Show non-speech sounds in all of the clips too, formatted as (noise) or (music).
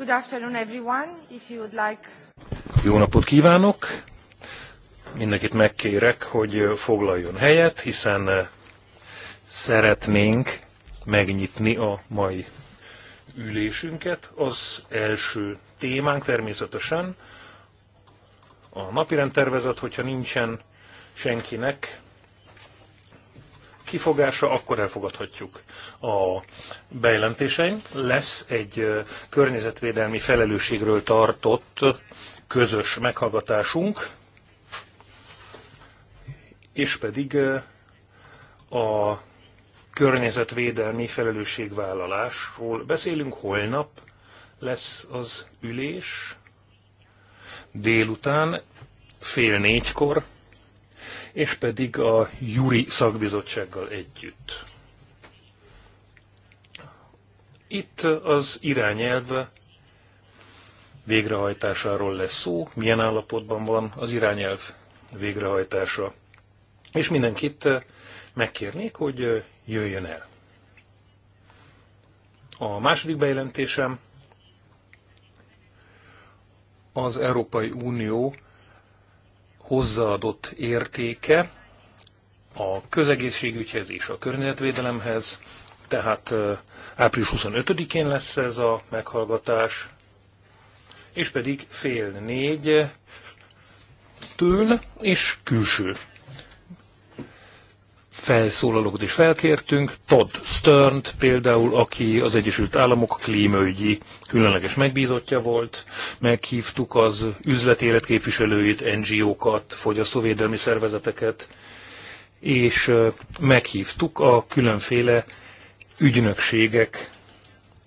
Good afternoon everyone, if you would like... Jó napot kívánok! Mindenkit megkérek, hogy foglaljon helyet, hiszen szeretnénk megnyitni a mai ülésünket. Az első témánk természetesen a napirend tervezet, hogyha nincsen senkinek kifogása, akkor elfogadhatjuk a bejelentéseim. Lesz egy környezetvédelmi felelősségről tartott közös meghallgatásunk, és pedig a környezetvédelmi felelősségvállalásról beszélünk. Holnap lesz az ülés, délután fél négykor, és pedig a Juri szakbizottsággal együtt. Itt az irányelv végrehajtásáról lesz szó, milyen állapotban van az irányelv végrehajtása, és mindenkit megkérnék, hogy jöjjön el. A második bejelentésem az Európai Unió hozzáadott értéke a közegészségügyhez és a környezetvédelemhez, tehát április 25-én lesz ez a meghallgatás, és pedig fél négy től és külső felszólalókat is felkértünk, Todd stern például, aki az Egyesült Államok klímaügyi különleges megbízottja volt, meghívtuk az üzletélet képviselőit, NGO-kat, fogyasztóvédelmi szervezeteket, és meghívtuk a különféle ügynökségek,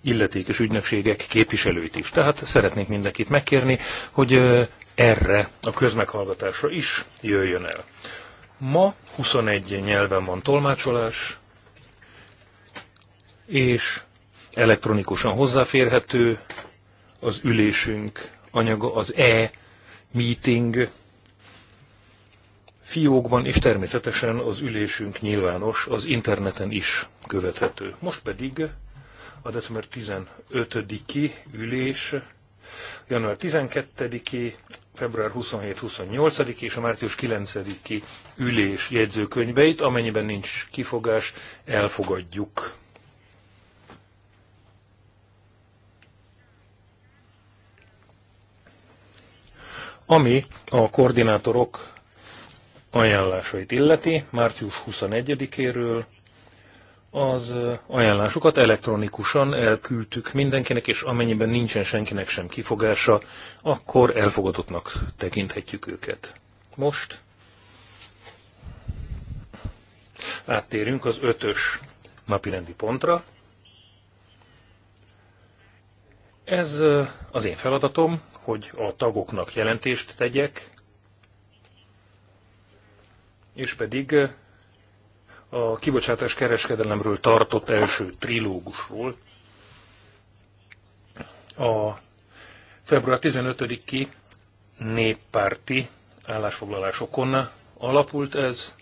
illetékes ügynökségek képviselőit is. Tehát szeretnék mindenkit megkérni, hogy erre a közmeghallgatásra is jöjjön el. Ma 21 nyelven van tolmácsolás, és elektronikusan hozzáférhető az ülésünk anyaga, az e-meeting fiókban, és természetesen az ülésünk nyilvános, az interneten is követhető. Most pedig a december 15-i ülés, január 12-i, február 27-28 és a március 9-i ülés jegyzőkönyveit, amennyiben nincs kifogás, elfogadjuk. Ami a koordinátorok ajánlásait illeti, március 21-éről az ajánlásukat elektronikusan elküldtük mindenkinek, és amennyiben nincsen senkinek sem kifogása, akkor elfogadottnak tekinthetjük őket. Most áttérünk az ötös napirendi pontra. Ez az én feladatom, hogy a tagoknak jelentést tegyek, és pedig a kibocsátás kereskedelemről tartott első trilógusról. A február 15-i néppárti állásfoglalásokon alapult ez.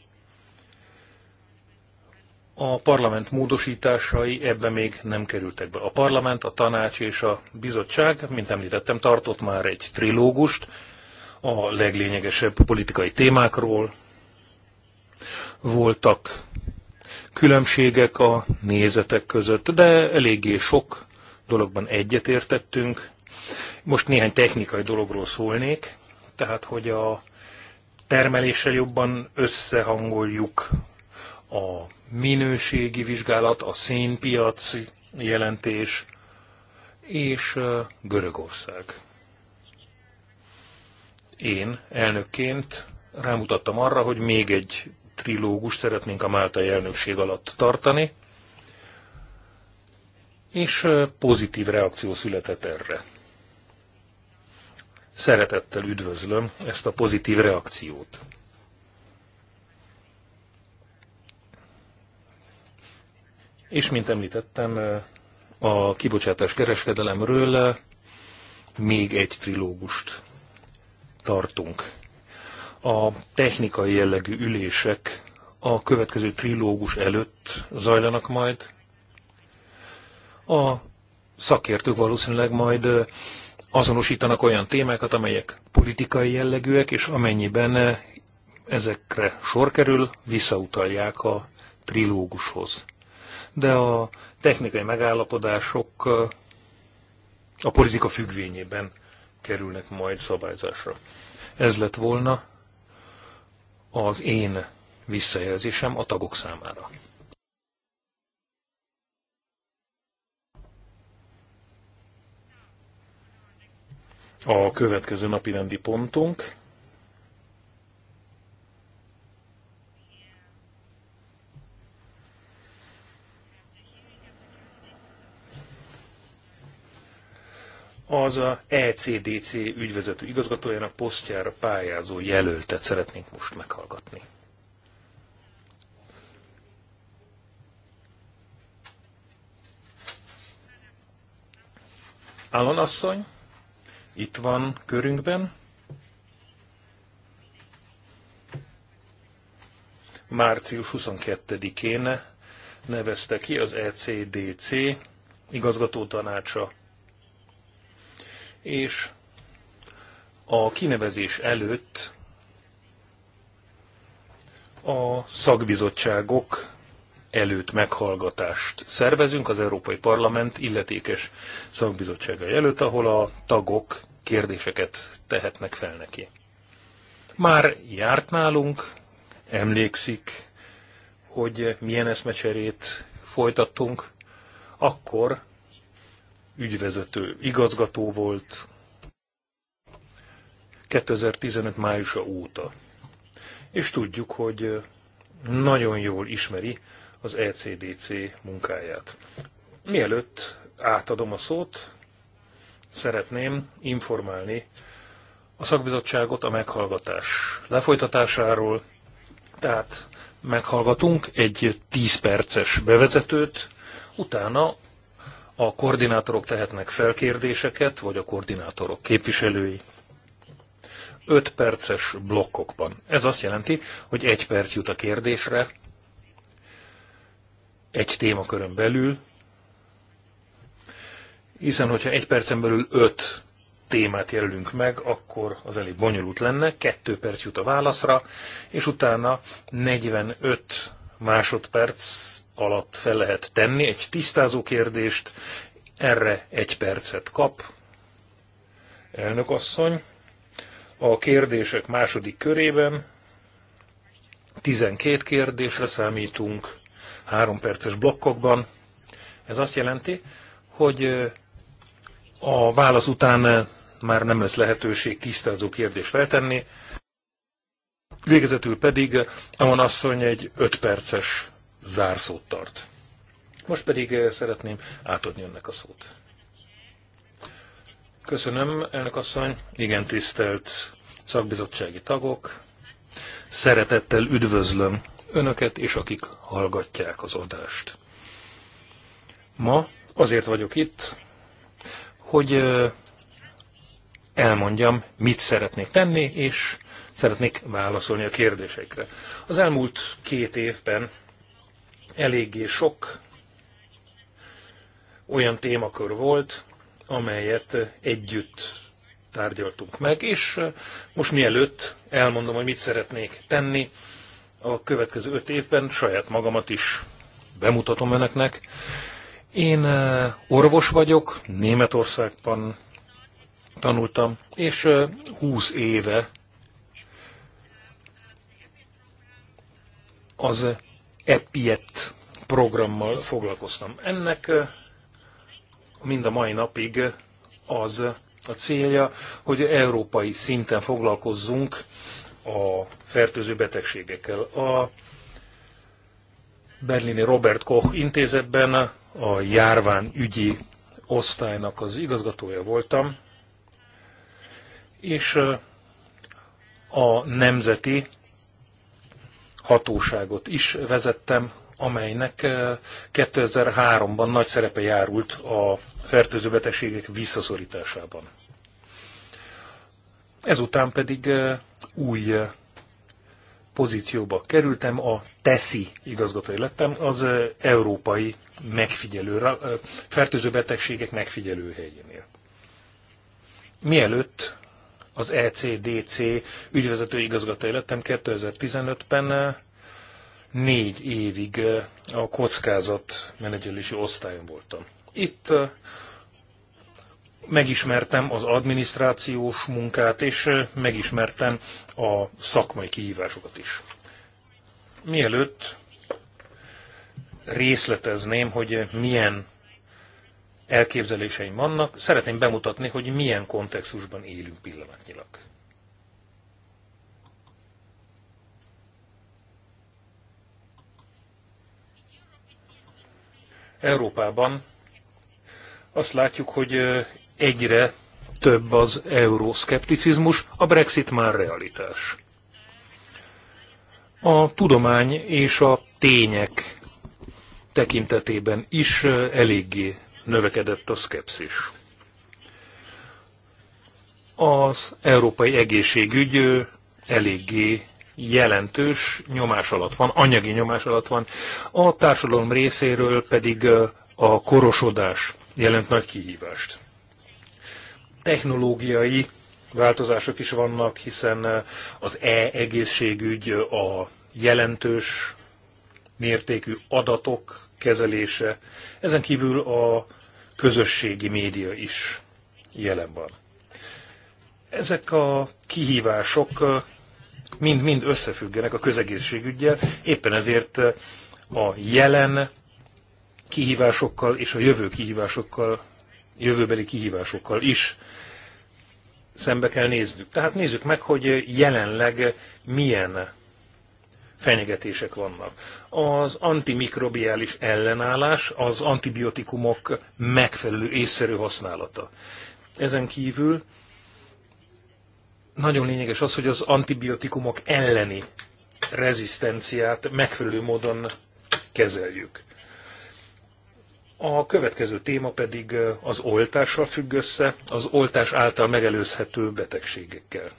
A parlament módosításai ebbe még nem kerültek be. A parlament, a tanács és a bizottság, mint említettem, tartott már egy trilógust a leglényegesebb politikai témákról. Voltak különbségek a nézetek között, de eléggé sok dologban egyetértettünk. Most néhány technikai dologról szólnék, tehát hogy a termeléssel jobban összehangoljuk a minőségi vizsgálat, a szénpiaci jelentés és Görögország. Én elnökként rámutattam arra, hogy még egy trilógus szeretnénk a Máltai elnökség alatt tartani, és pozitív reakció született erre. Szeretettel üdvözlöm ezt a pozitív reakciót. És mint említettem, a kibocsátás kereskedelemről még egy trilógust tartunk a technikai jellegű ülések a következő trilógus előtt zajlanak majd. A szakértők valószínűleg majd azonosítanak olyan témákat, amelyek politikai jellegűek, és amennyiben ezekre sor kerül, visszautalják a trilógushoz. De a technikai megállapodások a politika függvényében kerülnek majd szabályzásra. Ez lett volna az én visszajelzésem a tagok számára. A következő napi rendi pontunk az a ECDC ügyvezető igazgatójának posztjára pályázó jelöltet szeretnénk most meghallgatni. Alan asszony, itt van körünkben. Március 22-én nevezte ki az ECDC igazgatótanácsa és a kinevezés előtt a szakbizottságok előtt meghallgatást szervezünk az Európai Parlament illetékes szakbizottsága előtt, ahol a tagok kérdéseket tehetnek fel neki. Már járt nálunk, emlékszik, hogy milyen eszmecserét folytattunk, akkor ügyvezető igazgató volt 2015 májusa óta. És tudjuk, hogy nagyon jól ismeri az ECDC munkáját. Mielőtt átadom a szót, szeretném informálni a szakbizottságot a meghallgatás lefolytatásáról. Tehát meghallgatunk egy 10 perces bevezetőt, utána a koordinátorok tehetnek felkérdéseket, vagy a koordinátorok képviselői. 5 perces blokkokban. Ez azt jelenti, hogy egy perc jut a kérdésre, egy témakörön belül, hiszen hogyha egy percen belül öt témát jelölünk meg, akkor az elég bonyolult lenne, kettő perc jut a válaszra, és utána 45 másodperc alatt fel lehet tenni, egy tisztázó kérdést, erre egy percet kap. Elnök asszony, a kérdések második körében 12 kérdésre számítunk, három perces blokkokban. Ez azt jelenti, hogy a válasz után már nem lesz lehetőség tisztázó kérdést feltenni. Végezetül pedig a asszony egy 5 perces zárszót tart. Most pedig eh, szeretném átadni önnek a szót. Köszönöm, elnök asszony. Igen, tisztelt szakbizottsági tagok. Szeretettel üdvözlöm önöket és akik hallgatják az adást. Ma azért vagyok itt, hogy eh, elmondjam, mit szeretnék tenni, és szeretnék válaszolni a kérdésekre. Az elmúlt két évben eléggé sok olyan témakör volt, amelyet együtt tárgyaltunk meg, és eh, most mielőtt elmondom, hogy mit szeretnék tenni a következő öt évben, saját magamat is bemutatom önöknek. Én eh, orvos vagyok, Németországban tanultam, és 20 eh, éve az EPIET programmal foglalkoztam. Ennek mind a mai napig az a célja, hogy európai szinten foglalkozzunk a fertőző betegségekkel. A berlini Robert Koch intézetben a ügyi osztálynak az igazgatója voltam, és a nemzeti hatóságot is vezettem, amelynek 2003-ban eh, nagy szerepe járult a fertőző betegségek visszaszorításában. Ezután pedig eh, új eh, pozícióba kerültem, a TESZI igazgatói lettem, az európai megfigyelő, fertőző betegségek megfigyelő helyénél. Mielőtt az ECDC ügyvezető igazgatója lettem 2015-ben, eh, négy évig eh, a kockázat menedzselési osztályon voltam. Itt eh, megismertem az adminisztrációs munkát, és megismertem a szakmai kihívásokat is. Mielőtt részletezném, hogy milyen elképzeléseim vannak, szeretném bemutatni, hogy milyen kontextusban élünk pillanatnyilag. Európában azt látjuk, hogy egyre több az euroszkepticizmus, a Brexit már realitás. A tudomány és a tények tekintetében is eléggé növekedett a szkepszis. Az európai egészségügy eléggé jelentős nyomás alatt van, anyagi nyomás alatt van, a társadalom részéről pedig a korosodás jelent nagy kihívást. Technológiai változások is vannak, hiszen az e-egészségügy a jelentős mértékű adatok kezelése, ezen kívül a közösségi média is jelen van. Ezek a kihívások mind-mind összefüggenek a közegészségügyel, éppen ezért a jelen kihívásokkal és a jövő kihívásokkal, jövőbeli kihívásokkal is szembe kell néznünk. Tehát nézzük meg, hogy jelenleg milyen fenyegetések vannak. Az antimikrobiális ellenállás, az antibiotikumok megfelelő észszerű használata. Ezen kívül nagyon lényeges az, hogy az antibiotikumok elleni rezisztenciát megfelelő módon kezeljük. A következő téma pedig az oltással függ össze, az oltás által megelőzhető betegségekkel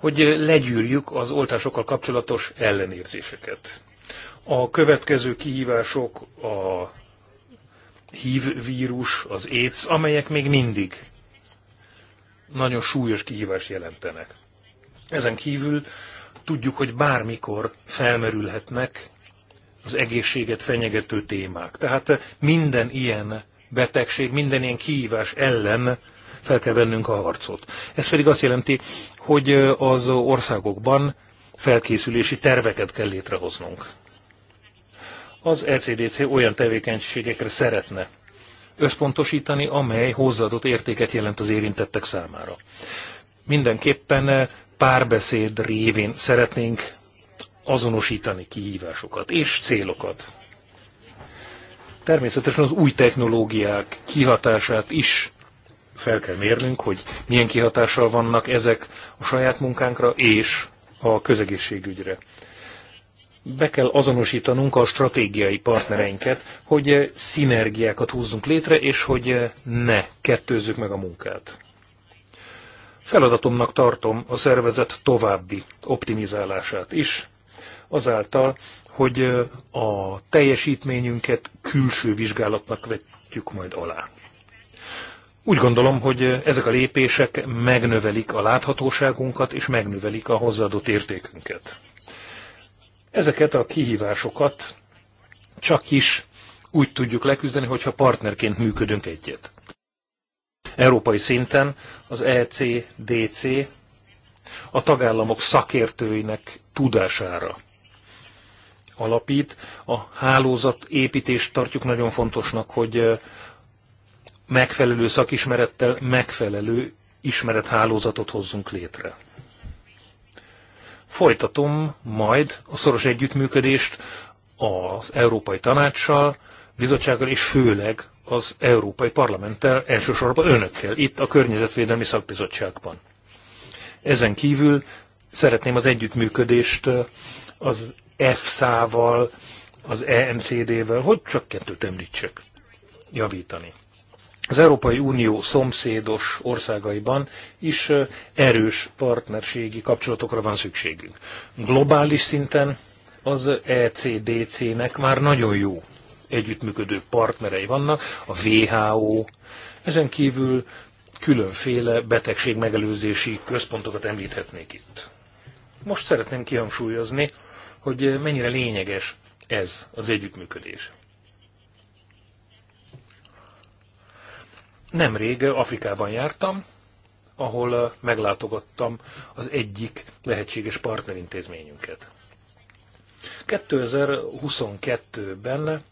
hogy legyűrjük az oltásokkal kapcsolatos ellenérzéseket. A következő kihívások a HIV vírus, az AIDS, amelyek még mindig nagyon súlyos kihívás jelentenek. Ezen kívül tudjuk, hogy bármikor felmerülhetnek az egészséget fenyegető témák. Tehát minden ilyen betegség, minden ilyen kihívás ellen fel kell vennünk a harcot. Ez pedig azt jelenti, hogy az országokban felkészülési terveket kell létrehoznunk. Az ECDC olyan tevékenységekre szeretne összpontosítani, amely hozzáadott értéket jelent az érintettek számára. Mindenképpen párbeszéd révén szeretnénk azonosítani kihívásokat és célokat. Természetesen az új technológiák kihatását is fel kell mérnünk, hogy milyen kihatással vannak ezek a saját munkánkra és a közegészségügyre. Be kell azonosítanunk a stratégiai partnereinket, hogy szinergiákat húzzunk létre, és hogy ne kettőzzük meg a munkát. Feladatomnak tartom a szervezet további optimizálását is, azáltal, hogy a teljesítményünket külső vizsgálatnak vetjük majd alá. Úgy gondolom, hogy ezek a lépések megnövelik a láthatóságunkat, és megnövelik a hozzáadott értékünket. Ezeket a kihívásokat csak is úgy tudjuk leküzdeni, hogyha partnerként működünk egyet. Európai szinten az ECDC a tagállamok szakértőinek tudására alapít. A hálózat építést tartjuk nagyon fontosnak, hogy megfelelő szakismerettel megfelelő ismerethálózatot hozzunk létre. Folytatom majd a szoros együttműködést az Európai Tanácssal, bizottsággal és főleg az Európai Parlamenttel, elsősorban önökkel, itt a Környezetvédelmi Szakbizottságban. Ezen kívül szeretném az együttműködést az EFSA-val, az EMCD-vel, hogy csak kettőt említsek, javítani az Európai Unió szomszédos országaiban is erős partnerségi kapcsolatokra van szükségünk. Globális szinten az ECDC-nek már nagyon jó együttműködő partnerei vannak, a WHO, ezen kívül különféle betegség megelőzési központokat említhetnék itt. Most szeretném kihangsúlyozni, hogy mennyire lényeges ez az együttműködés. Nemrég Afrikában jártam, ahol eh, meglátogattam az egyik lehetséges partnerintézményünket. 2022-ben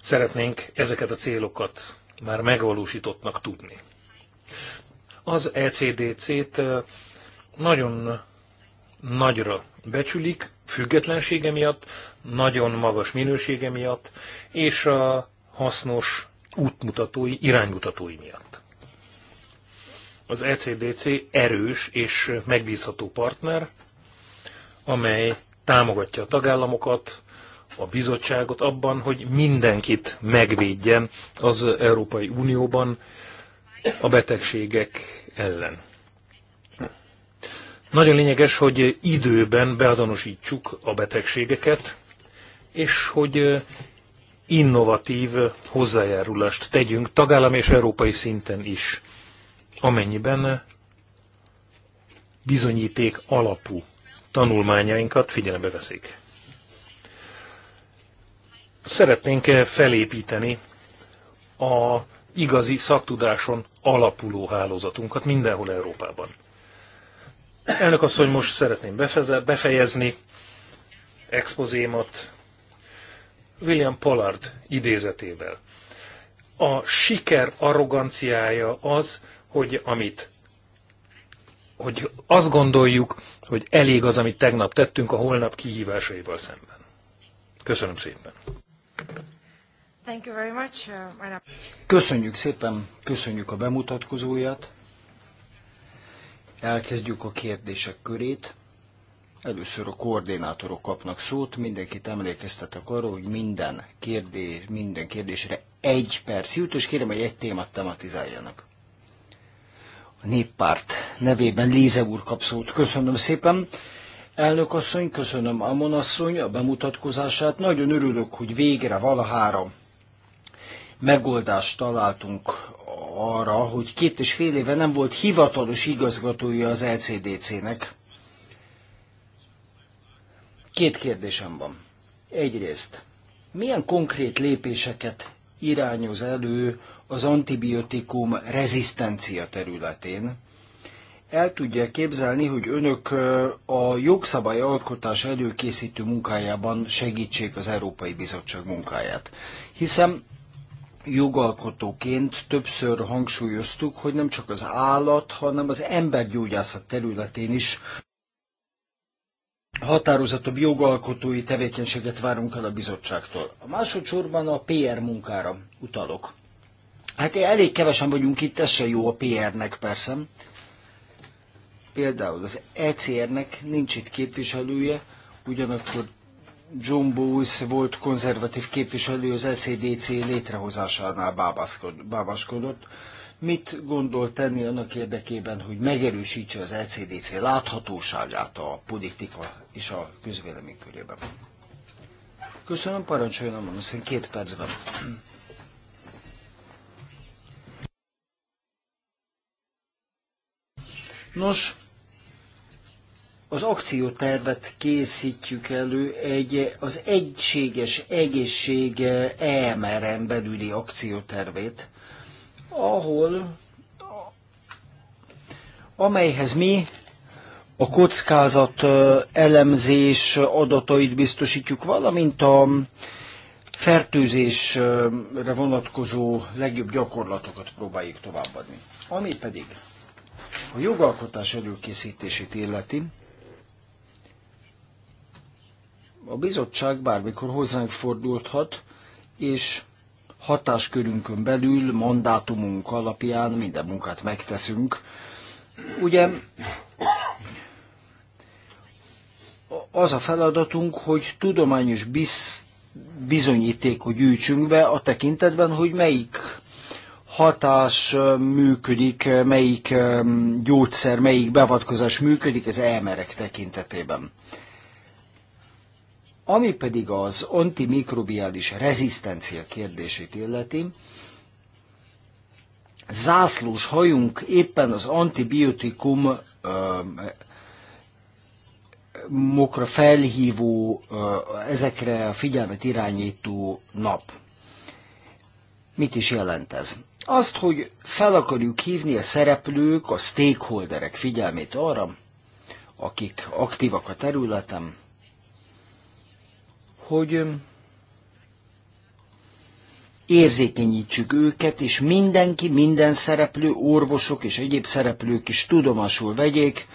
szeretnénk ezeket a célokat már megvalósítottnak tudni. Az ECDC-t eh, nagyon nagyra becsülik, függetlensége miatt, nagyon magas minősége miatt, és a hasznos útmutatói, iránymutatói miatt. Az ECDC erős és megbízható partner, amely támogatja a tagállamokat, a bizottságot abban, hogy mindenkit megvédjen az Európai Unióban a betegségek ellen. Nagyon lényeges, hogy időben beazonosítsuk a betegségeket, és hogy innovatív hozzájárulást tegyünk tagállami és európai szinten is, amennyiben bizonyíték alapú tanulmányainkat figyelembe veszik. Szeretnénk felépíteni a igazi szaktudáson alapuló hálózatunkat mindenhol Európában. Elnök asszony, most szeretném befejezni expozémat, William Pollard idézetével. A siker arroganciája az, hogy amit hogy azt gondoljuk, hogy elég az, amit tegnap tettünk a holnap kihívásaival szemben. Köszönöm szépen. Thank you very much. Uh, köszönjük szépen, köszönjük a bemutatkozóját. Elkezdjük a kérdések körét. Először a koordinátorok kapnak szót, mindenkit emlékeztetek arra, hogy minden, kérdés, minden kérdésre egy perc jut, és kérem, hogy egy témát tematizáljanak. A néppárt nevében Líze úr kap szót. Köszönöm szépen. Elnök asszony, köszönöm Amon asszony a bemutatkozását. Nagyon örülök, hogy végre valahára megoldást találtunk arra, hogy két és fél éve nem volt hivatalos igazgatója az LCDC-nek. E Két kérdésem van. Egyrészt, milyen konkrét lépéseket irányoz elő az antibiotikum rezisztencia területén? El tudja képzelni, hogy önök a jogszabály alkotás előkészítő munkájában segítsék az Európai Bizottság munkáját. Hiszen jogalkotóként többször hangsúlyoztuk, hogy nem csak az állat, hanem az embergyógyászat területén is határozottabb jogalkotói tevékenységet várunk el a bizottságtól. A másodszorban a PR munkára utalok. Hát elég kevesen vagyunk itt, ez se jó a PR-nek persze. Például az ECR-nek nincs itt képviselője, ugyanakkor John Bowles volt konzervatív képviselő az LCDC e létrehozásánál bábáskodott mit gondol tenni annak érdekében, hogy megerősítse az LCDC láthatóságát a politika és a közvélemény körében? Köszönöm, parancsoljon a Monszín két percben. Nos, az akciótervet készítjük elő egy az egységes egészség EMR-en belüli akciótervét, ahol amelyhez mi a kockázat elemzés adatait biztosítjuk, valamint a fertőzésre vonatkozó legjobb gyakorlatokat próbáljuk továbbadni. Ami pedig a jogalkotás előkészítését illeti, a bizottság bármikor hozzánk fordulhat, és hatáskörünkön belül, mandátumunk alapján minden munkát megteszünk. Ugye az a feladatunk, hogy tudományos biz, bizonyítékot gyűjtsünk be a tekintetben, hogy melyik hatás működik, melyik gyógyszer, melyik beavatkozás működik az elmerek tekintetében. Ami pedig az antimikrobiális rezisztencia kérdését illeti, zászlós hajunk éppen az antibiotikum ö, mokra felhívó, ö, ezekre a figyelmet irányító nap. Mit is jelent ez? Azt, hogy fel akarjuk hívni a szereplők, a stakeholderek figyelmét arra, akik aktívak a területen, hogy érzékenyítsük őket, és mindenki, minden szereplő, orvosok és egyéb szereplők is tudomásul vegyék,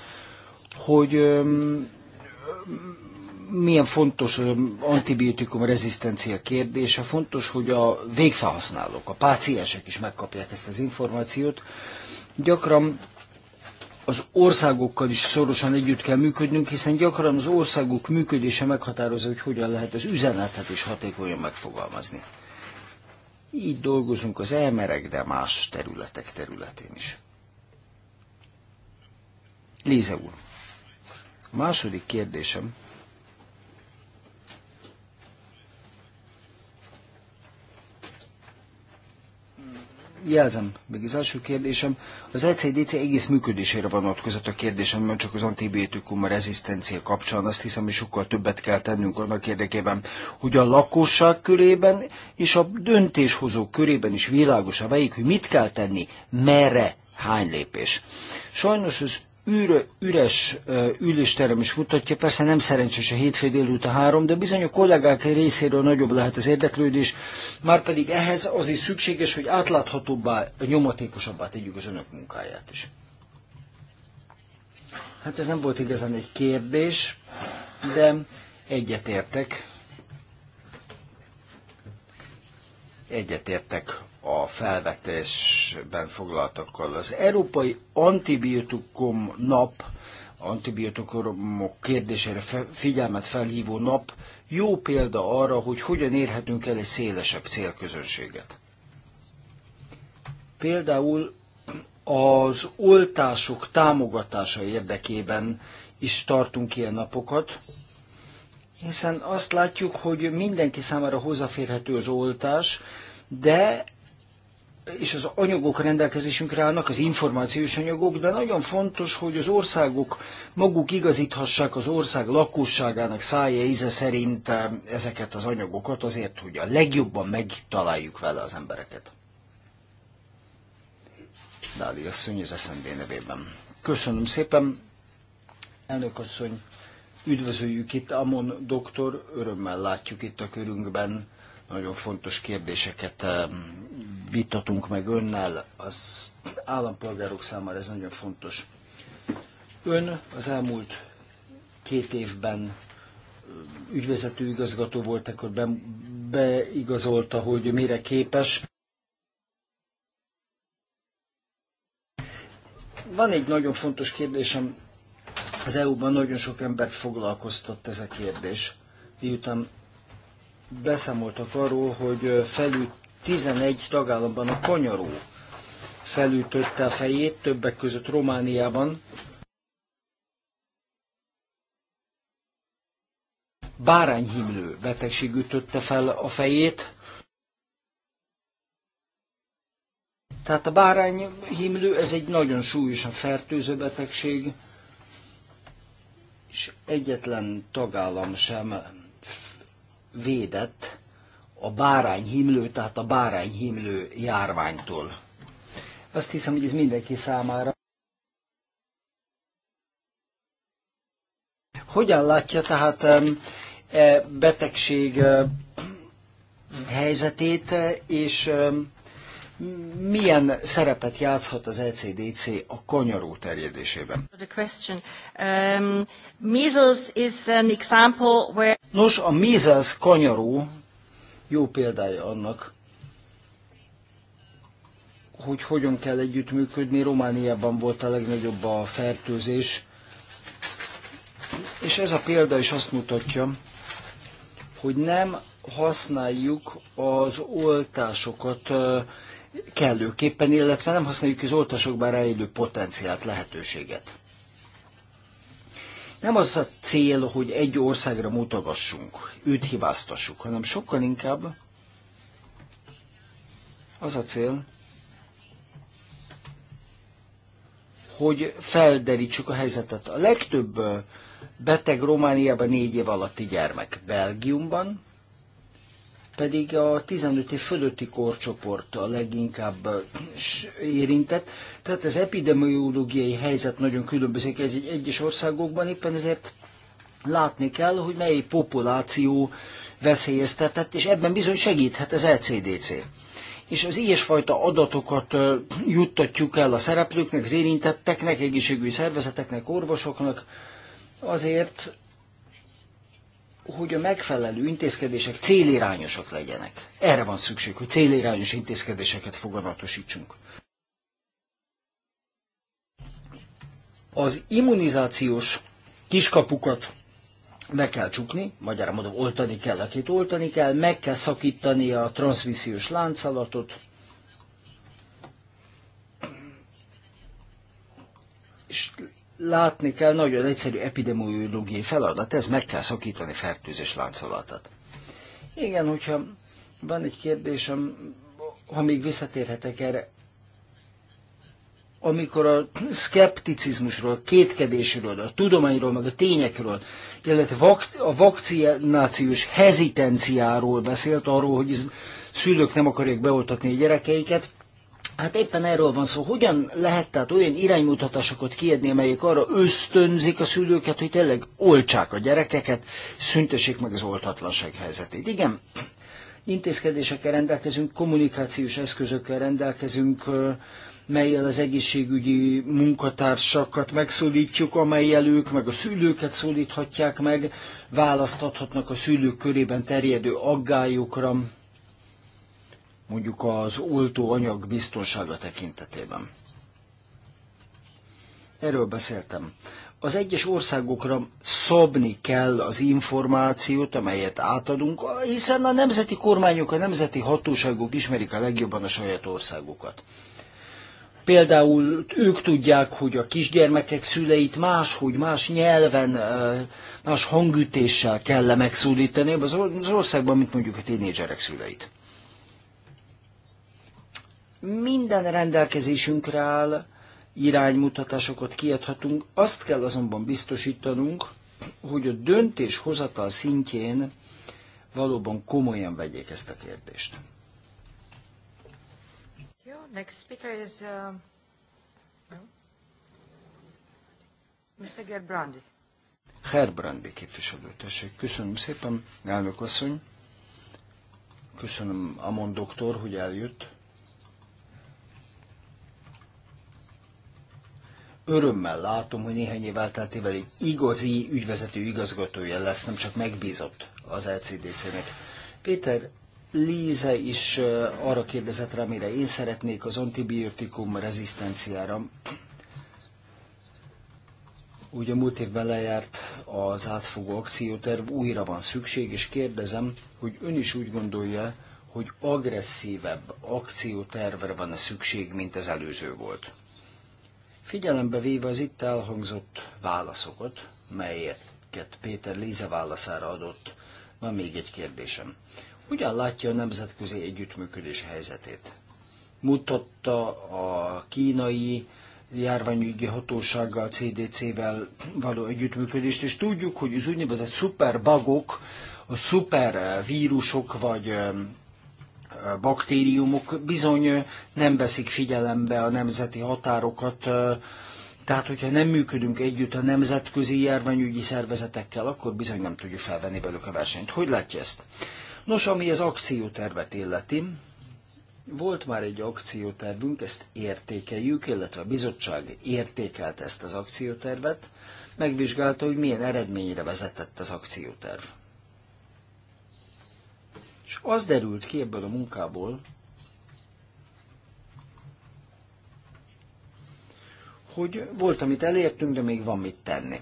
hogy milyen fontos antibiotikum rezisztencia kérdése, fontos, hogy a végfelhasználók, a páciensek is megkapják ezt az információt. Gyakran az országokkal is szorosan együtt kell működnünk, hiszen gyakran az országok működése meghatározza, hogy hogyan lehet az üzenetet is hatékonyan megfogalmazni. Így dolgozunk az elmerek, de más területek területén is. Léze úr, a második kérdésem jelzem, még az első kérdésem, az ECDC egész működésére van ott között a kérdésem, nem csak az antibiotikum a rezisztencia kapcsán, azt hiszem, hogy sokkal többet kell tennünk annak érdekében, hogy a lakosság körében és a döntéshozó körében is a váljék, hogy mit kell tenni, merre, hány lépés. Sajnos az űr, üres ülésterem is mutatja, persze nem szerencsés a hétfő a három, de bizony a kollégák részéről nagyobb lehet az érdeklődés, már pedig ehhez az is szükséges, hogy átláthatóbbá, nyomatékosabbá tegyük az önök munkáját is. Hát ez nem volt igazán egy kérdés, de egyetértek. Egyetértek a felvetésben foglaltakkal. Az Európai Antibiotikum Nap, antibiotikumok kérdésére figyelmet felhívó nap jó példa arra, hogy hogyan érhetünk el egy szélesebb célközönséget. Például az oltások támogatása érdekében is tartunk ilyen napokat, hiszen azt látjuk, hogy mindenki számára hozzáférhető az oltás, de és az anyagok rendelkezésünkre állnak, az információs anyagok, de nagyon fontos, hogy az országok maguk igazíthassák az ország lakosságának szája íze szerint eh, ezeket az anyagokat, azért, hogy a legjobban megtaláljuk vele az embereket. Dáli asszony az SZNB nevében. Köszönöm szépen, elnök asszony, üdvözöljük itt Amon doktor, örömmel látjuk itt a körünkben, nagyon fontos kérdéseket eh, vitatunk meg önnel, az állampolgárok számára ez nagyon fontos. Ön az elmúlt két évben ügyvezető igazgató volt, akkor be, beigazolta, hogy mire képes. Van egy nagyon fontos kérdésem, az EU-ban nagyon sok embert foglalkoztat ez a kérdés. Miután beszámoltak arról, hogy felütt 11 tagállamban a kanyaró felütötte a fejét, többek között Romániában. Bárányhimlő betegség ütötte fel a fejét. Tehát a bárányhimlő, ez egy nagyon súlyosan fertőző betegség, és egyetlen tagállam sem védett a bárányhimlő, tehát a bárányhimlő járványtól. Azt hiszem, hogy ez mindenki számára. Hogyan látja tehát e betegség e, helyzetét, e, és e, milyen szerepet játszhat az ECDC a kanyaró terjedésében? Um, Nos, a measles kanyaró jó példája annak, hogy hogyan kell együttműködni. Romániában volt a legnagyobb a fertőzés, és ez a példa is azt mutatja, hogy nem használjuk az oltásokat kellőképpen, illetve nem használjuk az oltásokban rejlő potenciált, lehetőséget. Nem az a cél, hogy egy országra mutogassunk, őt hibáztassuk, hanem sokkal inkább az a cél, hogy felderítsük a helyzetet. A legtöbb beteg Romániában négy év alatti gyermek. Belgiumban pedig a 15 év fölötti korcsoport a leginkább érintett. Tehát az epidemiológiai helyzet nagyon különbözik ez egyes országokban, éppen ezért látni kell, hogy mely populáció veszélyeztetett, és ebben bizony segíthet az LCDC. E és az ilyesfajta adatokat juttatjuk el a szereplőknek, az érintetteknek, egészségügyi szervezeteknek, orvosoknak, azért, hogy a megfelelő intézkedések célirányosak legyenek. Erre van szükség, hogy célirányos intézkedéseket foganatosítsunk. Az immunizációs kiskapukat meg kell csukni, magyarra mondom, oltani kell, akit oltani kell, meg kell szakítani a transmissziós láncalatot, és látni kell, nagyon egyszerű epidemiológiai feladat, ez meg kell szakítani fertőzés láncolatát. Igen, hogyha van egy kérdésem, ha még visszatérhetek erre, amikor a szkepticizmusról, a kétkedésről, a tudományról, meg a tényekről, illetve a vakcinációs hezitenciáról beszélt, arról, hogy szülők nem akarják beoltatni a gyerekeiket, Hát éppen erről van szó. Hogyan lehet tehát olyan iránymutatásokat kiadni, amelyek arra ösztönzik a szülőket, hogy tényleg oltsák a gyerekeket, szüntessék meg az oltatlanság helyzetét. Igen, intézkedésekkel rendelkezünk, kommunikációs eszközökkel rendelkezünk, melyel az egészségügyi munkatársakat megszólítjuk, amelyel ők meg a szülőket szólíthatják meg, Választathatnak a szülők körében terjedő aggályokra, mondjuk az oltóanyag biztonsága tekintetében. Erről beszéltem. Az egyes országokra szabni kell az információt, amelyet átadunk, hiszen a nemzeti kormányok, a nemzeti hatóságok ismerik a legjobban a saját országukat. Például ők tudják, hogy a kisgyermekek szüleit máshogy, más nyelven, más hangütéssel kell megszólítani az országban, mint mondjuk a tínédzserek szüleit. Minden rendelkezésünkre áll, iránymutatásokat kiadhatunk, azt kell azonban biztosítanunk, hogy a döntéshozatal szintjén valóban komolyan vegyék ezt a kérdést. Jó, next speaker is uh, Mr. Gerbrandi. Herbrandi képviselőtesség. Köszönöm szépen, elnök asszony. Köszönöm a doktor, hogy eljött. örömmel látom, hogy néhány év elteltével egy igazi ügyvezető igazgatója lesz, nem csak megbízott az LCDC-nek. Péter Líze is arra kérdezett rá, mire én szeretnék az antibiotikum rezisztenciára. Ugye múlt évben lejárt az átfogó akcióterv, újra van szükség, és kérdezem, hogy ön is úgy gondolja, hogy agresszívebb akciótervre van-e szükség, mint az előző volt. Figyelembe véve az itt elhangzott válaszokat, melyeket Péter Léze válaszára adott, van még egy kérdésem. Hogyan látja a nemzetközi együttműködés helyzetét? Mutatta a kínai járványügyi hatósággal, CDC-vel való együttműködést, és tudjuk, hogy az úgynevezett szuperbagok, a szupervírusok vagy baktériumok bizony nem veszik figyelembe a nemzeti határokat, tehát, hogyha nem működünk együtt a nemzetközi járványügyi szervezetekkel, akkor bizony nem tudjuk felvenni velük a versenyt. Hogy látja ezt? Nos, ami az akciótervet illeti, volt már egy akciótervünk, ezt értékeljük, illetve a bizottság értékelt ezt az akciótervet, megvizsgálta, hogy milyen eredményre vezetett az akcióterv. És az derült ki ebből a munkából, hogy volt, amit elértünk, de még van mit tenni.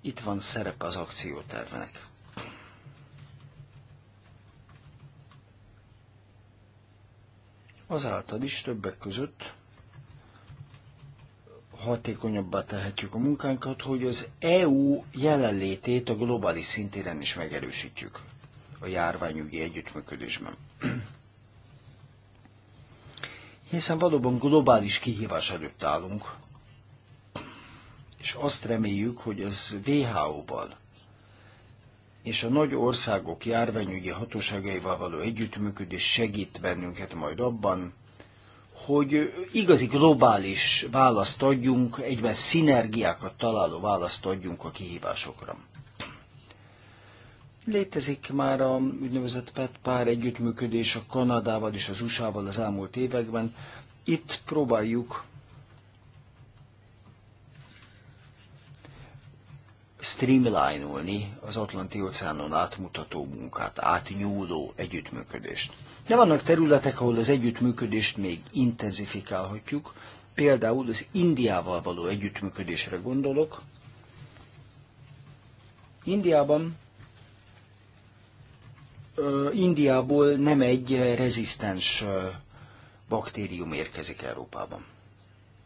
Itt van szerep az akciótervenek. Azáltal is többek között hatékonyabbá tehetjük a munkánkat, hogy az EU jelenlétét a globális szintéren is megerősítjük a járványügyi együttműködésben. (clears throat) Hiszen valóban globális kihívás előtt állunk, és azt reméljük, hogy az WHO-val és a nagy országok járványügyi hatóságaival való együttműködés segít bennünket majd abban, hogy igazi globális választ adjunk, egyben szinergiákat találó választ adjunk a kihívásokra. Létezik már a úgynevezett PET-pár együttműködés a Kanadával és az USA-val az elmúlt években. Itt próbáljuk streamline-olni az Atlanti óceánon átmutató munkát, átnyúló együttműködést. De vannak területek, ahol az együttműködést még intenzifikálhatjuk, például az Indiával való együttműködésre gondolok. Indiában Indiából nem egy rezisztens baktérium érkezik Európában.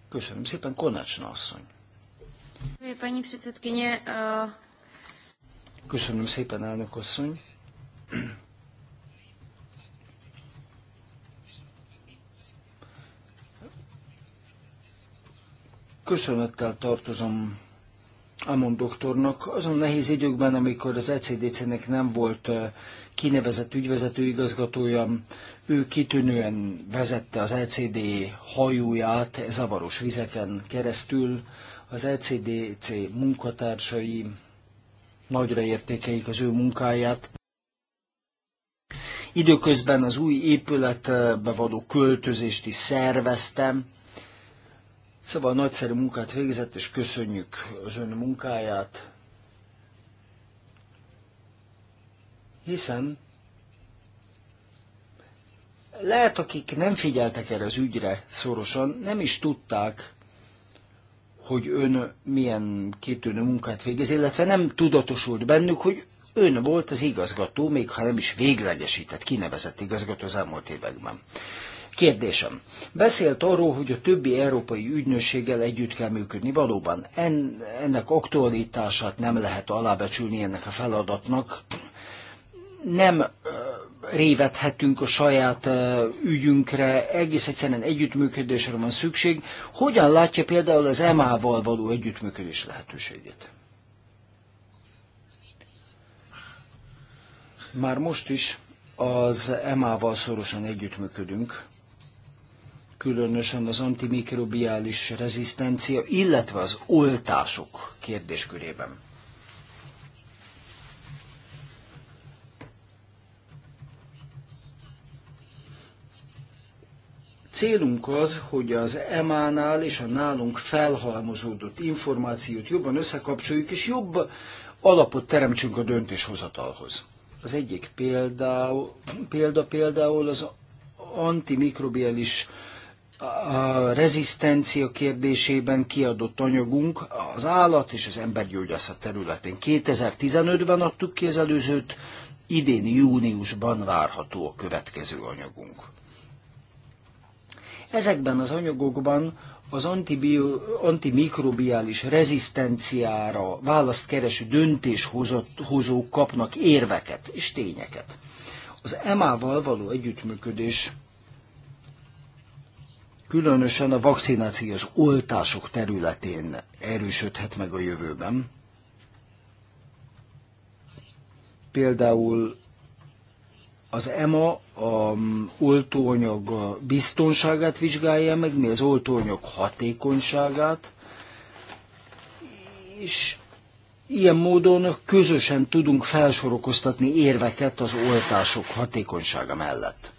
Köszönöm szépen, Konácsna asszony. Köszönöm szépen, elnök asszony. Köszönettel tartozom Amon doktornak azon nehéz időkben, amikor az ECDC-nek nem volt kinevezett ügyvezető igazgatója, ő kitűnően vezette az LCD e hajóját zavaros vizeken keresztül. Az LCDC e munkatársai nagyra értékeik az ő munkáját. Időközben az új épületbe való költözést is szerveztem, Szóval nagyszerű munkát végzett, és köszönjük az ön munkáját. Hiszen lehet, akik nem figyeltek erre az ügyre szorosan, nem is tudták, hogy ön milyen kitűnő munkát végez, illetve nem tudatosult bennük, hogy ön volt az igazgató, még ha nem is véglegesített, kinevezett igazgató az elmúlt években. Kérdésem. Beszélt arról, hogy a többi európai ügynösséggel együtt kell működni. Valóban en, ennek aktualitását nem lehet alábecsülni ennek a feladatnak, nem révethetünk a saját ügyünkre, egész egyszerűen együttműködésre van szükség. Hogyan látja például az EMA-val való együttműködés lehetőségét? Már most is az EMA-val szorosan együttműködünk, különösen az antimikrobiális rezisztencia, illetve az oltások kérdéskörében Célunk az, hogy az EMA-nál és a nálunk felhalmozódott információt jobban összekapcsoljuk, és jobb alapot teremtsünk a döntéshozatalhoz. Az egyik példa, példa például az antimikrobiális a rezisztencia kérdésében kiadott anyagunk az állat és az embergyógyászat területén. 2015-ben adtuk ki az előzőt, idén júniusban várható a következő anyagunk. Ezekben az anyagokban az antimikrobiális rezisztenciára választ kereső döntéshozók kapnak érveket és tényeket. Az EMA-val való együttműködés különösen a vakcinációs az oltások területén erősödhet meg a jövőben. Például az EMA a mm, oltóanyag biztonságát vizsgálja meg, mi az oltóanyag hatékonyságát, és ilyen módon közösen tudunk felsorokoztatni érveket az oltások hatékonysága mellett.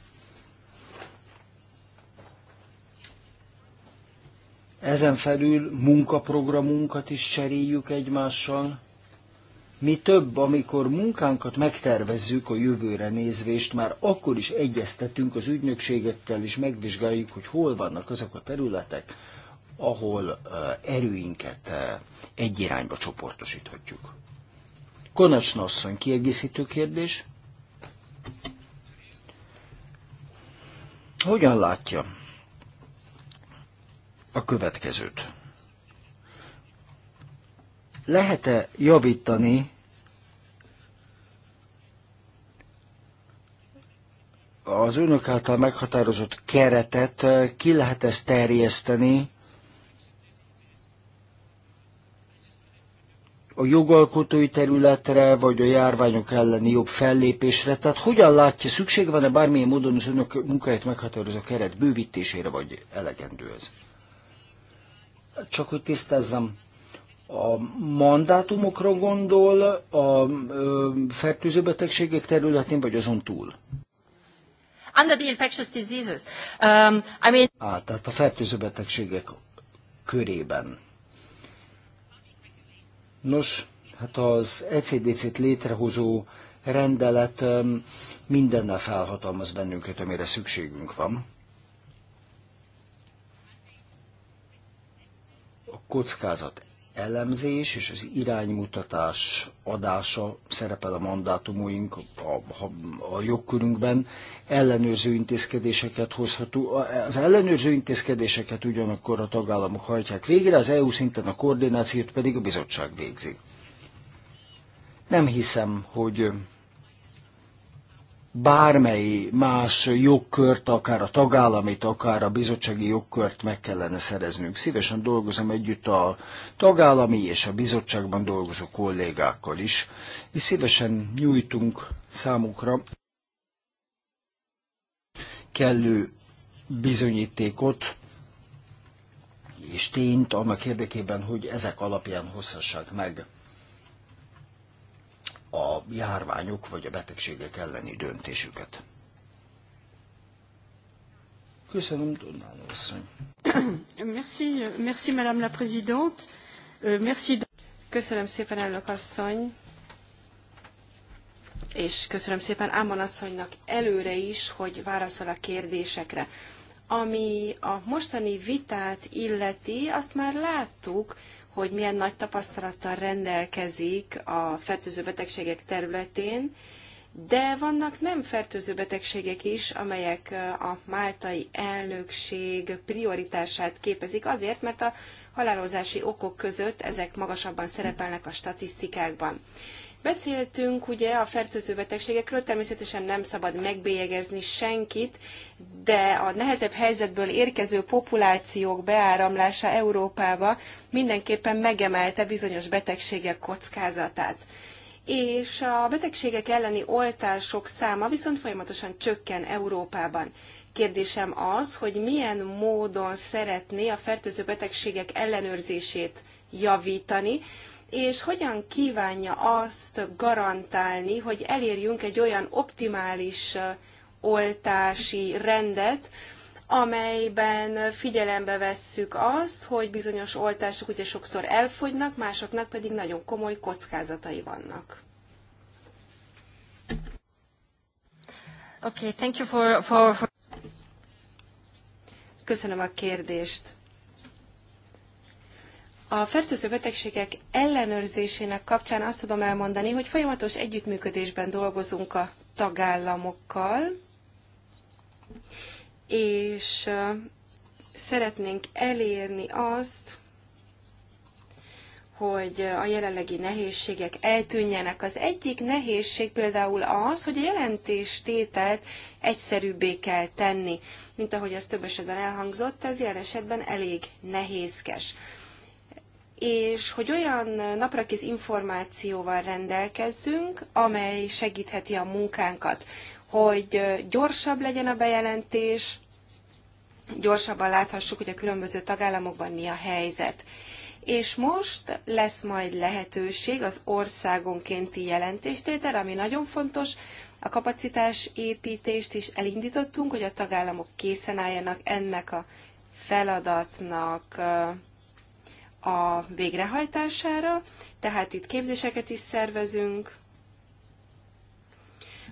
Ezen felül munkaprogramunkat is cseréljük egymással, mi több, amikor munkánkat megtervezzük a jövőre nézvést, már akkor is egyeztetünk az ügynökségekkel, és megvizsgáljuk, hogy hol vannak azok a területek, ahol eh, erőinket eh, egy irányba csoportosíthatjuk. Konacsna kiegészítő kérdés? Hogyan látja a következőt? Lehet-e javítani az önök által meghatározott keretet, ki lehet ezt terjeszteni a jogalkotói területre, vagy a járványok elleni jobb fellépésre? Tehát hogyan látja, szükség van-e bármilyen módon az önök munkáját meghatározó keret bővítésére, vagy elegendő ez? Csak hogy tisztázzam, a mandátumokra gondol a fertőző betegségek területén, vagy azon túl? Under the infectious diseases. Um, I mean... Á, tehát a fertőző betegségek körében. Nos, hát az ECDC-t létrehozó rendelet um, mindennel felhatalmaz bennünket, amire szükségünk van. A kockázat elemzés és az iránymutatás adása szerepel a mandátumunk a, a, a jogkörünkben, ellenőrző intézkedéseket hozható. Az ellenőrző intézkedéseket ugyanakkor a tagállamok hajtják végre, az EU szinten a koordinációt pedig a bizottság végzi. Nem hiszem, hogy bármely más jogkört, akár a tagállamit, akár a bizottsági jogkört meg kellene szereznünk. Szívesen dolgozom együtt a tagállami és a bizottságban dolgozó kollégákkal is, és szívesen nyújtunk számukra kellő bizonyítékot és tényt annak érdekében, hogy ezek alapján hozhassák meg a járványok vagy a betegségek elleni döntésüket. Köszönöm, Donnán asszony. (coughs) Merci, merci, Madame la Présidente. Euh, merci. Köszönöm szépen, elnök asszony és köszönöm szépen Ámon asszonynak előre is, hogy válaszol a kérdésekre. Ami a mostani vitát illeti, azt már láttuk, hogy milyen nagy tapasztalattal rendelkezik a fertőző betegségek területén, de vannak nem fertőző betegségek is, amelyek a máltai elnökség prioritását képezik, azért, mert a halálozási okok között ezek magasabban szerepelnek a statisztikákban. Beszéltünk ugye a fertőző betegségekről, természetesen nem szabad megbélyegezni senkit, de a nehezebb helyzetből érkező populációk beáramlása Európába mindenképpen megemelte bizonyos betegségek kockázatát és a betegségek elleni oltások száma viszont folyamatosan csökken Európában. Kérdésem az, hogy milyen módon szeretné a fertőző betegségek ellenőrzését javítani, és hogyan kívánja azt garantálni, hogy elérjünk egy olyan optimális oltási rendet, amelyben figyelembe vesszük azt, hogy bizonyos oltások ugye sokszor elfogynak, másoknak pedig nagyon komoly kockázatai vannak. Okay, thank you for, for, for... Köszönöm a kérdést. A fertőző betegségek ellenőrzésének kapcsán azt tudom elmondani, hogy folyamatos együttműködésben dolgozunk a tagállamokkal, és szeretnénk elérni azt, hogy a jelenlegi nehézségek eltűnjenek. Az egyik nehézség például az, hogy a jelentéstételt egyszerűbbé kell tenni. Mint ahogy ez több esetben elhangzott, ez jelen esetben elég nehézkes és hogy olyan naprakész információval rendelkezzünk, amely segítheti a munkánkat, hogy gyorsabb legyen a bejelentés, gyorsabban láthassuk, hogy a különböző tagállamokban mi a helyzet. És most lesz majd lehetőség az országonkénti jelentéstétel, ami nagyon fontos. A kapacitás építést is elindítottunk, hogy a tagállamok készen álljanak ennek a feladatnak a végrehajtására, tehát itt képzéseket is szervezünk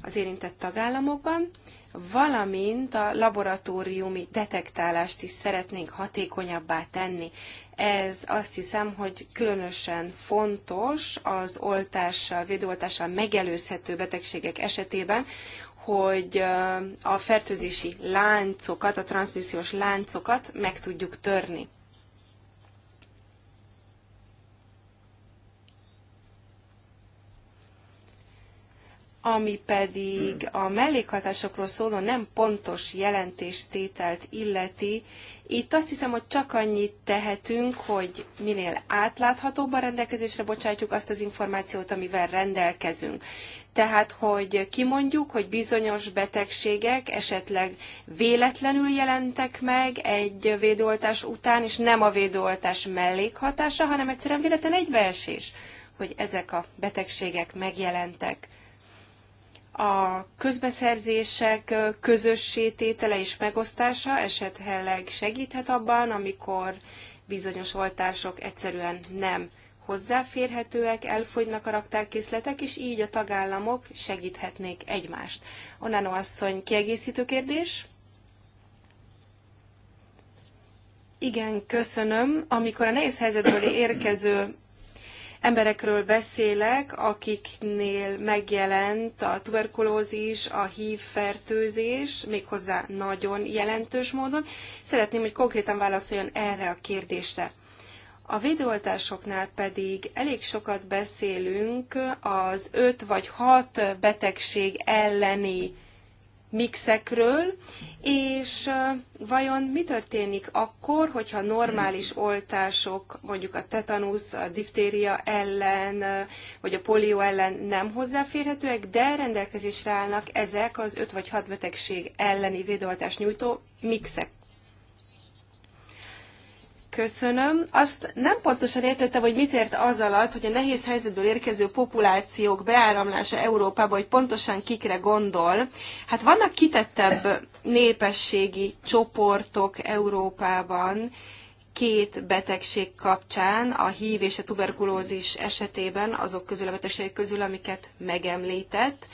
az érintett tagállamokban, valamint a laboratóriumi detektálást is szeretnénk hatékonyabbá tenni. Ez azt hiszem, hogy különösen fontos az oltással, védőoltással megelőzhető betegségek esetében, hogy a fertőzési láncokat, a transmissziós láncokat meg tudjuk törni. ami pedig a mellékhatásokról szóló nem pontos jelentéstételt illeti, itt azt hiszem, hogy csak annyit tehetünk, hogy minél a rendelkezésre bocsátjuk azt az információt, amivel rendelkezünk. Tehát, hogy kimondjuk, hogy bizonyos betegségek esetleg véletlenül jelentek meg egy védőoltás után, és nem a védőoltás mellékhatása, hanem egyszerűen véletlen egybeesés, hogy ezek a betegségek megjelentek a közbeszerzések közössététele és megosztása esetleg segíthet abban, amikor bizonyos oltások egyszerűen nem hozzáférhetőek, elfogynak a raktárkészletek, és így a tagállamok segíthetnék egymást. Onano asszony, kiegészítő kérdés? Igen, köszönöm. Amikor a nehéz helyzetből érkező Emberekről beszélek, akiknél megjelent a tuberkulózis, a HIV fertőzés, méghozzá nagyon jelentős módon. Szeretném, hogy konkrétan válaszoljon erre a kérdésre. A védőoltásoknál pedig elég sokat beszélünk az öt vagy hat betegség elleni mixekről, és vajon mi történik akkor, hogyha normális oltások, mondjuk a tetanusz, a diftéria ellen, vagy a polió ellen nem hozzáférhetőek, de rendelkezésre állnak ezek az öt vagy hat betegség elleni védőoltás nyújtó mixek. Köszönöm. Azt nem pontosan értettem, hogy mit ért az alatt, hogy a nehéz helyzetből érkező populációk beáramlása Európába, hogy pontosan kikre gondol. Hát vannak kitettebb népességi csoportok Európában, két betegség kapcsán, a HIV és a tuberkulózis esetében, azok közül a betegségek közül, amiket megemlített,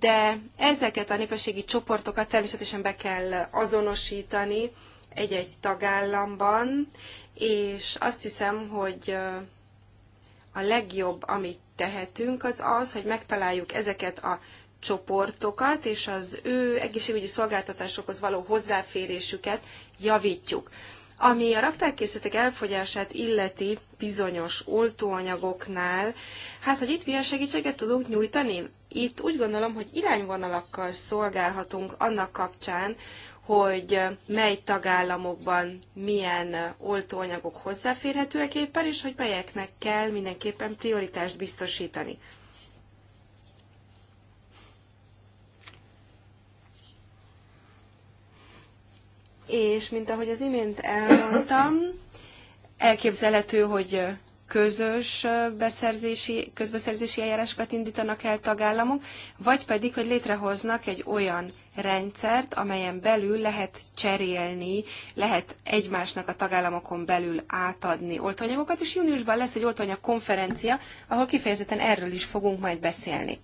de ezeket a népességi csoportokat természetesen be kell azonosítani, egy-egy tagállamban, és azt hiszem, hogy a legjobb, amit tehetünk, az az, hogy megtaláljuk ezeket a csoportokat, és az ő egészségügyi szolgáltatásokhoz való hozzáférésüket javítjuk. Ami a raktárkészletek elfogyását illeti bizonyos oltóanyagoknál, hát hogy itt milyen segítséget tudunk nyújtani? Itt úgy gondolom, hogy irányvonalakkal szolgálhatunk annak kapcsán, hogy mely tagállamokban milyen oltóanyagok hozzáférhetőek éppen, és hogy melyeknek kell mindenképpen prioritást biztosítani. És mint ahogy az imént elmondtam, elképzelhető, hogy közös beszerzési, közbeszerzési eljárásokat indítanak el tagállamok, vagy pedig, hogy létrehoznak egy olyan rendszert, amelyen belül lehet cserélni, lehet egymásnak a tagállamokon belül átadni oltóanyagokat, és júniusban lesz egy oltóanyag konferencia, ahol kifejezetten erről is fogunk majd beszélni.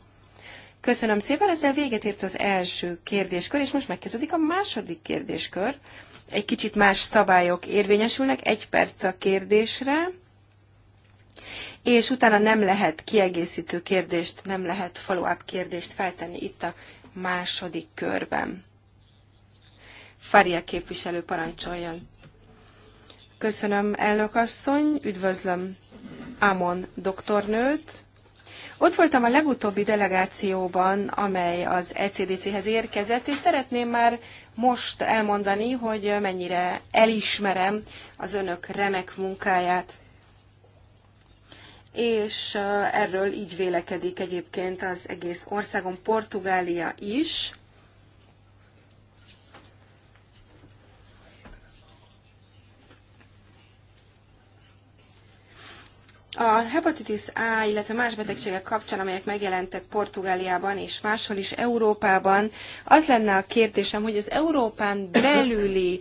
Köszönöm szépen, ezzel véget ért az első kérdéskör, és most megkezdődik a második kérdéskör. Egy kicsit más szabályok érvényesülnek, egy perc a kérdésre és utána nem lehet kiegészítő kérdést, nem lehet follow-up kérdést feltenni itt a második körben. Faria képviselő parancsoljon. Köszönöm, elnök asszony, üdvözlöm Amon doktornőt. Ott voltam a legutóbbi delegációban, amely az ECDC-hez érkezett, és szeretném már most elmondani, hogy mennyire elismerem az önök remek munkáját és erről így vélekedik egyébként az egész országon Portugália is. A hepatitis A, illetve más betegségek kapcsán, amelyek megjelentek Portugáliában és máshol is Európában, az lenne a kérdésem, hogy az Európán belüli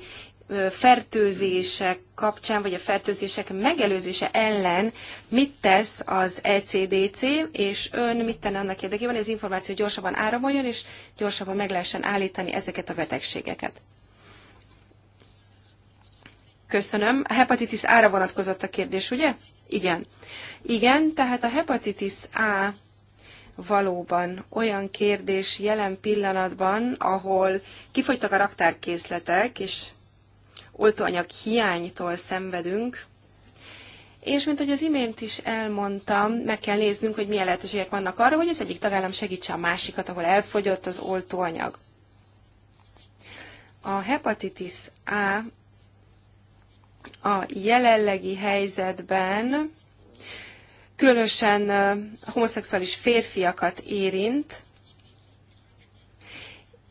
fertőzések kapcsán, vagy a fertőzések megelőzése ellen mit tesz az ECDC, és ön mit tenne annak érdekében, hogy az információ gyorsabban áramoljon, és gyorsabban meg lehessen állítani ezeket a betegségeket. Köszönöm. A hepatitis A-ra vonatkozott a kérdés, ugye? Igen. Igen, tehát a hepatitis A valóban olyan kérdés jelen pillanatban, ahol kifogytak a raktárkészletek, és oltóanyag hiánytól szenvedünk, és mint hogy az imént is elmondtam, meg kell néznünk, hogy milyen lehetőségek vannak arra, hogy az egyik tagállam segítse a másikat, ahol elfogyott az oltóanyag. A hepatitis A a jelenlegi helyzetben különösen homoszexuális férfiakat érint,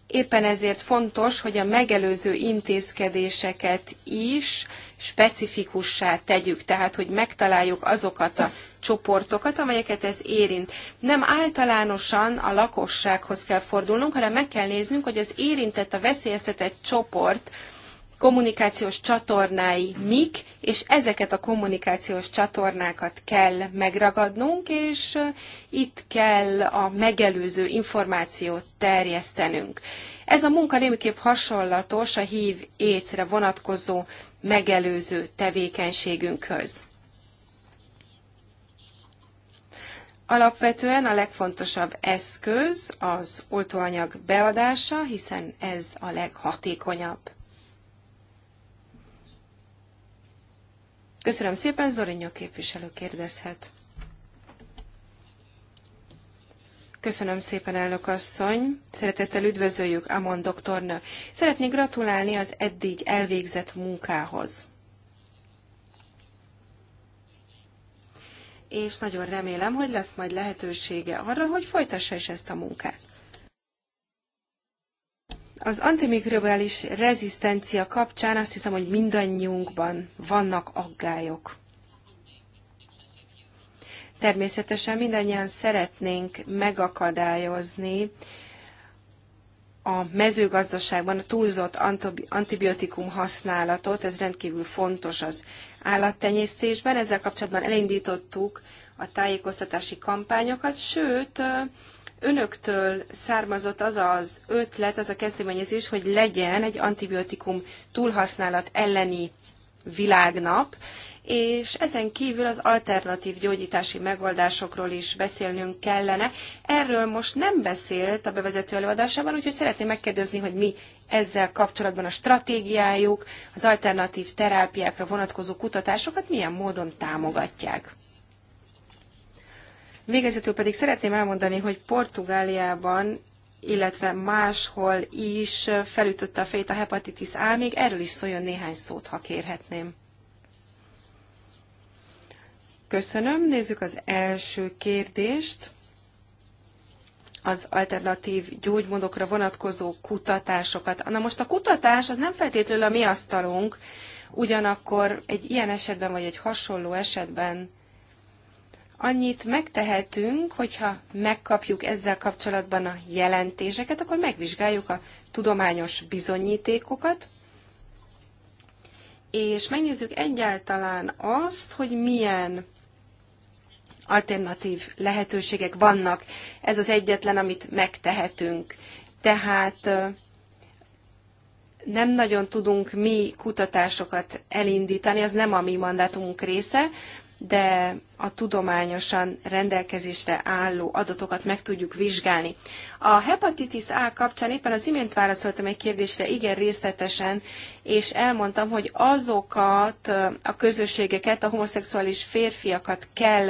Éppen ezért fontos, hogy a megelőző intézkedéseket is specifikussá tegyük, tehát hogy megtaláljuk azokat a csoportokat, amelyeket ez érint. Nem általánosan a lakossághoz kell fordulnunk, hanem meg kell néznünk, hogy az érintett, a veszélyeztetett csoport, kommunikációs csatornái mik, és ezeket a kommunikációs csatornákat kell megragadnunk, és eh, itt kell a megelőző információt terjesztenünk. Ez a munka némiképp hasonlatos a hív écre vonatkozó megelőző tevékenységünkhöz. Alapvetően a legfontosabb eszköz az oltóanyag beadása, hiszen ez a leghatékonyabb. Köszönöm szépen, Zorinyó képviselő kérdezhet. Köszönöm szépen, elnök asszony. Szeretettel üdvözöljük Amon doktornő. Szeretnék gratulálni az eddig elvégzett munkához. És nagyon remélem, hogy lesz majd lehetősége arra, hogy folytassa is ezt a munkát. Az antimikrobális rezisztencia kapcsán azt hiszem, hogy mindannyiunkban vannak aggályok. Természetesen mindannyian szeretnénk megakadályozni a mezőgazdaságban a túlzott antibiotikum használatot, ez rendkívül fontos az állattenyésztésben. Ezzel kapcsolatban elindítottuk a tájékoztatási kampányokat, sőt, Önöktől származott az az ötlet, az a kezdeményezés, hogy legyen egy antibiotikum túlhasználat elleni világnap, és ezen kívül az alternatív gyógyítási megoldásokról is beszélnünk kellene. Erről most nem beszélt a bevezető előadásában, úgyhogy szeretném megkérdezni, hogy mi ezzel kapcsolatban a stratégiájuk, az alternatív terápiákra vonatkozó kutatásokat milyen módon támogatják. Végezetül pedig szeretném elmondani, hogy Portugáliában illetve máshol is felütötte a fejét a hepatitis A, még erről is szóljon néhány szót, ha kérhetném. Köszönöm. Nézzük az első kérdést. Az alternatív gyógymódokra vonatkozó kutatásokat. Na most a kutatás az nem feltétlenül a mi asztalunk, ugyanakkor egy ilyen esetben, vagy egy hasonló esetben Annyit megtehetünk, hogyha megkapjuk ezzel kapcsolatban a jelentéseket, akkor megvizsgáljuk a tudományos bizonyítékokat, és megnézzük egyáltalán azt, hogy milyen alternatív lehetőségek vannak. Ez az egyetlen, amit megtehetünk. Tehát nem nagyon tudunk mi kutatásokat elindítani, az nem a mi mandátumunk része, de a tudományosan rendelkezésre álló adatokat meg tudjuk vizsgálni. A hepatitis A kapcsán éppen az imént válaszoltam egy kérdésre igen részletesen, és elmondtam, hogy azokat a közösségeket, a homoszexuális férfiakat kell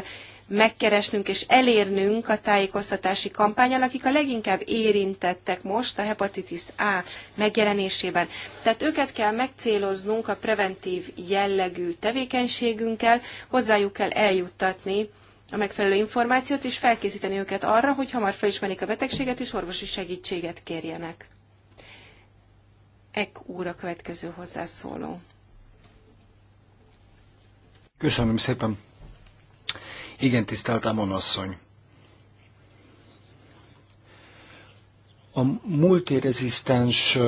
megkeresnünk és elérnünk a tájékoztatási kampányal, akik a leginkább érintettek most a hepatitis A megjelenésében. Tehát őket kell megcéloznunk a preventív jellegű tevékenységünkkel, hozzájuk kell eljuttatni a megfelelő információt, és felkészíteni őket arra, hogy hamar felismerik a betegséget, és orvosi segítséget kérjenek. Ek úr a következő hozzászóló. Köszönöm szépen. Igen, tisztelt Amon asszony. A multirezisztens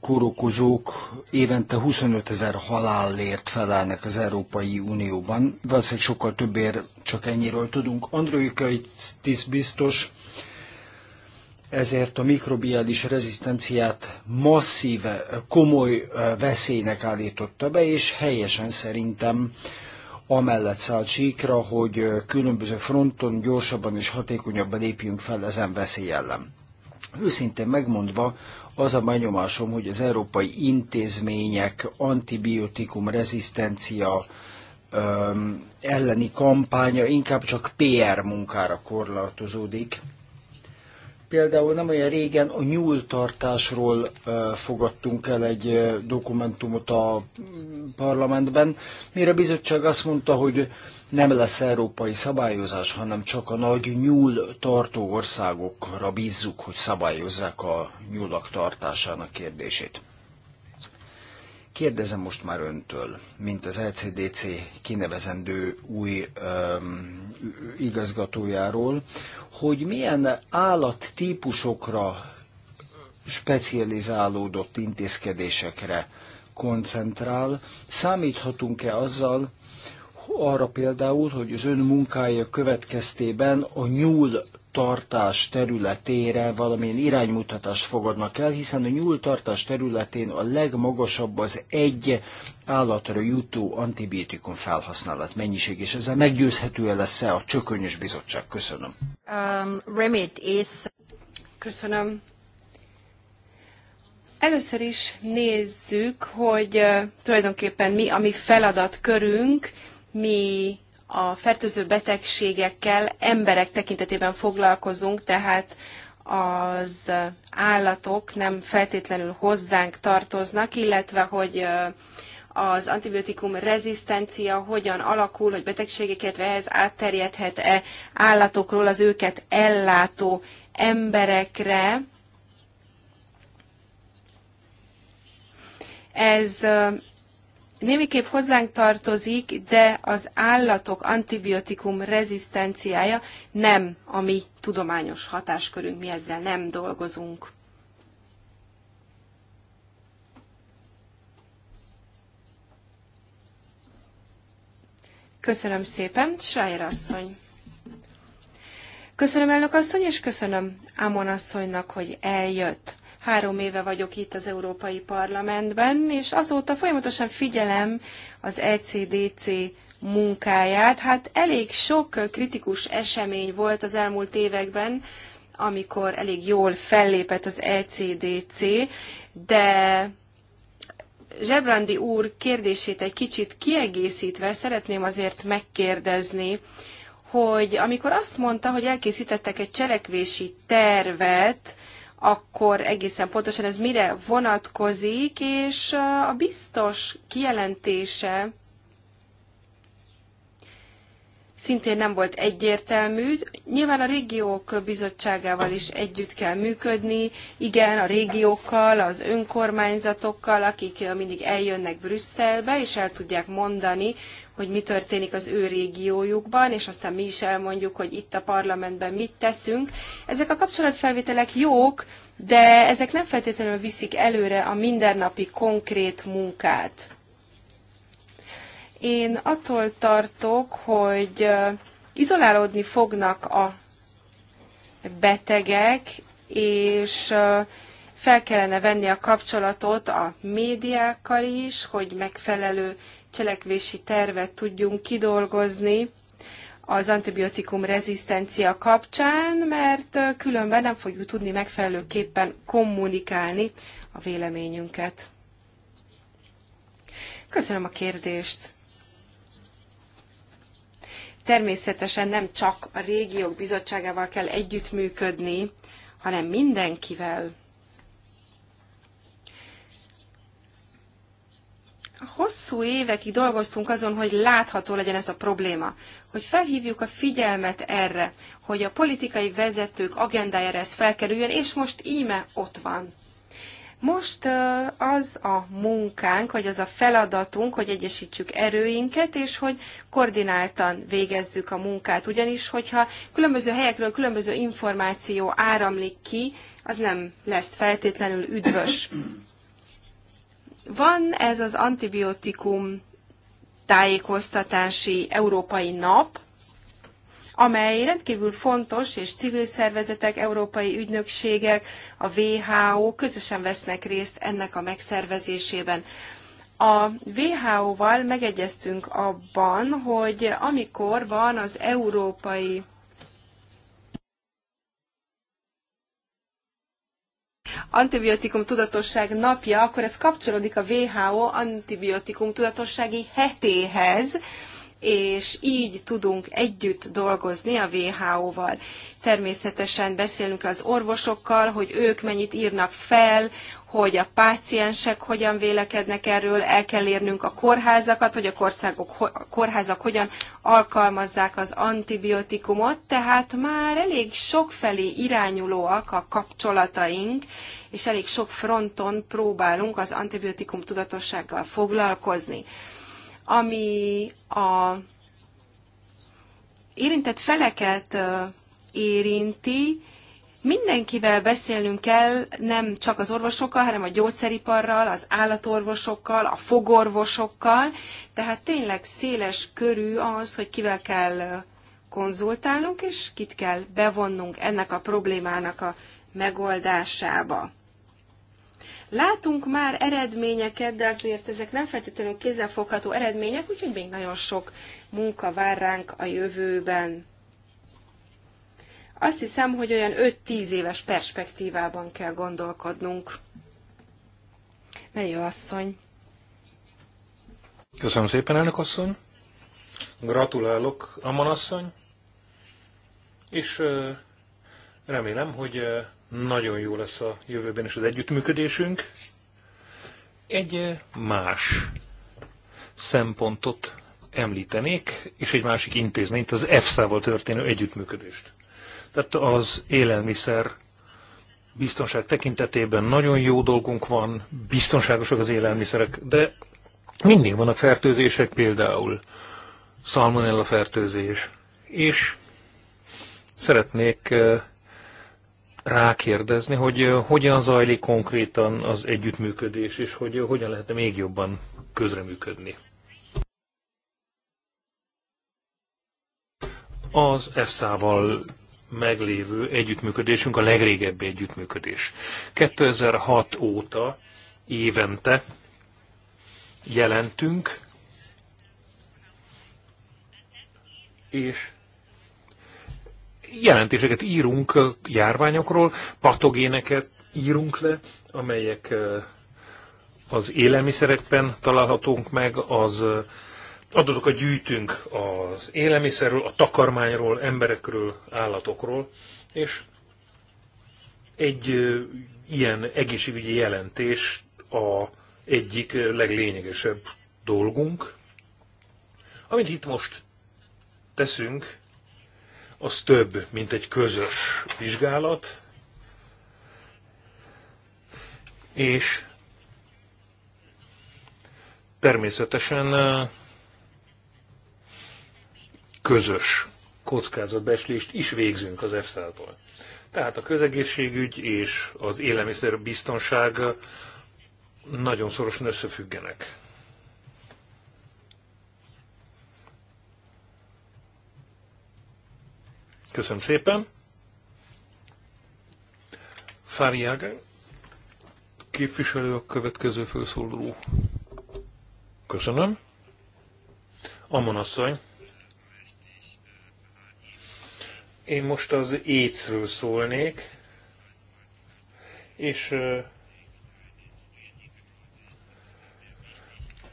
kórokozók évente 25 ezer halálért felelnek az Európai Unióban. Valószínűleg sokkal többért csak ennyiről tudunk. tiszt biztos, ezért a mikrobiális rezisztenciát masszíve, komoly veszélynek állította be, és helyesen szerintem amellett szállt síkra, hogy különböző fronton gyorsabban és hatékonyabban lépjünk fel ezen veszély ellen. Őszintén megmondva, az a benyomásom, hogy az európai intézmények antibiotikum rezisztencia elleni kampánya inkább csak PR munkára korlátozódik, Például nem olyan régen a nyúltartásról fogadtunk el egy dokumentumot a parlamentben, mire a bizottság azt mondta, hogy nem lesz európai szabályozás, hanem csak a nagy nyúl tartó országokra bízzuk, hogy szabályozzák a nyúlak tartásának kérdését. Kérdezem most már öntől, mint az LCDC kinevezendő új um, igazgatójáról, hogy milyen állattípusokra specializálódott intézkedésekre koncentrál. Számíthatunk-e azzal, arra például, hogy az ön munkája következtében a nyúl nyúltartás területére valamilyen iránymutatást fogadnak el, hiszen a nyúltartás területén a legmagasabb az egy állatra jutó antibiotikum felhasználat mennyiség, és ezzel meggyőzhető lesz -e a Csökönyös Bizottság? Köszönöm. Um, remit is... Köszönöm. Először is nézzük, hogy uh, tulajdonképpen mi a mi feladatkörünk, mi a fertőző betegségekkel emberek tekintetében foglalkozunk, tehát az állatok nem feltétlenül hozzánk tartoznak, illetve hogy az antibiotikum rezisztencia hogyan alakul, hogy betegségeket illetve ehhez átterjedhet-e állatokról az őket ellátó emberekre. Ez Némiképp hozzánk tartozik, de az állatok antibiotikum rezisztenciája nem a mi tudományos hatáskörünk, mi ezzel nem dolgozunk. Köszönöm szépen, Schreier asszony. Köszönöm elnök asszony, és köszönöm Ámon asszonynak, hogy eljött. Három éve vagyok itt az Európai Parlamentben, és azóta folyamatosan figyelem az ECDC munkáját. Hát elég sok kritikus esemény volt az elmúlt években, amikor elég jól fellépett az ECDC, de Zsebrandi úr kérdését egy kicsit kiegészítve szeretném azért megkérdezni, hogy amikor azt mondta, hogy elkészítettek egy cselekvési tervet akkor egészen pontosan ez mire vonatkozik, és a biztos kijelentése szintén nem volt egyértelmű. Nyilván a régiók bizottságával is együtt kell működni, igen, a régiókkal, az önkormányzatokkal, akik mindig eljönnek Brüsszelbe, és el tudják mondani, hogy mi történik az ő régiójukban, és aztán mi is elmondjuk, hogy itt a parlamentben mit teszünk. Ezek a kapcsolatfelvételek jók, de ezek nem feltétlenül viszik előre a mindennapi konkrét munkát. Én attól tartok, hogy izolálódni fognak a betegek, és fel kellene venni a kapcsolatot a médiákkal is, hogy megfelelő cselekvési tervet tudjunk kidolgozni az antibiotikum rezisztencia kapcsán, mert különben nem fogjuk tudni megfelelőképpen kommunikálni a véleményünket. Köszönöm a kérdést! Természetesen nem csak a régiók bizottságával kell együttműködni, hanem mindenkivel. Hosszú évekig dolgoztunk azon, hogy látható legyen ez a probléma, hogy felhívjuk a figyelmet erre, hogy a politikai vezetők agendájára ez felkerüljön, és most íme ott van. Most az a munkánk, vagy az a feladatunk, hogy egyesítsük erőinket, és hogy koordináltan végezzük a munkát. Ugyanis, hogyha különböző helyekről különböző információ áramlik ki, az nem lesz feltétlenül üdvös. Van ez az antibiotikum tájékoztatási európai nap, amely rendkívül fontos, és civil szervezetek, európai ügynökségek, a WHO közösen vesznek részt ennek a megszervezésében. A WHO-val megegyeztünk abban, hogy amikor van az európai antibiotikum tudatosság napja, akkor ez kapcsolódik a WHO antibiotikum tudatossági hetéhez, és így tudunk együtt dolgozni a WHO-val. Természetesen beszélünk az orvosokkal, hogy ők mennyit írnak fel, hogy a páciensek hogyan vélekednek erről, el kell érnünk a kórházakat, hogy a, kországok, a kórházak hogyan alkalmazzák az antibiotikumot, tehát már elég sokfelé irányulóak a kapcsolataink, és elég sok fronton próbálunk az antibiotikum tudatossággal foglalkozni ami a érintett feleket érinti, mindenkivel beszélnünk kell, nem csak az orvosokkal, hanem a gyógyszeriparral, az állatorvosokkal, a fogorvosokkal, tehát tényleg széles körű az, hogy kivel kell konzultálnunk, és kit kell bevonnunk ennek a problémának a megoldásába. Látunk már eredményeket, de azért ezek nem feltétlenül kézzelfogható eredmények, úgyhogy még nagyon sok munka vár ránk a jövőben. Azt hiszem, hogy olyan 5-10 éves perspektívában kell gondolkodnunk. Melyő asszony. Köszönöm szépen, elnök asszony. Gratulálok, Aman asszony. És remélem, hogy nagyon jó lesz a jövőben is az együttműködésünk. Egy más szempontot említenék, és egy másik intézményt, az EFSA-val történő együttműködést. Tehát az élelmiszer biztonság tekintetében nagyon jó dolgunk van, biztonságosak az élelmiszerek, de mindig vannak fertőzések, például szalmonella fertőzés, és szeretnék rákérdezni, hogy hogyan zajlik konkrétan az együttműködés, és hogy hogyan lehetne még jobban közreműködni. Az EFSA-val meglévő együttműködésünk a legrégebbi együttműködés. 2006 óta évente jelentünk, és jelentéseket írunk járványokról, patogéneket írunk le, amelyek az élelmiszerekben találhatunk meg, az adatokat gyűjtünk az élelmiszerről, a takarmányról, emberekről, állatokról, és egy ilyen egészségügyi jelentés a egyik leglényegesebb dolgunk. Amit itt most teszünk, az több, mint egy közös vizsgálat, és természetesen közös kockázatbeslést is végzünk az EFSA-tól. Tehát a közegészségügy és az élelmiszerbiztonság nagyon szorosan összefüggenek. Köszönöm szépen. Fáriág képviselő a következő főszóló. Köszönöm. Amon asszony. Én most az écről szólnék, és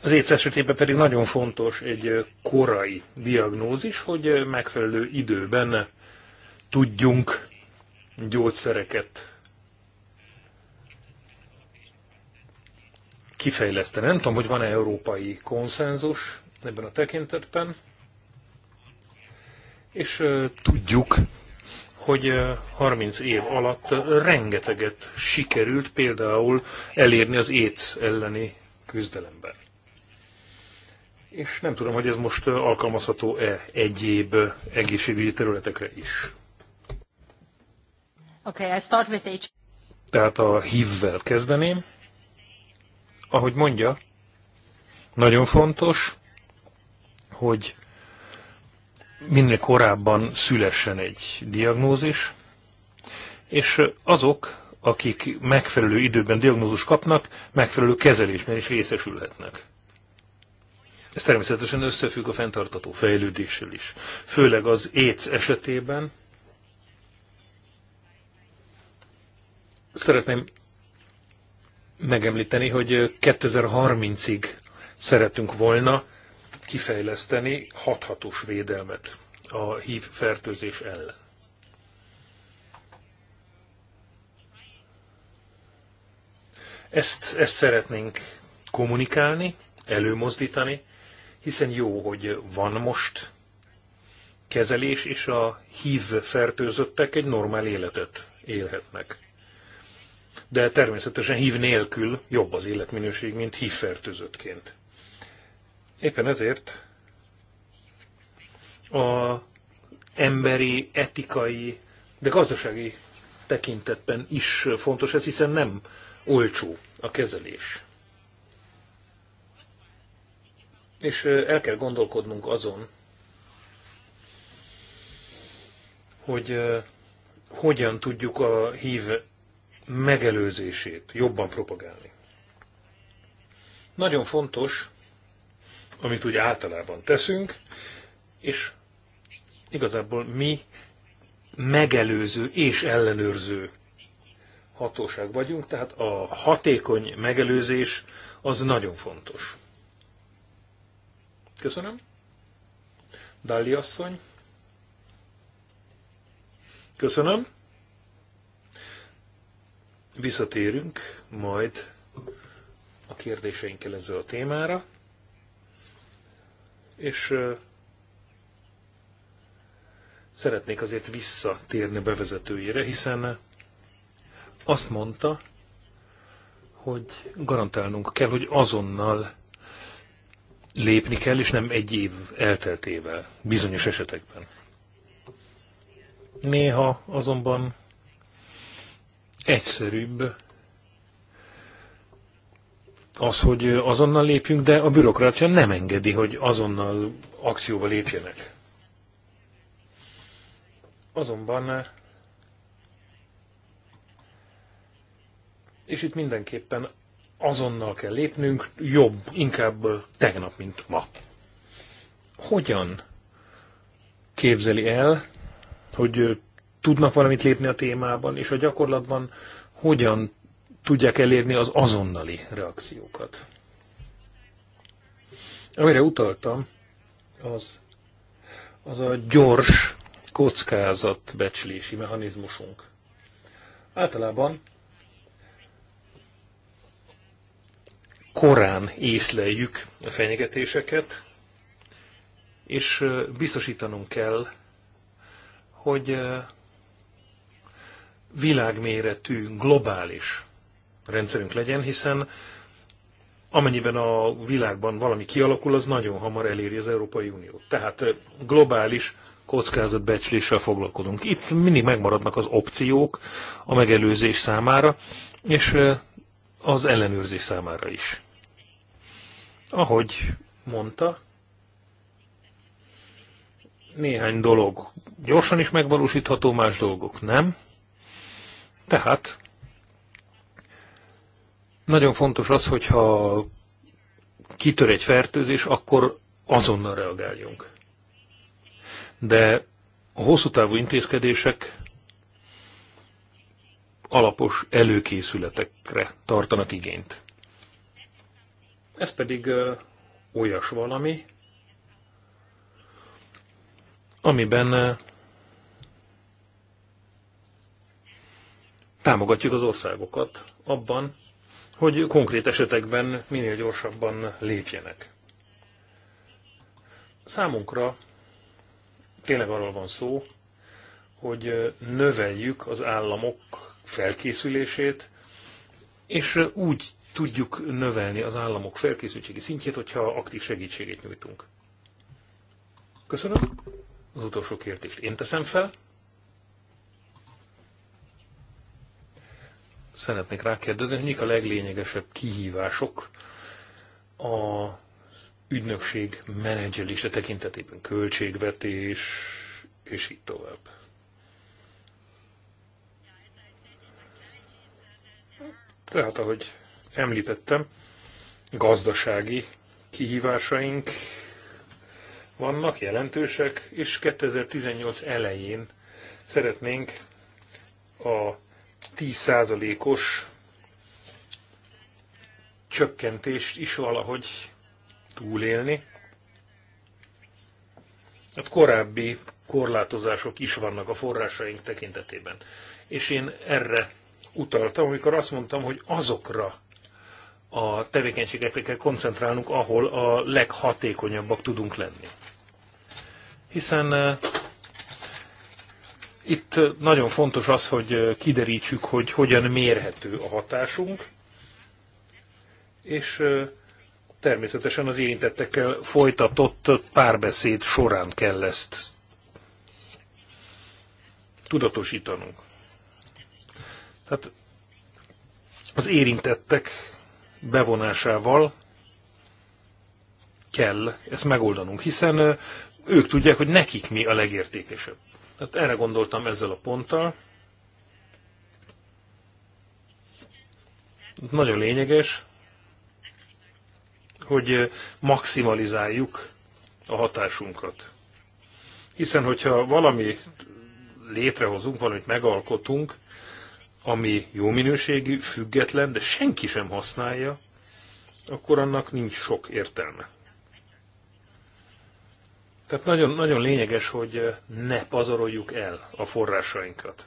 az éjsz esetében pedig nagyon fontos egy korai diagnózis, hogy megfelelő időben tudjunk gyógyszereket kifejleszteni. Nem tudom, hogy van-e európai konszenzus ebben a tekintetben, és tudjuk, hogy 30 év alatt rengeteget sikerült például elérni az AIDS elleni küzdelemben. És nem tudom, hogy ez most alkalmazható-e egyéb egészségügyi területekre is. Okay, I start with H. Tehát a hívvel kezdeném. Ahogy mondja, nagyon fontos, hogy minél korábban szülessen egy diagnózis, és azok, akik megfelelő időben diagnózus kapnak, megfelelő kezelésben is részesülhetnek. Ez természetesen összefügg a fenntartató fejlődéssel is. Főleg az éc esetében szeretném megemlíteni, hogy 2030-ig szeretünk volna kifejleszteni hathatós védelmet a hív fertőzés ellen. Ezt, ezt szeretnénk kommunikálni, előmozdítani, hiszen jó, hogy van most kezelés, és a hív fertőzöttek egy normál életet élhetnek de természetesen hív nélkül jobb az életminőség, mint fertőzöttként. Éppen ezért a emberi, etikai, de gazdasági tekintetben is fontos ez, hiszen nem olcsó a kezelés. És el kell gondolkodnunk azon, hogy hogyan tudjuk a hív megelőzését jobban propagálni. Nagyon fontos, amit úgy általában teszünk, és igazából mi megelőző és ellenőrző hatóság vagyunk, tehát a hatékony megelőzés az nagyon fontos. Köszönöm. Dalli asszony. Köszönöm. Visszatérünk majd a kérdéseinkkel ezzel a témára, és szeretnék azért visszatérni a bevezetőjére, hiszen azt mondta, hogy garantálnunk kell, hogy azonnal lépni kell, és nem egy év elteltével bizonyos esetekben. Néha azonban egyszerűbb az, hogy azonnal lépjünk, de a bürokrácia nem engedi, hogy azonnal akcióba lépjenek. Azonban, és itt mindenképpen azonnal kell lépnünk, jobb, inkább tegnap, mint ma. Hogyan képzeli el, hogy tudnak valamit lépni a témában, és a gyakorlatban hogyan tudják elérni az azonnali reakciókat. Amire utaltam, az, az a gyors kockázatbecslési mechanizmusunk. Általában korán észleljük a fenyegetéseket, és biztosítanunk kell, hogy világméretű, globális rendszerünk legyen, hiszen amennyiben a világban valami kialakul, az nagyon hamar eléri az Európai Uniót. Tehát globális kockázatbecsléssel foglalkozunk. Itt mindig megmaradnak az opciók a megelőzés számára, és az ellenőrzés számára is. Ahogy mondta, néhány dolog gyorsan is megvalósítható, más dolgok nem. Tehát nagyon fontos az, hogyha kitör egy fertőzés, akkor azonnal reagáljunk. De a hosszú távú intézkedések alapos előkészületekre tartanak igényt. Ez pedig olyas valami, amiben támogatjuk az országokat abban, hogy konkrét esetekben minél gyorsabban lépjenek. Számunkra tényleg arról van szó, hogy növeljük az államok felkészülését, és úgy tudjuk növelni az államok felkészültségi szintjét, hogyha aktív segítséget nyújtunk. Köszönöm. Az utolsó kérdést én teszem fel. szeretnék rákérdezni, hogy mik a leglényegesebb kihívások a ügynökség menedzselése tekintetében, költségvetés, és így tovább. Tehát, ahogy említettem, gazdasági kihívásaink vannak, jelentősek, és 2018 elején szeretnénk a 10%-os csökkentést is valahogy túlélni. Hát korábbi korlátozások is vannak a forrásaink tekintetében. És én erre utaltam, amikor azt mondtam, hogy azokra a tevékenységekre kell koncentrálnunk, ahol a leghatékonyabbak tudunk lenni. Hiszen eh, itt nagyon fontos az, hogy kiderítsük, hogy hogyan mérhető a hatásunk, és természetesen az érintettekkel folytatott párbeszéd során kell ezt tudatosítanunk. Tehát az érintettek bevonásával kell ezt megoldanunk, hiszen ők tudják, hogy nekik mi a legértékesebb. Tehát erre gondoltam ezzel a ponttal. Nagyon lényeges, hogy maximalizáljuk a hatásunkat. Hiszen, hogyha valami létrehozunk, valamit megalkotunk, ami jó minőségű, független, de senki sem használja, akkor annak nincs sok értelme. Tehát nagyon, nagyon lényeges, hogy eh, ne pazaroljuk el a forrásainkat.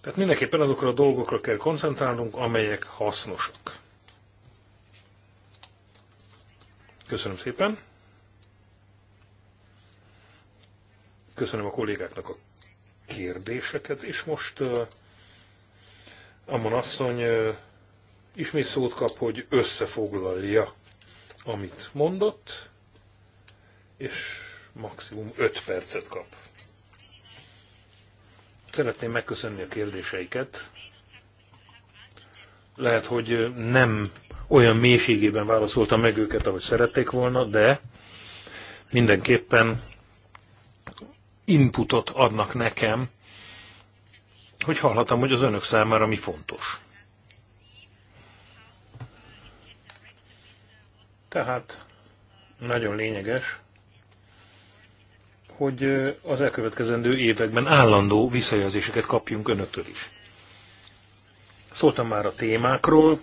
Tehát mindenképpen azokra a dolgokra kell koncentrálnunk, amelyek hasznosak. Köszönöm szépen. Köszönöm a kollégáknak a kérdéseket, és most uh, Amon asszony uh, ismét szót kap, hogy összefoglalja, amit mondott és maximum 5 percet kap. Szeretném megköszönni a kérdéseiket. Lehet, hogy nem olyan mélységében válaszoltam meg őket, ahogy szerették volna, de mindenképpen inputot adnak nekem, hogy hallhatom, hogy az önök számára mi fontos. Tehát nagyon lényeges, hogy az elkövetkezendő években állandó visszajelzéseket kapjunk önöktől is. Szóltam már a témákról,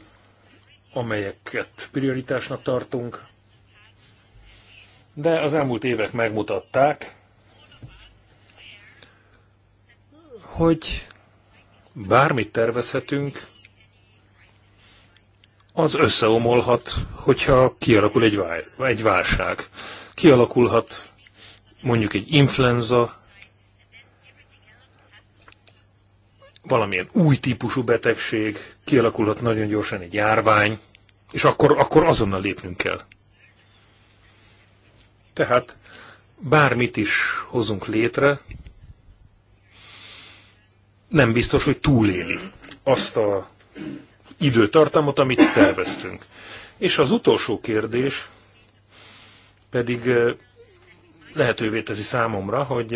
amelyeket prioritásnak tartunk, de az elmúlt évek megmutatták, hogy bármit tervezhetünk, az összeomolhat, hogyha kialakul egy, vál, egy válság. Kialakulhat mondjuk egy influenza, valamilyen új típusú betegség, kialakulhat nagyon gyorsan egy járvány, és akkor, akkor azonnal lépnünk kell. Tehát bármit is hozunk létre, nem biztos, hogy túléli azt a időtartamot, amit terveztünk. És az utolsó kérdés pedig eh, lehetővé teszi számomra, hogy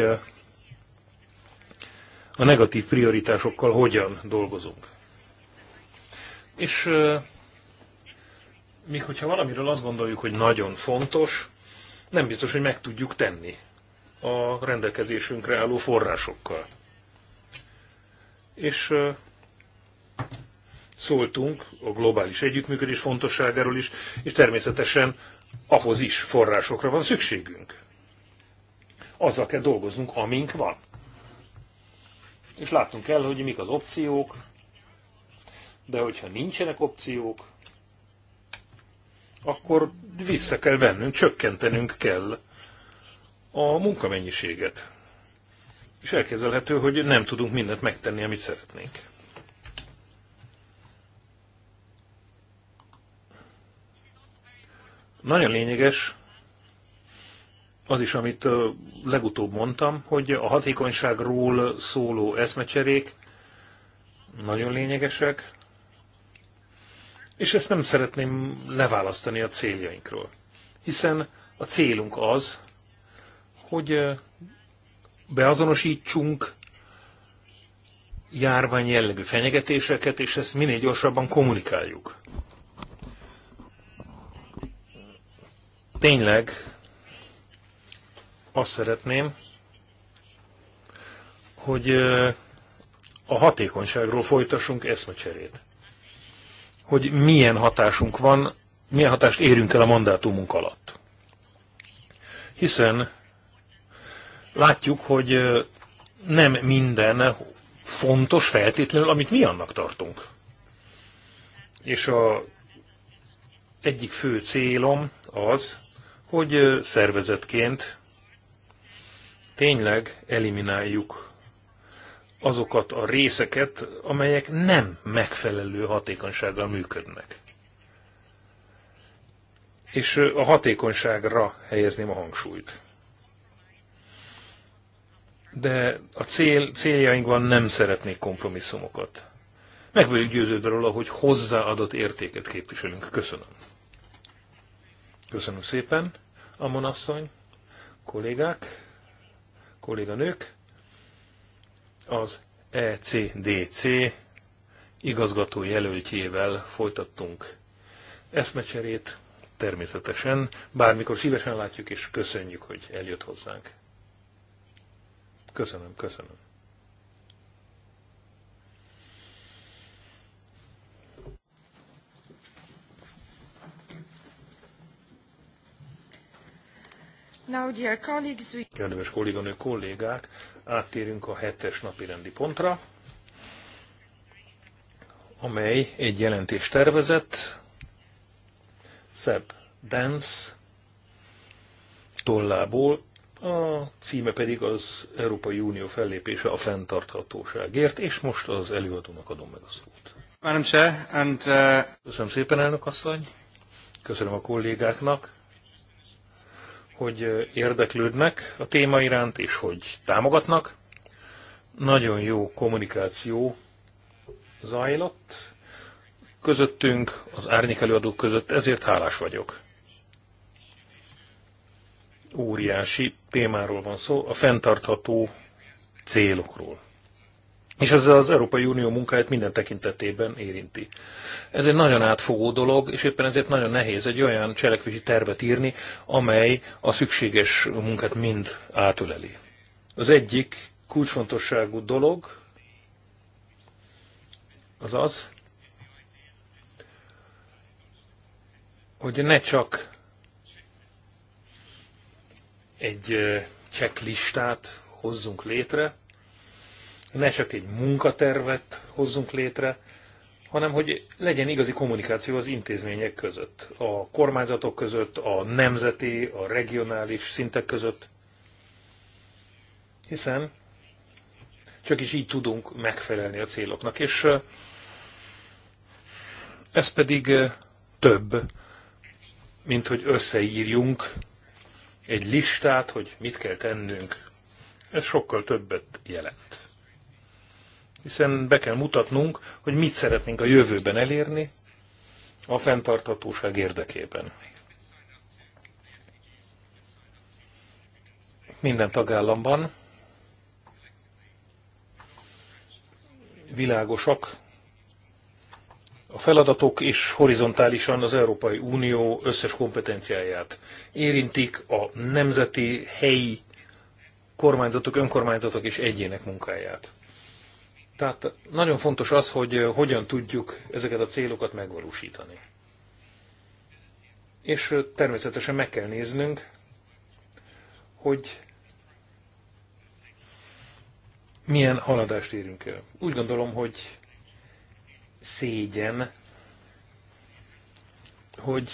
a negatív prioritásokkal hogyan dolgozunk. És még hogyha valamiről azt gondoljuk, hogy nagyon fontos, nem biztos, hogy meg tudjuk tenni a rendelkezésünkre álló forrásokkal. És szóltunk a globális együttműködés fontosságáról is, és természetesen ahhoz is forrásokra van szükségünk azzal kell dolgoznunk, amink van. És látnunk kell, hogy mik az opciók, de hogyha nincsenek opciók, akkor vissza kell vennünk, csökkentenünk kell a munkamennyiséget. És elképzelhető, hogy nem tudunk mindent megtenni, amit szeretnénk. Nagyon lényeges, az is, amit legutóbb mondtam, hogy a hatékonyságról szóló eszmecserék nagyon lényegesek, és ezt nem szeretném leválasztani a céljainkról. Hiszen a célunk az, hogy beazonosítsunk járvány jellegű fenyegetéseket, és ezt minél gyorsabban kommunikáljuk. Tényleg azt szeretném, hogy a hatékonyságról folytassunk eszmecserét. Hogy milyen hatásunk van, milyen hatást érünk el a mandátumunk alatt. Hiszen látjuk, hogy nem minden fontos feltétlenül, amit mi annak tartunk. És a egyik fő célom az, hogy szervezetként tényleg elimináljuk azokat a részeket, amelyek nem megfelelő hatékonysággal működnek. És a hatékonyságra helyezném a hangsúlyt. De a cél, céljainkban nem szeretnék kompromisszumokat. Meg vagyok győződve róla, hogy hozzáadott értéket képviselünk. Köszönöm. Köszönöm szépen, Amon asszony, kollégák kolléganők, az ECDC igazgató jelöltjével folytattunk eszmecserét, természetesen, bármikor szívesen látjuk, és köszönjük, hogy eljött hozzánk. Köszönöm, köszönöm. Now, dear colleagues, we... Kedves kolléganő kollégák, áttérünk a hetes napi rendi pontra, amely egy jelentés tervezett, Szebb Dance tollából, a címe pedig az Európai Unió fellépése a fenntarthatóságért, és most az előadónak adom meg a szót. Madam Chair, and, uh... Köszönöm szépen, elnök asszony, köszönöm a kollégáknak, hogy érdeklődnek a téma iránt, és hogy támogatnak. Nagyon jó kommunikáció zajlott közöttünk, az árnyék előadók között, ezért hálás vagyok. Óriási témáról van szó, a fenntartható célokról. És ez az Európai Unió munkáját minden tekintetében érinti. Ez egy nagyon átfogó dolog, és éppen ezért nagyon nehéz egy olyan cselekvési tervet írni, amely a szükséges munkát mind átöleli. Az egyik kulcsfontosságú dolog az az, hogy ne csak egy checklistát hozzunk létre, ne csak egy munkatervet hozzunk létre, hanem hogy legyen igazi kommunikáció az intézmények között, a kormányzatok között, a nemzeti, a regionális szintek között. Hiszen csak is így tudunk megfelelni a céloknak. És ez pedig több, mint hogy összeírjunk egy listát, hogy mit kell tennünk. Ez sokkal többet jelent hiszen be kell mutatnunk, hogy mit szeretnénk a jövőben elérni a fenntarthatóság érdekében. Minden tagállamban világosak a feladatok, és horizontálisan az Európai Unió összes kompetenciáját érintik a nemzeti, helyi kormányzatok, önkormányzatok és egyének munkáját. Tehát nagyon fontos az, hogy hogyan tudjuk ezeket a célokat megvalósítani. És természetesen meg kell néznünk, hogy milyen haladást érünk el. Úgy gondolom, hogy szégyen, hogy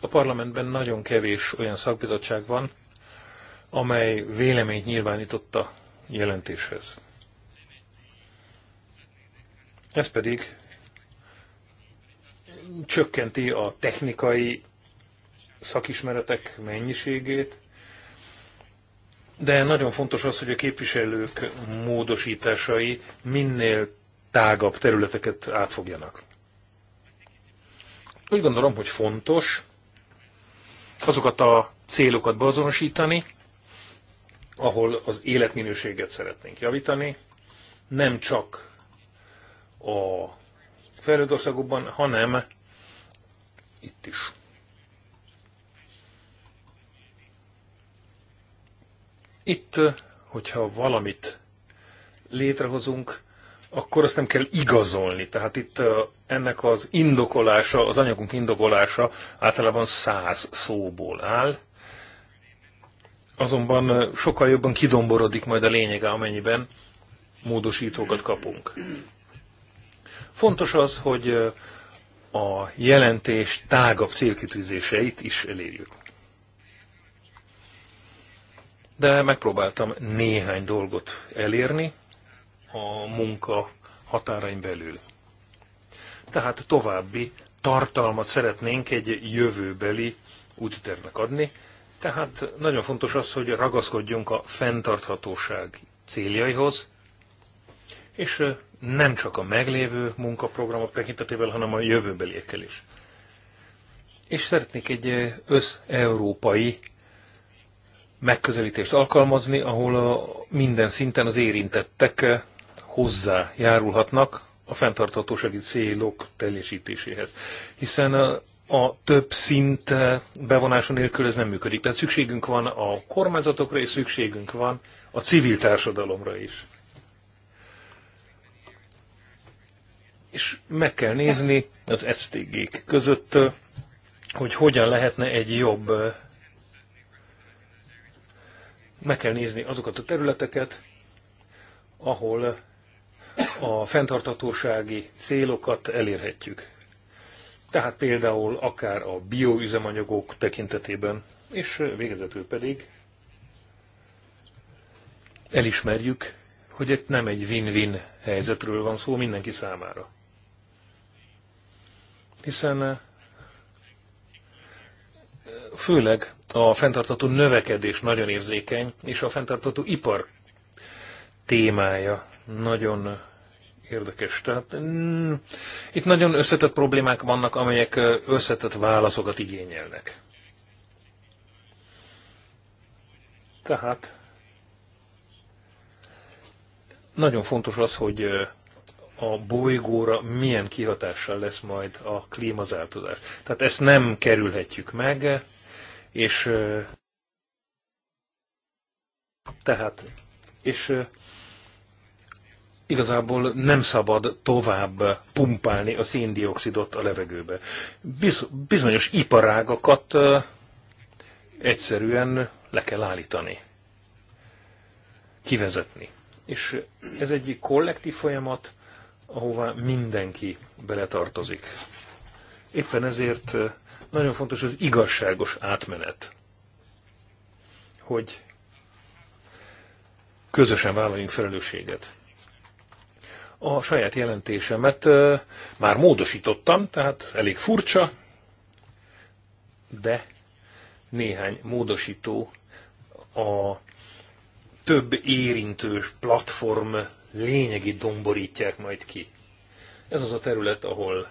a parlamentben nagyon kevés olyan szakbizottság van, amely véleményt nyilvánította jelentéshez. Ez pedig csökkenti a technikai szakismeretek mennyiségét, de nagyon fontos az, hogy a képviselők módosításai minél tágabb területeket átfogjanak. Úgy gondolom, hogy fontos azokat a célokat beazonosítani, ahol az életminőséget szeretnénk javítani, nem csak a fejlődő országokban, hanem itt is. Itt, hogyha valamit létrehozunk, akkor azt nem kell igazolni. Tehát itt ennek az indokolása, az anyagunk indokolása általában száz szóból áll, azonban sokkal jobban kidomborodik majd a lényege, amennyiben módosítókat kapunk. Fontos az, hogy a jelentés tágabb célkitűzéseit is elérjük. De megpróbáltam néhány dolgot elérni a munka határain belül. Tehát további tartalmat szeretnénk egy jövőbeli útitervnek adni, tehát nagyon fontos az, hogy ragaszkodjunk a fenntarthatóság céljaihoz, és nem csak a meglévő munkaprogramok tekintetében, hanem a jövőbeliekkel is. És szeretnék egy összeurópai megközelítést alkalmazni, ahol a minden szinten az érintettek hozzájárulhatnak a fenntartatósági célok teljesítéséhez. Hiszen a, a több szint bevonása nélkül ez nem működik. Tehát szükségünk van a kormányzatokra, és szükségünk van a civil társadalomra is. és meg kell nézni az STG-k között, hogy hogyan lehetne egy jobb, meg kell nézni azokat a területeket, ahol a fenntartatósági célokat elérhetjük. Tehát például akár a bioüzemanyagok tekintetében, és végezetül pedig elismerjük, hogy itt nem egy win-win helyzetről van szó mindenki számára hiszen eh, főleg a fenntartató növekedés nagyon érzékeny, és a fenntartató ipar témája nagyon érdekes. Tehát mm, itt nagyon összetett problémák vannak, amelyek eh, összetett válaszokat igényelnek. Tehát nagyon fontos az, hogy eh, a bolygóra milyen kihatással lesz majd a klímazáltozás. Tehát ezt nem kerülhetjük meg, és tehát, és igazából nem szabad tovább pumpálni a széndiokszidot a levegőbe. Bizonyos iparágakat egyszerűen le kell állítani, kivezetni. És ez egy kollektív folyamat, ahová mindenki beletartozik. Éppen ezért eh, nagyon fontos az igazságos átmenet, hogy közösen vállaljunk felelősséget. A saját jelentésemet eh, már módosítottam, tehát elég furcsa, de néhány módosító a több érintős platform lényegi domborítják majd ki. Ez az a terület, ahol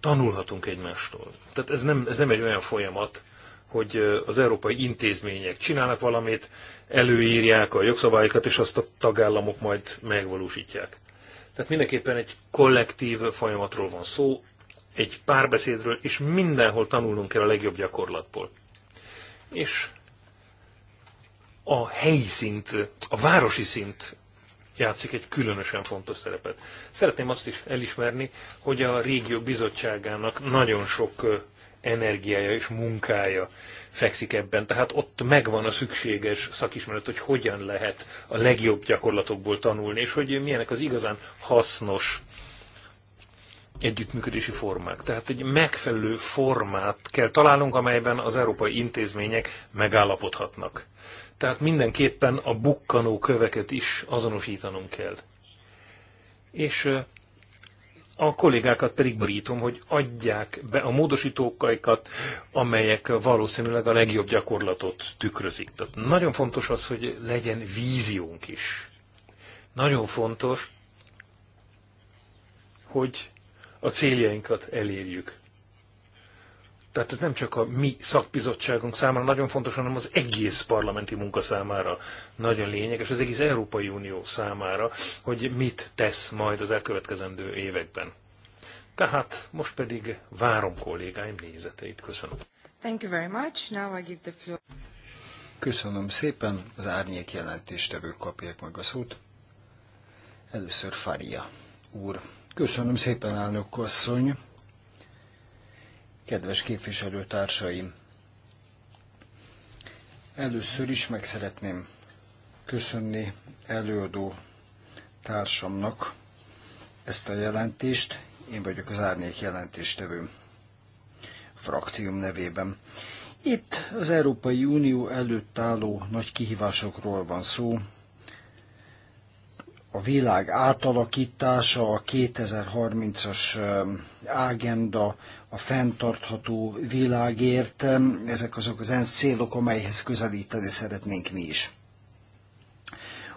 tanulhatunk egymástól. Tehát ez nem, ez nem egy olyan folyamat, hogy az európai intézmények csinálnak valamit, előírják a jogszabályokat, és azt a tagállamok majd megvalósítják. Tehát mindenképpen egy kollektív folyamatról van szó, egy párbeszédről, és mindenhol tanulnunk kell a legjobb gyakorlatból. És a helyi szint, a városi szint játszik egy különösen fontos szerepet. Szeretném azt is elismerni, hogy a régió bizottságának nagyon sok energiája és munkája fekszik ebben. Tehát ott megvan a szükséges szakismeret, hogy hogyan lehet a legjobb gyakorlatokból tanulni, és hogy milyenek az igazán hasznos együttműködési formák. Tehát egy megfelelő formát kell találnunk, amelyben az európai intézmények megállapodhatnak. Tehát mindenképpen a bukkanó köveket is azonosítanunk kell. És a kollégákat pedig borítom, hogy adják be a módosítókaikat, amelyek valószínűleg a legjobb gyakorlatot tükrözik. Tehát nagyon fontos az, hogy legyen víziónk is. Nagyon fontos, hogy a céljainkat elérjük. Tehát ez nem csak a mi szakbizottságunk számára nagyon fontos, hanem az egész parlamenti munka számára nagyon lényeges, az egész Európai Unió számára, hogy mit tesz majd az elkövetkezendő években. Tehát most pedig várom kollégáim nézeteit. Köszönöm. Thank you very much. Now I give the floor. Köszönöm szépen. Az árnyék jelentéstevő kapják meg a szót. Először Faria úr. Köszönöm szépen, elnök asszony. Kedves képviselőtársaim! Először is meg szeretném köszönni előadó társamnak ezt a jelentést. Én vagyok az árnyék jelentéstevő frakcióm nevében. Itt az Európai Unió előtt álló nagy kihívásokról van szó, a világ átalakítása, a 2030-as ágenda, a fenntartható világért. Ezek azok az ENSZ célok, amelyhez közelíteni szeretnénk mi is.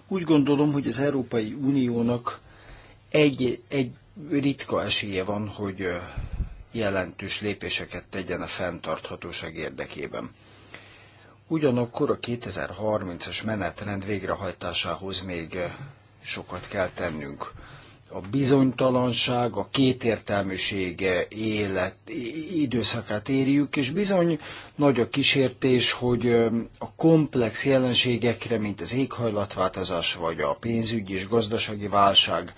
Úgy gondolom, hogy az Európai Uniónak egy, egy ritka esélye van, hogy jelentős lépéseket tegyen a fenntarthatóság érdekében. Ugyanakkor a 2030-as menetrend végrehajtásához még sokat kell tennünk a bizonytalanság, a kétértelműség élet, időszakát érjük, és bizony nagy a kísértés, hogy a komplex jelenségekre, mint az éghajlatváltozás vagy a pénzügyi és gazdasági válság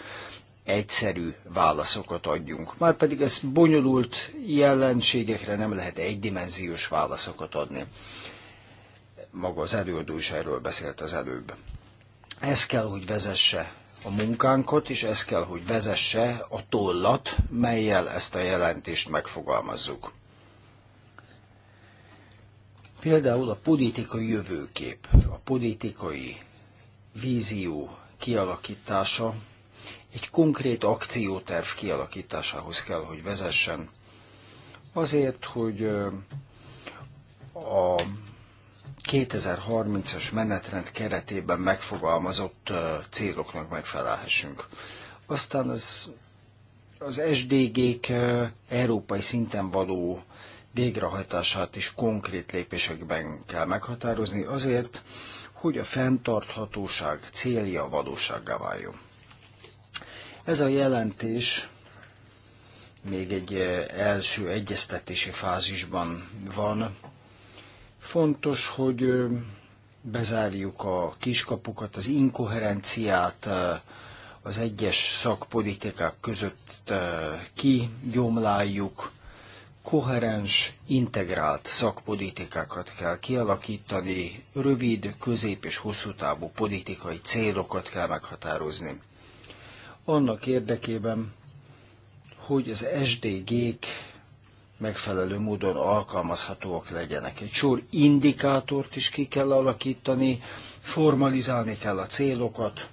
egyszerű válaszokat adjunk. Márpedig ez bonyolult jelenségekre nem lehet egydimenziós válaszokat adni. Maga az előadó is erről beszélt az előbb. Ez kell, hogy vezesse a munkánkat, és ez kell, hogy vezesse a tollat, melyel ezt a jelentést megfogalmazzuk. Például a politikai jövőkép, a politikai vízió kialakítása egy konkrét akcióterv kialakításához kell, hogy vezessen, azért, hogy a 2030-as menetrend keretében megfogalmazott céloknak megfelelhessünk. Aztán az, az SDG-k európai szinten való végrehajtását is konkrét lépésekben kell meghatározni azért, hogy a fenntarthatóság célja valósággá váljon. Ez a jelentés még egy első egyeztetési fázisban van, Fontos, hogy bezárjuk a kiskapukat, az inkoherenciát, az egyes szakpolitikák között kigyomláljuk, koherens, integrált szakpolitikákat kell kialakítani, rövid, közép és hosszú távú politikai célokat kell meghatározni. Annak érdekében, hogy az SDG-k megfelelő módon alkalmazhatóak legyenek. Egy sor indikátort is ki kell alakítani, formalizálni kell a célokat,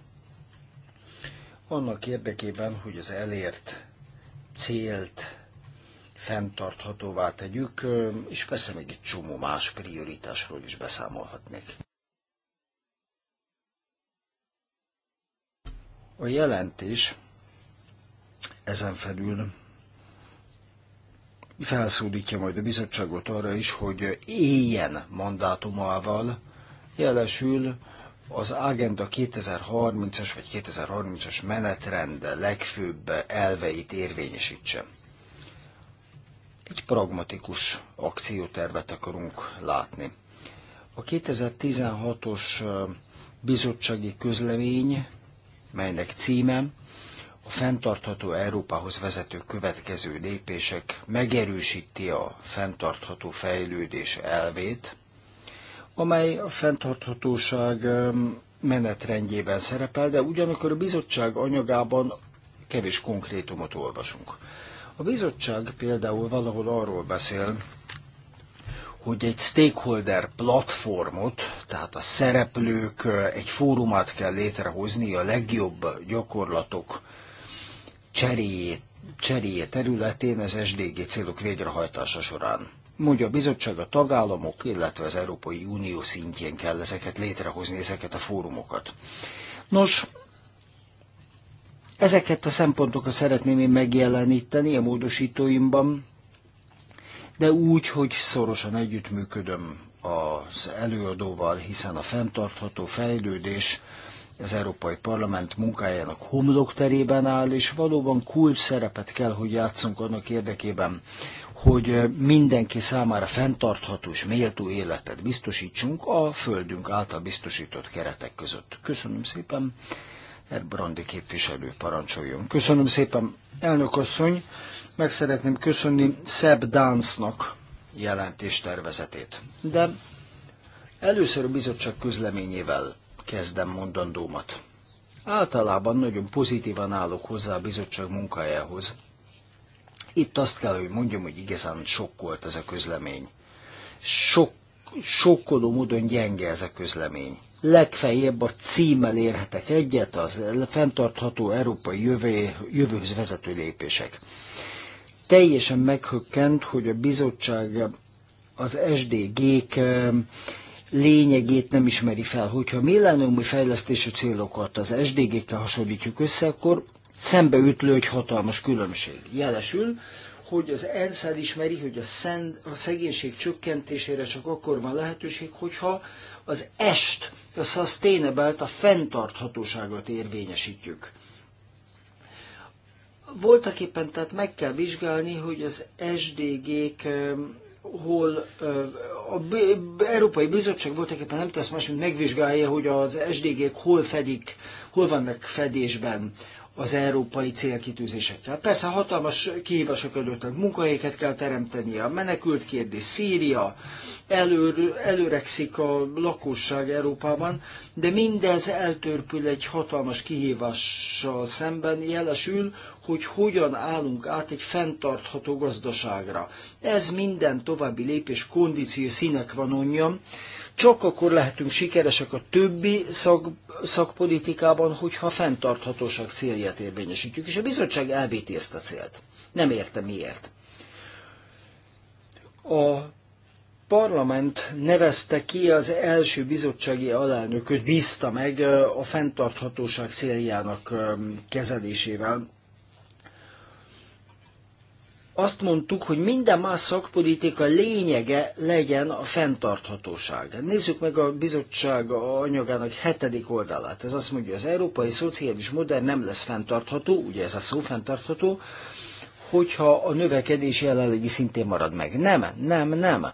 annak érdekében, hogy az elért célt fenntarthatóvá tegyük, és persze még egy csomó más prioritásról is beszámolhatnék. A jelentés ezen felül felszólítja majd a bizottságot arra is, hogy éljen mandátumával, jelesül az Agenda 2030-as vagy 2030-as menetrend legfőbb elveit érvényesítse. Egy pragmatikus akciótervet akarunk látni. A 2016-os bizottsági közlemény, melynek címe a fenntartható Európához vezető következő lépések megerősíti a fenntartható fejlődés elvét, amely a fenntarthatóság menetrendjében szerepel, de ugyanakkor a bizottság anyagában kevés konkrétumot olvasunk. A bizottság például valahol arról beszél, hogy egy stakeholder platformot, tehát a szereplők egy fórumát kell létrehozni a legjobb gyakorlatok cseréjét, cseréje területén az SDG célok végrehajtása során. Mondja a bizottság, a tagállamok, illetve az Európai Unió szintjén kell ezeket létrehozni, ezeket a fórumokat. Nos, ezeket a szempontokat szeretném én megjeleníteni a módosítóimban, de úgy, hogy szorosan együttműködöm az előadóval, hiszen a fenntartható fejlődés az Európai Parlament munkájának homlokterében áll, és valóban kulcs szerepet kell, hogy játszunk annak érdekében, hogy mindenki számára fenntartható és méltó életet biztosítsunk a Földünk által biztosított keretek között. Köszönöm szépen, Erbrandi képviselő parancsoljon. Köszönöm szépen, elnök asszony, meg szeretném köszönni Szebb Dánsznak jelentéstervezetét. De először a bizottság közleményével kezdem mondandómat. Általában nagyon pozitívan állok hozzá a bizottság munkájához. Itt azt kell, hogy mondjam, hogy igazán sokkolt ez a közlemény. Sok, sokkoló módon gyenge ez a közlemény. Legfeljebb a címmel érhetek egyet, az fenntartható európai jövő, jövőhöz vezető lépések. Teljesen meghökkent, hogy a bizottság az SDG-k lényegét nem ismeri fel. Hogyha a millenniumi fejlesztési célokat az SDG-kkel hasonlítjuk össze, akkor ütlő egy hatalmas különbség. Jelesül, hogy az ENSZ ismeri, hogy a, szent, a szegénység csökkentésére csak akkor van lehetőség, hogyha az est, a sustainable a fenntarthatóságot érvényesítjük. Voltaképpen tehát meg kell vizsgálni, hogy az SDG-k hol a Európai Bizottság voltak éppen nem tesz más, mint megvizsgálja, hogy az SDG-k hol fedik, hol vannak fedésben az európai célkitűzésekkel. Persze hatalmas kihívások előtt a munkahelyeket kell teremteni, a menekült kérdés, Szíria, elő, előrekszik a lakosság Európában, de mindez eltörpül egy hatalmas kihívással szemben, jelesül, hogy hogyan állunk át egy fenntartható gazdaságra. Ez minden további lépés kondíció színek van onnyam, csak akkor lehetünk sikeresek a többi szak, szakpolitikában, hogyha fenntarthatóság célját érvényesítjük, és a bizottság elvéti ezt a célt. Nem érte miért. A parlament nevezte ki az első bizottsági alelnököt, bízta meg a fenntarthatóság céljának kezelésével azt mondtuk, hogy minden más szakpolitika lényege legyen a fenntarthatóság. Nézzük meg a bizottság anyagának hetedik oldalát. Ez azt mondja, az európai szociális modell nem lesz fenntartható, ugye ez a szó fenntartható, hogyha a növekedés jelenlegi szintén marad meg. Nem, nem, nem.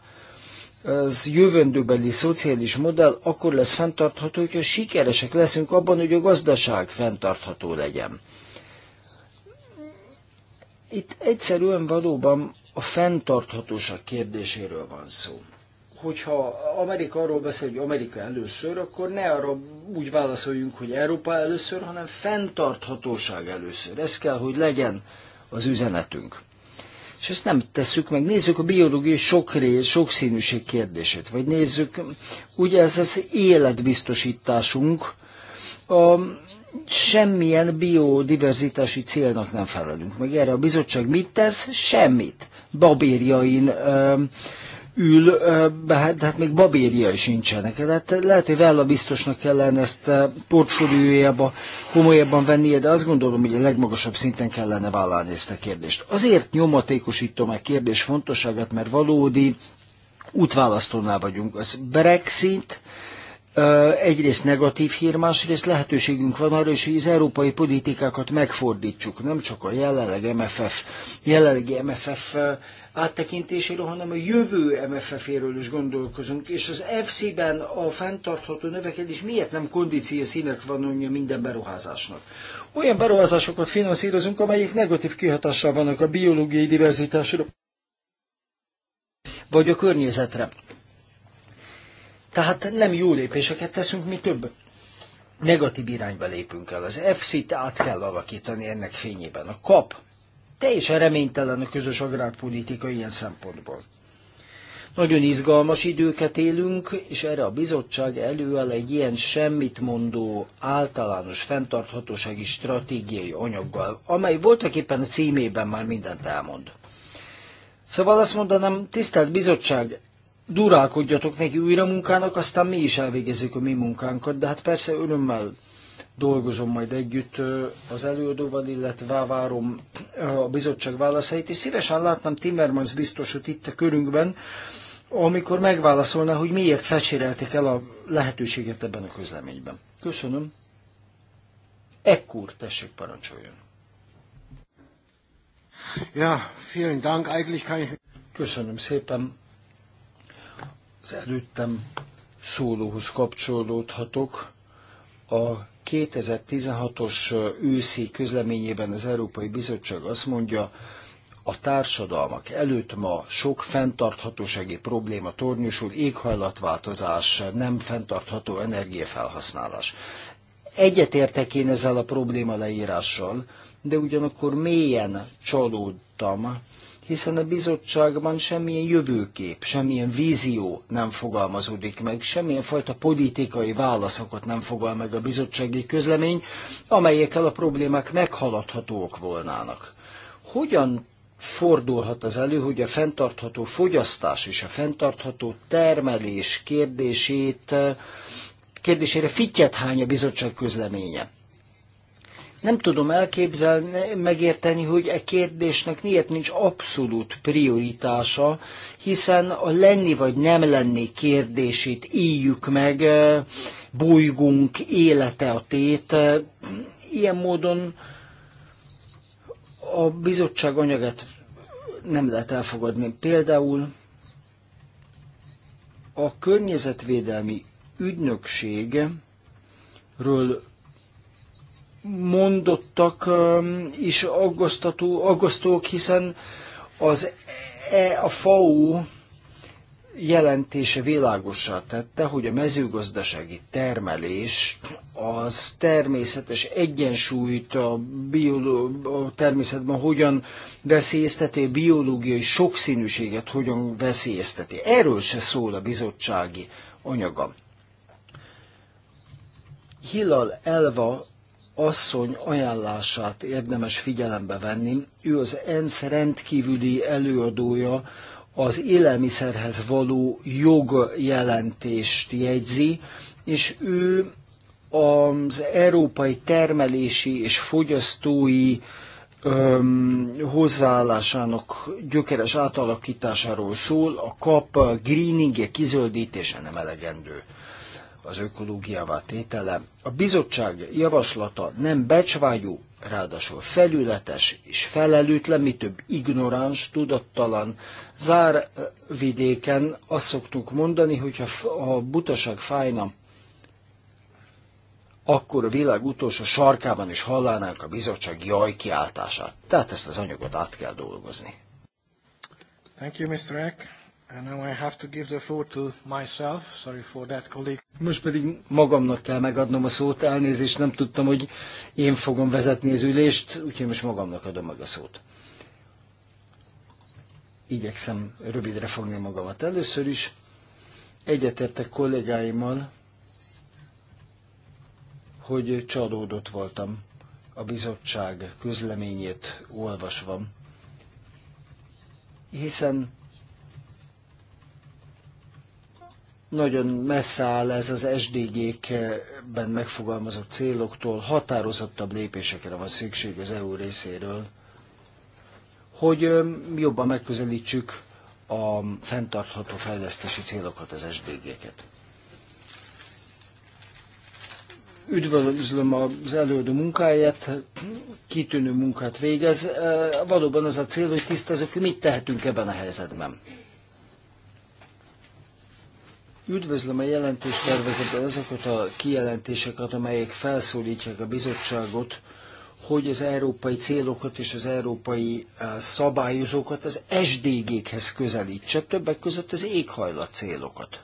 Az jövendőbeli szociális modell akkor lesz fenntartható, hogyha sikeresek leszünk abban, hogy a gazdaság fenntartható legyen itt egyszerűen valóban a fenntarthatóság kérdéséről van szó. Hogyha Amerika arról beszél, hogy Amerika először, akkor ne arra úgy válaszoljunk, hogy Európa először, hanem fenntarthatóság először. Ez kell, hogy legyen az üzenetünk. És ezt nem tesszük meg. Nézzük a biológiai sok sok sokszínűség kérdését, vagy nézzük, ugye ez az életbiztosításunk, a semmilyen biodiverzitási célnak nem felelünk meg. Erre a bizottság mit tesz? Semmit. Babérjain ül, ö, hát, hát még is nincsenek. Lehet, lehet, hogy Vella biztosnak kellene ezt portfóliójába komolyabban vennie, de azt gondolom, hogy a legmagasabb szinten kellene vállalni ezt a kérdést. Azért nyomatékosítom a kérdés fontosságát, mert valódi útválasztónál vagyunk. Az Brexit, egyrészt negatív hír, másrészt lehetőségünk van arra is, hogy az európai politikákat megfordítsuk, nem csak a jelenleg MFF, jelenlegi MFF áttekintéséről, hanem a jövő MFF-éről is gondolkozunk, és az FC-ben a fenntartható növekedés miért nem kondíciós színek van mondja minden beruházásnak. Olyan beruházásokat finanszírozunk, amelyek negatív kihatással vannak a biológiai diverzitásra, vagy a környezetre. Tehát nem jó lépéseket teszünk, mi több negatív irányba lépünk el. Az FC-t át kell alakítani ennek fényében. A kap teljesen reménytelen a közös agrárpolitika ilyen szempontból. Nagyon izgalmas időket élünk, és erre a bizottság előáll egy ilyen semmit mondó általános fenntarthatósági stratégiai anyaggal, amely voltak éppen a címében már mindent elmond. Szóval azt mondanám, tisztelt bizottság, durálkodjatok neki újra munkának, aztán mi is elvégezzük a mi munkánkat, de hát persze örömmel dolgozom majd együtt az előadóval, illetve várom a bizottság válaszait, és szívesen látnám Timmermans biztosot itt a körünkben, amikor megválaszolná, hogy miért fecsérelték el a lehetőséget ebben a közleményben. Köszönöm. Ekkor tessék parancsoljon. Ja, vielen Dank, eigentlich kann ich... Köszönöm szépen az előttem szólóhoz kapcsolódhatok. A 2016-os őszi közleményében az Európai Bizottság azt mondja, a társadalmak előtt ma sok fenntarthatósági probléma tornyosul, éghajlatváltozás, nem fenntartható energiafelhasználás. Egyetértek én ezzel a probléma leírással, de ugyanakkor mélyen csalódtam, hiszen a bizottságban semmilyen jövőkép, semmilyen vízió nem fogalmazódik meg, semmilyen fajta politikai válaszokat nem fogal meg a bizottsági közlemény, amelyekkel a problémák meghaladhatóak volnának. Hogyan fordulhat az elő, hogy a fenntartható fogyasztás és a fenntartható termelés kérdését, kérdésére fittyet hány a bizottság közleménye? Nem tudom elképzelni, megérteni, hogy e kérdésnek miért nincs abszolút prioritása, hiszen a lenni vagy nem lenni kérdését éljük meg, e, bolygunk élete a tét. E, ilyen módon a bizottság anyagát nem lehet elfogadni. Például a környezetvédelmi ügynökségről mondottak um, is aggasztató, aggasztók, hiszen az e, a FAO jelentése világossá tette, hogy a mezőgazdasági termelés az természetes egyensúlyt a, biolo- a természetben hogyan veszélyezteti, a biológiai sokszínűséget hogyan veszélyezteti. Erről se szól a bizottsági anyaga. Hillal Elva asszony ajánlását érdemes figyelembe venni. Ő az ENSZ rendkívüli előadója, az élelmiszerhez való jogjelentést jegyzi, és ő az európai termelési és fogyasztói öm, hozzáállásának gyökeres átalakításáról szól, a kap greeningje kizöldítése nem elegendő az ökológiává tétele. A bizottság javaslata nem becsvágyú, ráadásul felületes és felelőtlen, mi több ignoráns, tudattalan. Zár vidéken azt szoktuk mondani, hogyha a butaság fájna, akkor a világ utolsó sarkában is hallanánk a bizottság jaj kiáltását. Tehát ezt az anyagot át kell dolgozni. Thank you, Mr. Eck. Most pedig magamnak kell megadnom a szót, elnézést nem tudtam, hogy én fogom vezetni az ülést, úgyhogy most magamnak adom meg a szót. Igyekszem rövidre fogni magamat először is. Egyetettek kollégáimmal, hogy csalódott voltam a bizottság közleményét olvasva, hiszen nagyon messze áll ez az SDG-kben megfogalmazott céloktól, határozottabb lépésekre van szükség az EU részéről, hogy jobban megközelítsük a fenntartható fejlesztési célokat, az SDG-ket. Üdvözlöm az előadó munkáját, kitűnő munkát végez. Valóban az a cél, hogy tisztázzuk, mit tehetünk ebben a helyzetben. Üdvözlöm a tervezetben azokat a kijelentéseket, amelyek felszólítják a bizottságot, hogy az európai célokat és az európai eh, szabályozókat az SDG-khez közelítse, többek között az éghajlat célokat.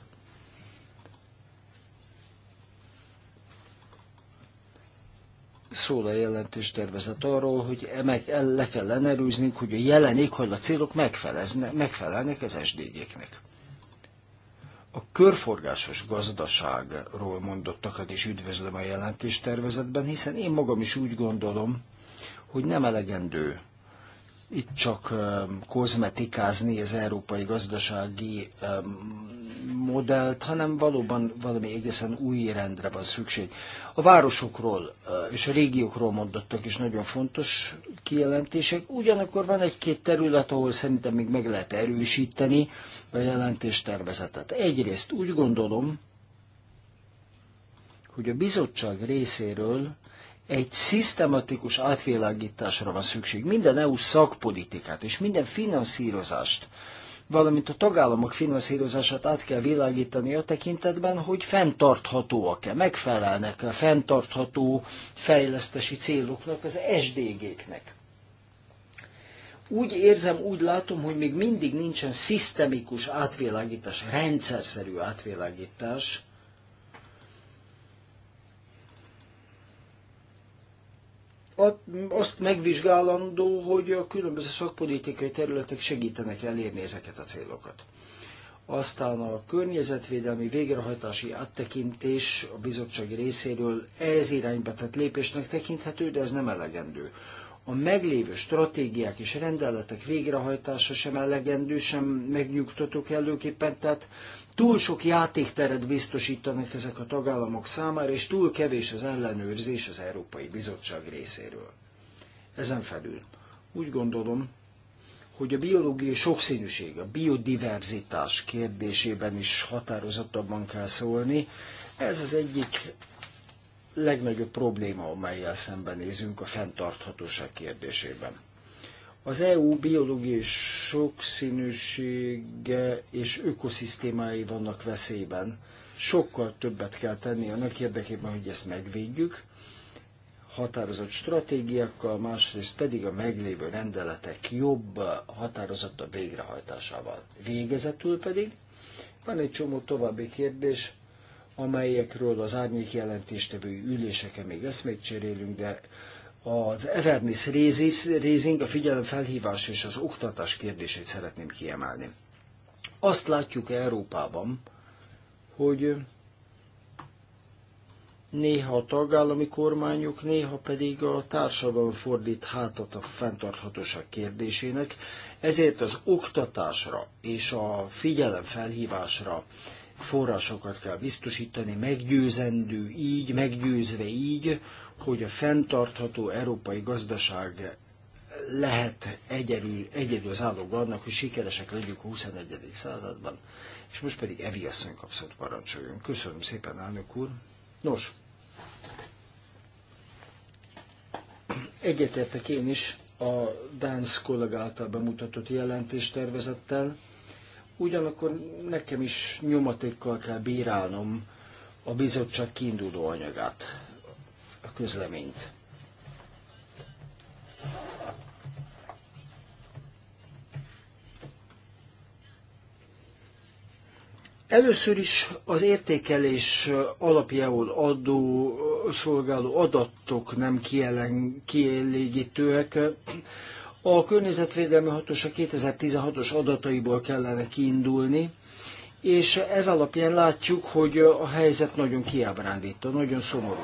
Szól a jelentés tervezet arról, hogy e meg le kell lenerőznünk, hogy a jelen éghajlat célok megfelelnek az SDG-knek. A körforgásos gazdaságról mondottakat is üdvözlöm a jelentéstervezetben, hiszen én magam is úgy gondolom, hogy nem elegendő itt csak kozmetikázni az európai gazdasági modellt, hanem valóban valami egészen új rendre van szükség. A városokról eh, és a régiókról mondottak is nagyon fontos kijelentések, ugyanakkor van egy-két terület, ahol szerintem még meg lehet erősíteni a jelentéstervezetet. Egyrészt úgy gondolom, hogy a bizottság részéről egy szisztematikus átvilágításra van szükség. Minden EU szakpolitikát és minden finanszírozást valamint a tagállamok finanszírozását át kell világítani a tekintetben, hogy fenntarthatóak-e, megfelelnek-e a fenntartható fejlesztési céloknak, az SDG-knek. Úgy érzem, úgy látom, hogy még mindig nincsen szisztemikus átvilágítás, rendszerszerű átvilágítás, azt megvizsgálandó, hogy a különböző szakpolitikai területek segítenek elérni ezeket a célokat. Aztán a környezetvédelmi végrehajtási áttekintés a bizottság részéről ez irányba tett lépésnek tekinthető, de ez nem elegendő. A meglévő stratégiák és rendeletek végrehajtása sem elegendő, sem megnyugtató kellőképpen, tehát Túl sok játékteret biztosítanak ezek a tagállamok számára, és túl kevés az ellenőrzés az Európai Bizottság részéről. Ezen felül úgy gondolom, hogy a biológiai sokszínűség, a biodiverzitás kérdésében is határozottabban kell szólni. Ez az egyik legnagyobb probléma, amelyel szembenézünk a fenntarthatóság kérdésében. Az EU biológiai sokszínűsége és ökoszisztémái vannak veszélyben. Sokkal többet kell tenni annak érdekében, hogy ezt megvédjük, határozott stratégiákkal, másrészt pedig a meglévő rendeletek jobb, határozottabb végrehajtásával. Végezetül pedig van egy csomó további kérdés, amelyekről az árnyék jelentéstevői üléseken még eszmét cserélünk, de az Evernis Raising, a figyelemfelhívás és az oktatás kérdését szeretném kiemelni. Azt látjuk Európában, hogy néha a tagállami kormányok, néha pedig a társadalom fordít hátat a fenntarthatóság kérdésének, ezért az oktatásra és a figyelemfelhívásra forrásokat kell biztosítani, meggyőzendő így, meggyőzve így, hogy a fenntartható európai gazdaság lehet egyedül, egyedül állók annak, hogy sikeresek legyünk a 21. században. És most pedig Evi asszony kapszott parancsoljon. Köszönöm szépen, elnök úr. Nos, egyetértek én is a Dánsz kollega által bemutatott jelentéstervezettel, ugyanakkor nekem is nyomatékkal kell bírálnom a bizottság kiinduló anyagát közleményt. Először is az értékelés alapjául adó szolgáló adatok nem kielen, kielégítőek. A Környezetvédelmi Hatóság 2016-os adataiból kellene kiindulni, és ez alapján látjuk, hogy a helyzet nagyon kiábrándító, nagyon szomorú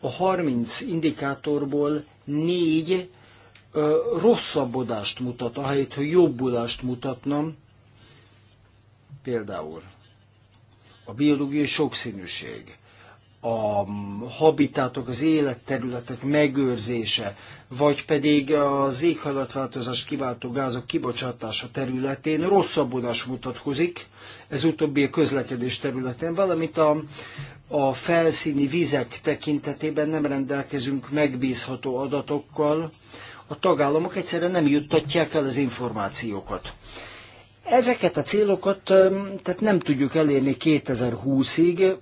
a 30 indikátorból 4 rosszabbodást mutat, ahelyett, hogy jobbulást mutatnám, Például a biológiai sokszínűség, a habitátok, az életterületek megőrzése, vagy pedig az éghajlatváltozás kiváltó gázok kibocsátása területén rosszabbodás mutatkozik, ez utóbbi a közlekedés területén, valamint a, a felszíni vizek tekintetében nem rendelkezünk megbízható adatokkal, a tagállamok egyszerre nem juttatják el az információkat. Ezeket a célokat tehát nem tudjuk elérni 2020-ig,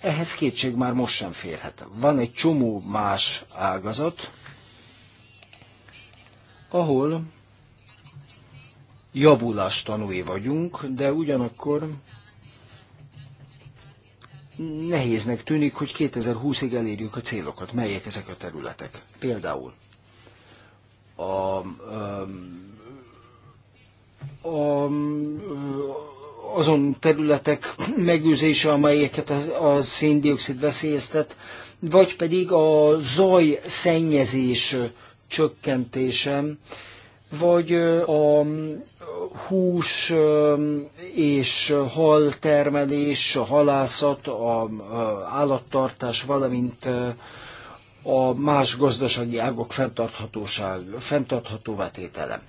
ehhez kétség már most sem férhet. Van egy csomó más ágazat, ahol javulás tanúi vagyunk, de ugyanakkor nehéznek tűnik, hogy 2020-ig elérjük a célokat. Melyek ezek a területek? Például a, um, a, a, um, a azon területek megőrzése, amelyeket a széndiokszid veszélyeztet, vagy pedig a zaj szennyezés csökkentése, vagy a hús és hal termelés, a halászat, a állattartás, valamint a más gazdasági ágok fenntarthatóság, fenntartható vetétele.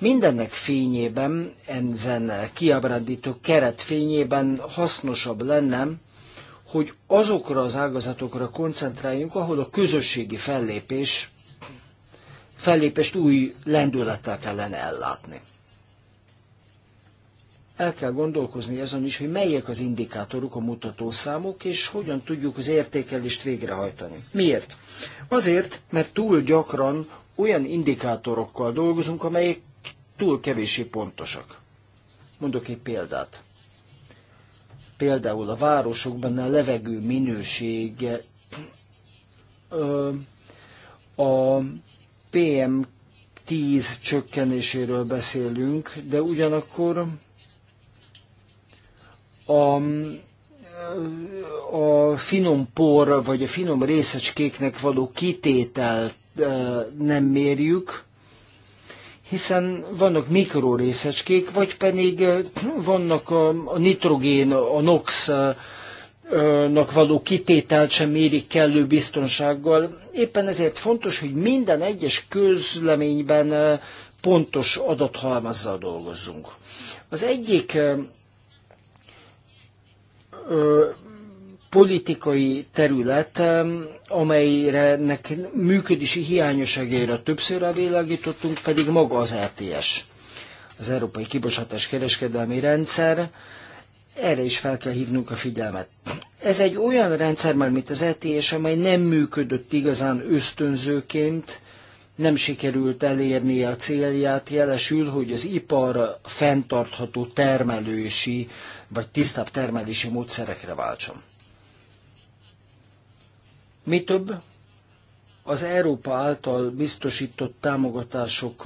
Mindennek fényében, ezen kiábrándító keret fényében hasznosabb lenne, hogy azokra az ágazatokra koncentráljunk, ahol a közösségi fellépés, fellépést új lendülettel kellene ellátni. El kell gondolkozni azon is, hogy melyek az indikátorok, a mutatószámok, és hogyan tudjuk az értékelést végrehajtani. Miért? Azért, mert túl gyakran olyan indikátorokkal dolgozunk, amelyek túl kevésé pontosak. Mondok egy példát. Például a városokban a levegő minősége a PM10 csökkenéséről beszélünk, de ugyanakkor a, a finom por vagy a finom részecskéknek való kitételt nem mérjük, hiszen vannak mikrorészecskék, vagy pedig vannak a, a nitrogén, a NOx nak való kitételt sem mérik kellő biztonsággal. Éppen ezért fontos, hogy minden egyes közleményben pontos adathalmazzal dolgozzunk. Az egyik politikai terület, amelynek működési hiányosságaira többször rávilágítottunk, pedig maga az ETS, az Európai Kibocsátás Kereskedelmi Rendszer. Erre is fel kell hívnunk a figyelmet. Ez egy olyan rendszer, már mint az ETS, amely nem működött igazán ösztönzőként, nem sikerült elérni a célját, jelesül, hogy az ipar fenntartható termelősi vagy tisztább termelési módszerekre váltson. Mi több, az Európa által biztosított támogatások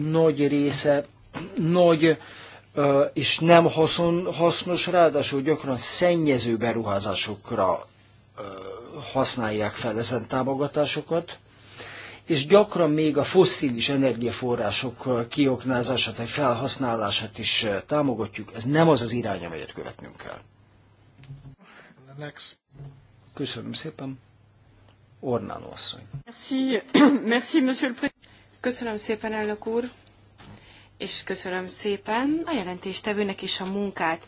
nagy része, nagy és nem haszon, hasznos, ráadásul gyakran szennyező beruházásokra használják fel ezen támogatásokat, és gyakran még a fosszilis energiaforrások kioknázását vagy felhasználását is támogatjuk. Ez nem az az irány, amelyet követnünk kell. Köszönöm szépen. Ornáló asszony. (clears throat) Köszönöm szépen, elnök úr, és köszönöm szépen a jelentéstevőnek is a munkát.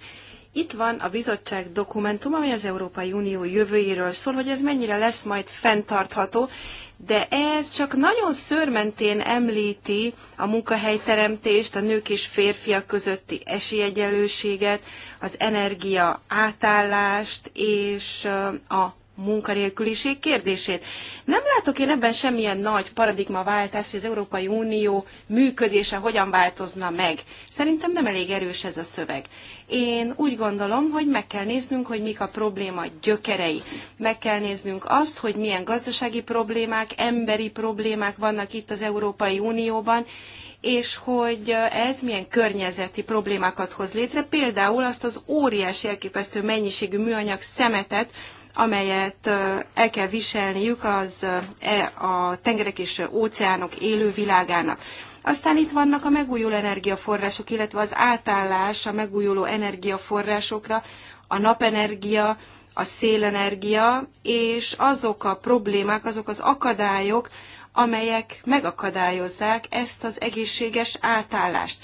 Itt van a bizottság dokumentum, ami az Európai Unió jövőjéről szól, hogy ez mennyire lesz majd fenntartható, de ez csak nagyon szörmentén említi a munkahelyteremtést, a nők és férfiak közötti esélyegyelőséget, az energia átállást és a munkanélküliség kérdését. Nem látok én ebben semmilyen nagy paradigmaváltást, hogy az Európai Unió működése hogyan változna meg. Szerintem nem elég erős ez a szöveg. Én úgy gondolom, hogy meg kell néznünk, hogy mik a probléma gyökerei. Meg kell néznünk azt, hogy milyen gazdasági problémák, emberi problémák vannak itt az Európai Unióban, és hogy ez milyen környezeti problémákat hoz létre, például azt az óriási elképesztő mennyiségű műanyag szemetet, amelyet el kell viselniük az, e, a tengerek és óceánok élővilágának. Aztán itt vannak a megújuló energiaforrások, illetve az átállás a megújuló energiaforrásokra, a napenergia, a szélenergia, és azok a problémák, azok az akadályok, amelyek megakadályozzák ezt az egészséges átállást.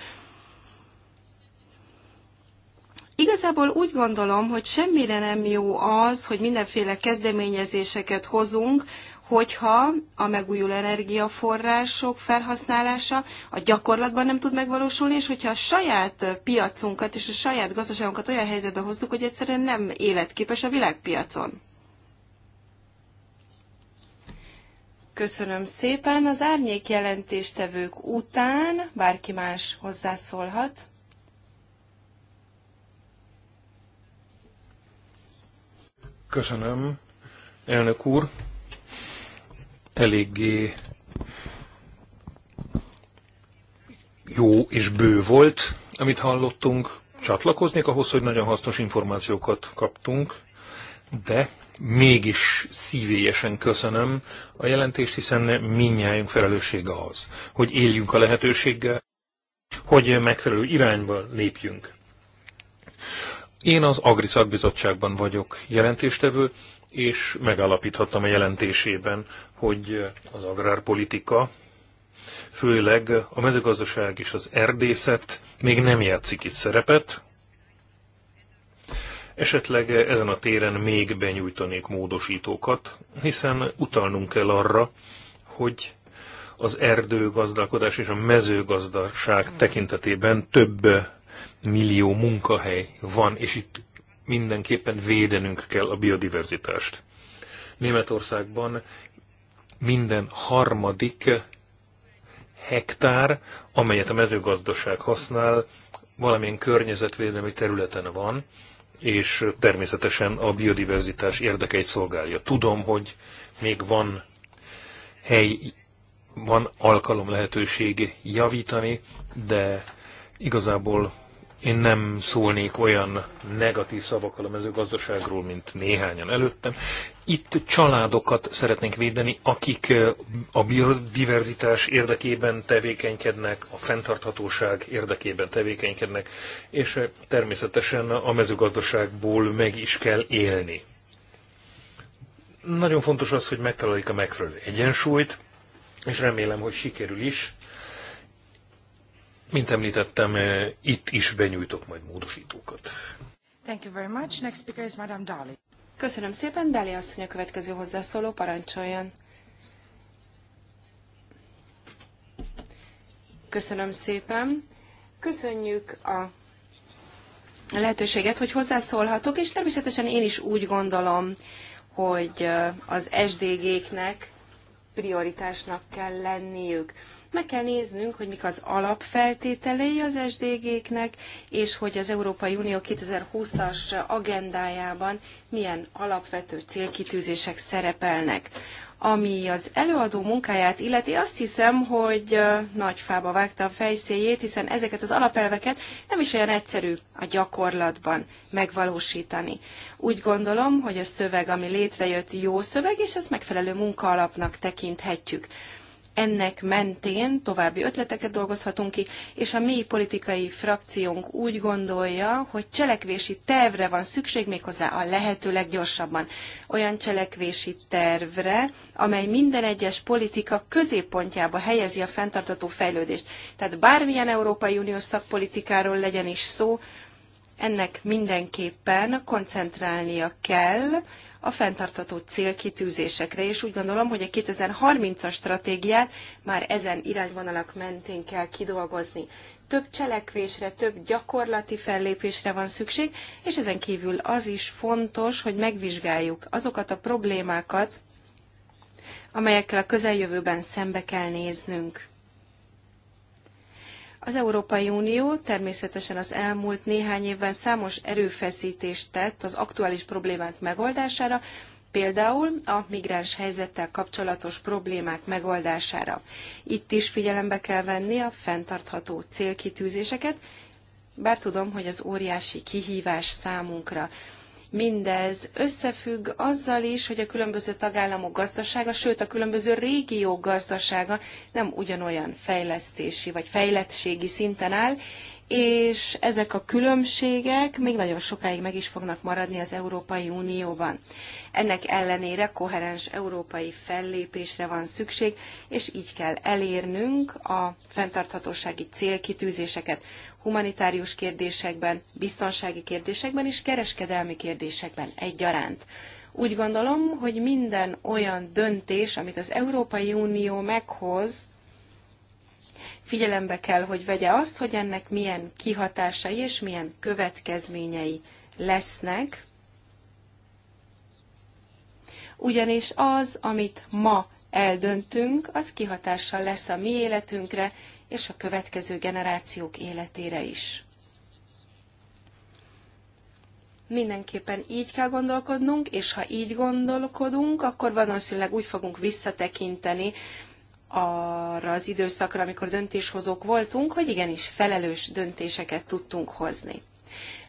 Igazából úgy gondolom, hogy semmire nem jó az, hogy mindenféle kezdeményezéseket hozunk, hogyha a megújuló energiaforrások felhasználása a gyakorlatban nem tud megvalósulni, és hogyha a saját piacunkat és a saját gazdaságunkat olyan helyzetbe hozzuk, hogy egyszerűen nem életképes a világpiacon. Köszönöm szépen. Az árnyék jelentéstevők után bárki más hozzászólhat. Köszönöm, elnök úr. Eléggé jó és bő volt, amit hallottunk. Csatlakoznék ahhoz, hogy nagyon hasznos információkat kaptunk, de mégis szívélyesen köszönöm a jelentést, hiszen minnyájunk felelőssége az, hogy éljünk a lehetőséggel, hogy megfelelő irányba lépjünk. Én az Agri szakbizottságban vagyok jelentéstevő, és megállapíthattam a jelentésében, hogy az agrárpolitika, főleg a mezőgazdaság és az erdészet még nem játszik itt szerepet. Esetleg ezen a téren még benyújtanék módosítókat, hiszen utalnunk kell arra, hogy az erdőgazdálkodás és a mezőgazdaság tekintetében több millió munkahely van, és itt mindenképpen védenünk kell a biodiverzitást. Németországban minden harmadik hektár, amelyet a mezőgazdaság használ, valamilyen környezetvédelmi területen van, és természetesen a biodiverzitás érdekeit szolgálja. Tudom, hogy még van hely, van alkalom lehetőség javítani, de igazából én nem szólnék olyan negatív szavakkal a mezőgazdaságról, mint néhányan előttem. Itt családokat szeretnénk védeni, akik a biodiverzitás érdekében tevékenykednek, a fenntarthatóság érdekében tevékenykednek, és természetesen a mezőgazdaságból meg is kell élni. Nagyon fontos az, hogy megtaláljuk a megfelelő egyensúlyt, és remélem, hogy sikerül is mint említettem, eh, itt is benyújtok majd módosítókat. Thank you very much. Next speaker is Madame Dali. Köszönöm szépen, Dali asszony a következő hozzászóló, parancsoljon. Köszönöm szépen. Köszönjük a lehetőséget, hogy hozzászólhatok, és természetesen én is úgy gondolom, hogy eh, az SDG-knek prioritásnak kell lenniük. Meg kell néznünk, hogy mik az alapfeltételei az SDG-knek, és hogy az Európai Unió 2020-as agendájában milyen alapvető célkitűzések szerepelnek. Ami az előadó munkáját illeti, azt hiszem, hogy nagy fába vágta a fejszéjét, hiszen ezeket az alapelveket nem is olyan egyszerű a gyakorlatban megvalósítani. Úgy gondolom, hogy a szöveg, ami létrejött, jó szöveg, és ezt megfelelő munkaalapnak tekinthetjük ennek mentén további ötleteket dolgozhatunk ki, és a mi politikai frakciónk úgy gondolja, hogy cselekvési tervre van szükség méghozzá a lehető leggyorsabban. Olyan cselekvési tervre, amely minden egyes politika középpontjába helyezi a fenntartató fejlődést. Tehát bármilyen Európai Uniós szakpolitikáról legyen is szó, ennek mindenképpen koncentrálnia kell a fenntartható célkitűzésekre, és úgy gondolom, hogy a 2030-as stratégiát már ezen irányvonalak mentén kell kidolgozni. Több cselekvésre, több gyakorlati fellépésre van szükség, és ezen kívül az is fontos, hogy megvizsgáljuk azokat a problémákat, amelyekkel a közeljövőben szembe kell néznünk. Az Európai Unió természetesen az elmúlt néhány évben számos erőfeszítést tett az aktuális problémák megoldására, például a migráns helyzettel kapcsolatos problémák megoldására. Itt is figyelembe kell venni a fenntartható célkitűzéseket, bár tudom, hogy az óriási kihívás számunkra. Mindez összefügg azzal is, hogy a különböző tagállamok gazdasága, sőt a különböző régiók gazdasága nem ugyanolyan fejlesztési vagy fejlettségi szinten áll, és ezek a különbségek még nagyon sokáig meg is fognak maradni az Európai Unióban. Ennek ellenére koherens európai fellépésre van szükség, és így kell elérnünk a fenntarthatósági célkitűzéseket humanitárius kérdésekben, biztonsági kérdésekben és kereskedelmi kérdésekben egyaránt. Úgy gondolom, hogy minden olyan döntés, amit az Európai Unió meghoz, figyelembe kell, hogy vegye azt, hogy ennek milyen kihatásai és milyen következményei lesznek, ugyanis az, amit ma eldöntünk, az kihatással lesz a mi életünkre és a következő generációk életére is. Mindenképpen így kell gondolkodnunk, és ha így gondolkodunk, akkor valószínűleg úgy fogunk visszatekinteni arra az időszakra, amikor döntéshozók voltunk, hogy igenis felelős döntéseket tudtunk hozni.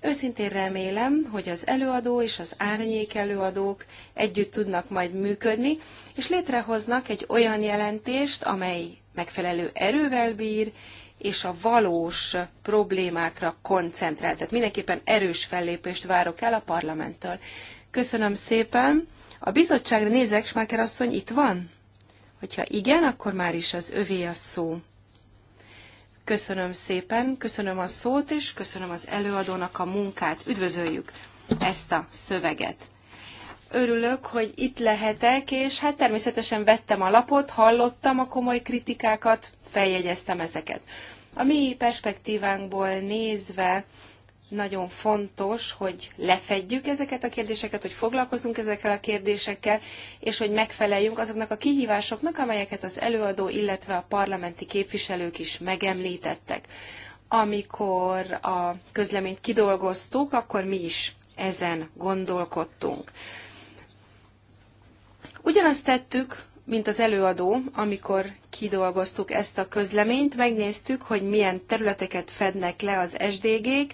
Őszintén remélem, hogy az előadó és az árnyék előadók együtt tudnak majd működni, és létrehoznak egy olyan jelentést, amely megfelelő erővel bír, és a valós problémákra koncentrál. Tehát mindenképpen erős fellépést várok el a parlamenttől. Köszönöm szépen. A bizottságra nézek, Smáker asszony itt van? Hogyha igen, akkor már is az övé a szó. Köszönöm szépen, köszönöm a szót, és köszönöm az előadónak a munkát. Üdvözöljük ezt a szöveget. Örülök, hogy itt lehetek, és hát természetesen vettem a lapot, hallottam a komoly kritikákat, feljegyeztem ezeket. A mi perspektívánkból nézve nagyon fontos, hogy lefedjük ezeket a kérdéseket, hogy foglalkozunk ezekkel a kérdésekkel, és hogy megfeleljünk azoknak a kihívásoknak, amelyeket az előadó, illetve a parlamenti képviselők is megemlítettek. Amikor a közleményt kidolgoztuk, akkor mi is ezen gondolkodtunk. Ugyanazt tettük, mint az előadó, amikor kidolgoztuk ezt a közleményt, megnéztük, hogy milyen területeket fednek le az SDG-k,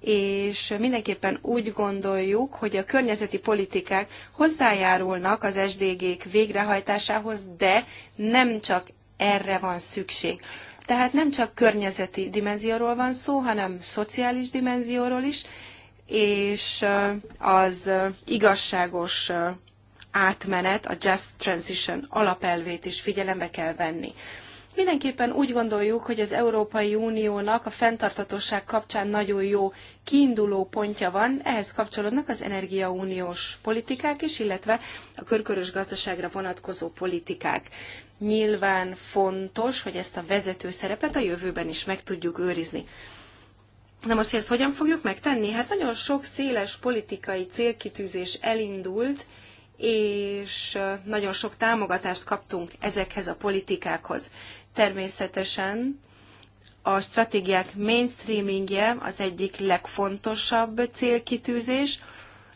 és mindenképpen úgy gondoljuk, hogy a környezeti politikák hozzájárulnak az SDG-k végrehajtásához, de nem csak erre van szükség. Tehát nem csak környezeti dimenzióról van szó, hanem szociális dimenzióról is, és az igazságos átmenet, a Just Transition alapelvét is figyelembe kell venni. Mindenképpen úgy gondoljuk, hogy az Európai Uniónak a fenntarthatóság kapcsán nagyon jó kiinduló pontja van, ehhez kapcsolódnak az energiauniós politikák is, illetve a körkörös gazdaságra vonatkozó politikák. Nyilván fontos, hogy ezt a vezető szerepet a jövőben is meg tudjuk őrizni. Na most ezt hogyan fogjuk megtenni? Hát nagyon sok széles politikai célkitűzés elindult, és nagyon sok támogatást kaptunk ezekhez a politikákhoz. Természetesen a stratégiák mainstreamingje az egyik legfontosabb célkitűzés,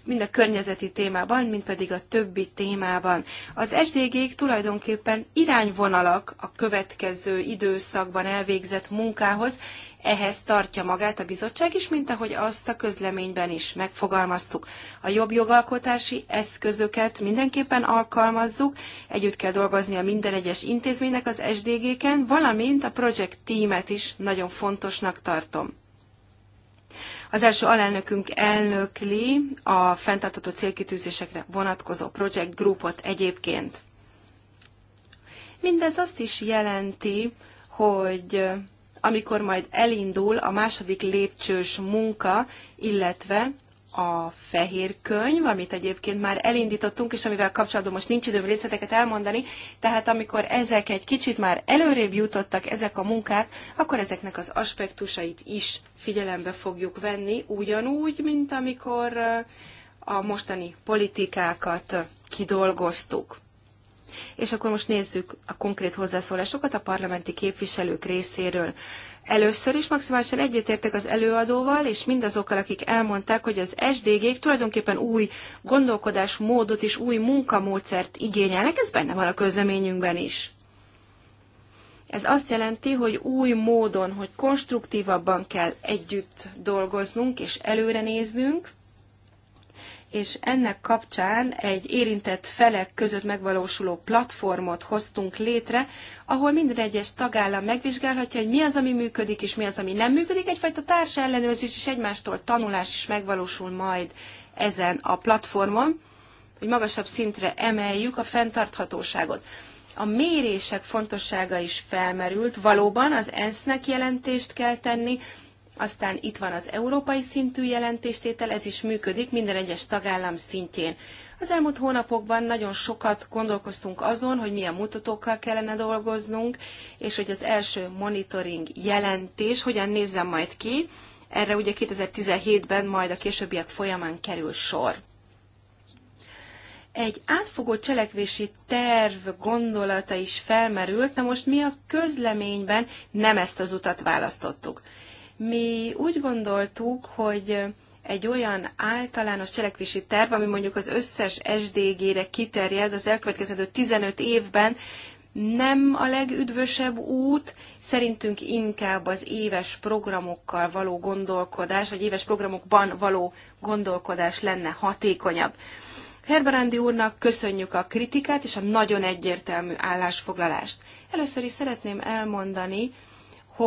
mind a környezeti témában, mind pedig a többi témában. Az SDG-k tulajdonképpen irányvonalak a következő időszakban elvégzett munkához, ehhez tartja magát a bizottság is, mint ahogy azt a közleményben is megfogalmaztuk. A jobb jogalkotási eszközöket mindenképpen alkalmazzuk, együtt kell dolgozni a minden egyes intézménynek az SDG-ken, valamint a Project Teamet is nagyon fontosnak tartom. Az első alelnökünk elnökli a fenntartató célkitűzésekre vonatkozó project groupot egyébként. Mindez azt is jelenti, hogy amikor majd elindul a második lépcsős munka, illetve a fehér könyv, amit egyébként már elindítottunk, és amivel kapcsolatban most nincs időm részleteket elmondani, tehát amikor ezek egy kicsit már előrébb jutottak ezek a munkák, akkor ezeknek az aspektusait is figyelembe fogjuk venni, ugyanúgy, mint amikor a mostani politikákat kidolgoztuk. És akkor most nézzük a konkrét hozzászólásokat a parlamenti képviselők részéről. Először is maximálisan egyetértek az előadóval, és mindazokkal, akik elmondták, hogy az SDG-k tulajdonképpen új gondolkodásmódot és új munkamódszert igényelnek, ez benne van a közleményünkben is. Ez azt jelenti, hogy új módon, hogy konstruktívabban kell együtt dolgoznunk és előre néznünk, és ennek kapcsán egy érintett felek között megvalósuló platformot hoztunk létre, ahol minden egyes tagállam megvizsgálhatja, hogy mi az, ami működik, és mi az, ami nem működik. Egyfajta társ ellenőrzés és egymástól tanulás is megvalósul majd ezen a platformon, hogy magasabb szintre emeljük a fenntarthatóságot. A mérések fontossága is felmerült. Valóban az ENSZ-nek jelentést kell tenni, aztán itt van az európai szintű jelentéstétel, ez is működik minden egyes tagállam szintjén. Az elmúlt hónapokban nagyon sokat gondolkoztunk azon, hogy milyen mutatókkal kellene dolgoznunk, és hogy az első monitoring jelentés hogyan nézzen majd ki. Erre ugye 2017-ben majd a későbbiek folyamán kerül sor. Egy átfogó cselekvési terv gondolata is felmerült, na most mi a közleményben nem ezt az utat választottuk. Mi úgy gondoltuk, hogy egy olyan általános cselekvési terv, ami mondjuk az összes SDG-re kiterjed az elkövetkező 15 évben, nem a legüdvösebb út, szerintünk inkább az éves programokkal való gondolkodás, vagy éves programokban való gondolkodás lenne hatékonyabb. Herberándi úrnak köszönjük a kritikát és a nagyon egyértelmű állásfoglalást. Először is szeretném elmondani,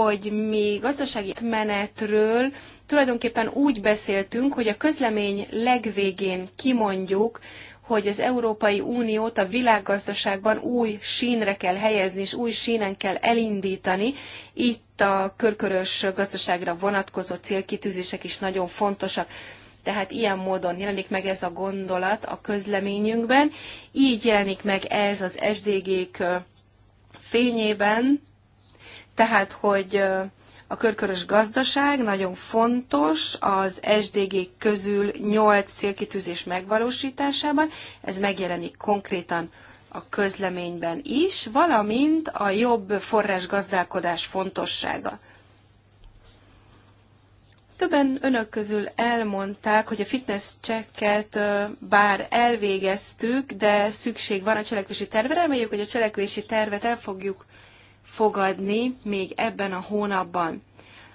hogy mi gazdasági menetről tulajdonképpen úgy beszéltünk, hogy a közlemény legvégén kimondjuk, hogy az Európai Uniót a világgazdaságban új sínre kell helyezni, és új sínen kell elindítani. Itt a körkörös gazdaságra vonatkozó célkitűzések is nagyon fontosak. Tehát ilyen módon jelenik meg ez a gondolat a közleményünkben, így jelenik meg ez az SDG-k fényében, tehát, hogy a körkörös gazdaság nagyon fontos az SDG közül 8 célkitűzés megvalósításában, ez megjelenik konkrétan a közleményben is, valamint a jobb forrásgazdálkodás fontossága. Többen önök közül elmondták, hogy a fitness checket bár elvégeztük, de szükség van a cselekvési tervre. Reméljük, hogy a cselekvési tervet el fogjuk fogadni még ebben a hónapban.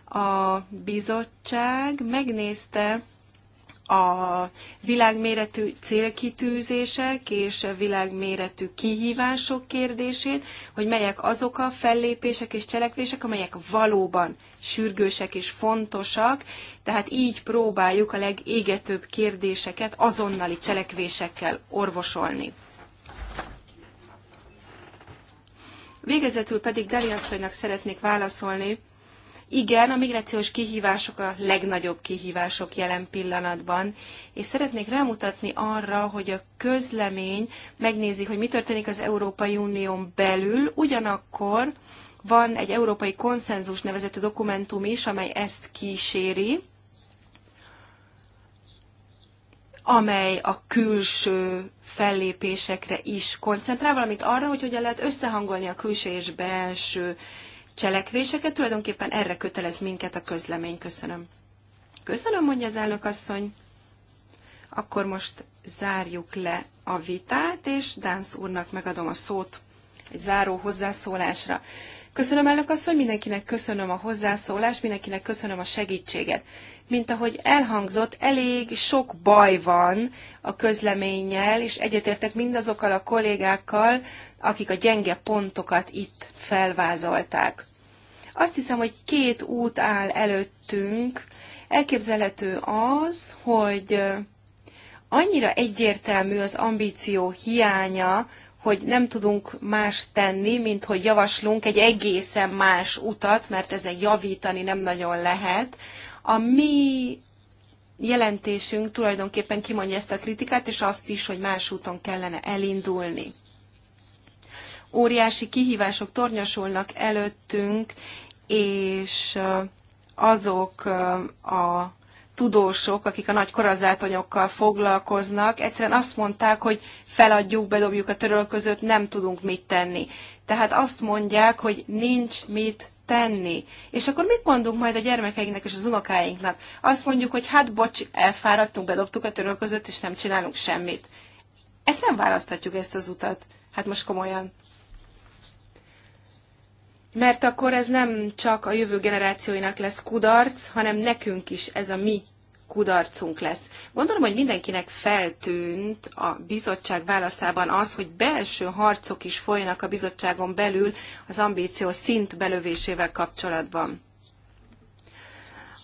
A bizottság megnézte a világméretű célkitűzések és a világméretű kihívások kérdését, hogy melyek azok a fellépések és cselekvések, amelyek valóban sürgősek és fontosak, tehát így próbáljuk a legégetőbb kérdéseket azonnali cselekvésekkel orvosolni. Végezetül pedig Dali asszonynak szeretnék válaszolni. Igen, a migrációs kihívások a legnagyobb kihívások jelen pillanatban, és szeretnék rámutatni arra, hogy a közlemény megnézi, hogy mi történik az Európai Unión belül, ugyanakkor van egy európai konszenzus nevezetű dokumentum is, amely ezt kíséri, amely a külső fellépésekre is koncentrál, valamint arra, hogy hogyan lehet összehangolni a külső és belső cselekvéseket. Tulajdonképpen erre kötelez minket a közlemény. Köszönöm. Köszönöm, mondja az elnök asszony. Akkor most zárjuk le a vitát, és Dánsz úrnak megadom a szót egy záró hozzászólásra. Köszönöm elnök asszony, mindenkinek köszönöm a hozzászólást, mindenkinek köszönöm a segítséget. Mint ahogy elhangzott, elég sok baj van a közleménnyel, és egyetértek mindazokkal a kollégákkal, akik a gyenge pontokat itt felvázolták. Azt hiszem, hogy két út áll előttünk. Elképzelhető az, hogy annyira egyértelmű az ambíció hiánya, hogy nem tudunk más tenni, mint hogy javaslunk egy egészen más utat, mert ezen javítani nem nagyon lehet. A mi jelentésünk tulajdonképpen kimondja ezt a kritikát, és azt is, hogy más úton kellene elindulni. Óriási kihívások tornyosulnak előttünk, és azok a tudósok, akik a nagy korazátonyokkal foglalkoznak, egyszerűen azt mondták, hogy feladjuk, bedobjuk a törölközőt, nem tudunk mit tenni. Tehát azt mondják, hogy nincs mit tenni. És akkor mit mondunk majd a gyermekeinknek és az unokáinknak? Azt mondjuk, hogy hát bocs, elfáradtunk, bedobtuk a törölközőt, és nem csinálunk semmit. Ezt nem választhatjuk, ezt az utat. Hát most komolyan mert akkor ez nem csak a jövő generációinak lesz kudarc, hanem nekünk is ez a mi kudarcunk lesz. Gondolom, hogy mindenkinek feltűnt a bizottság válaszában az, hogy belső harcok is folynak a bizottságon belül az ambíció szint belövésével kapcsolatban.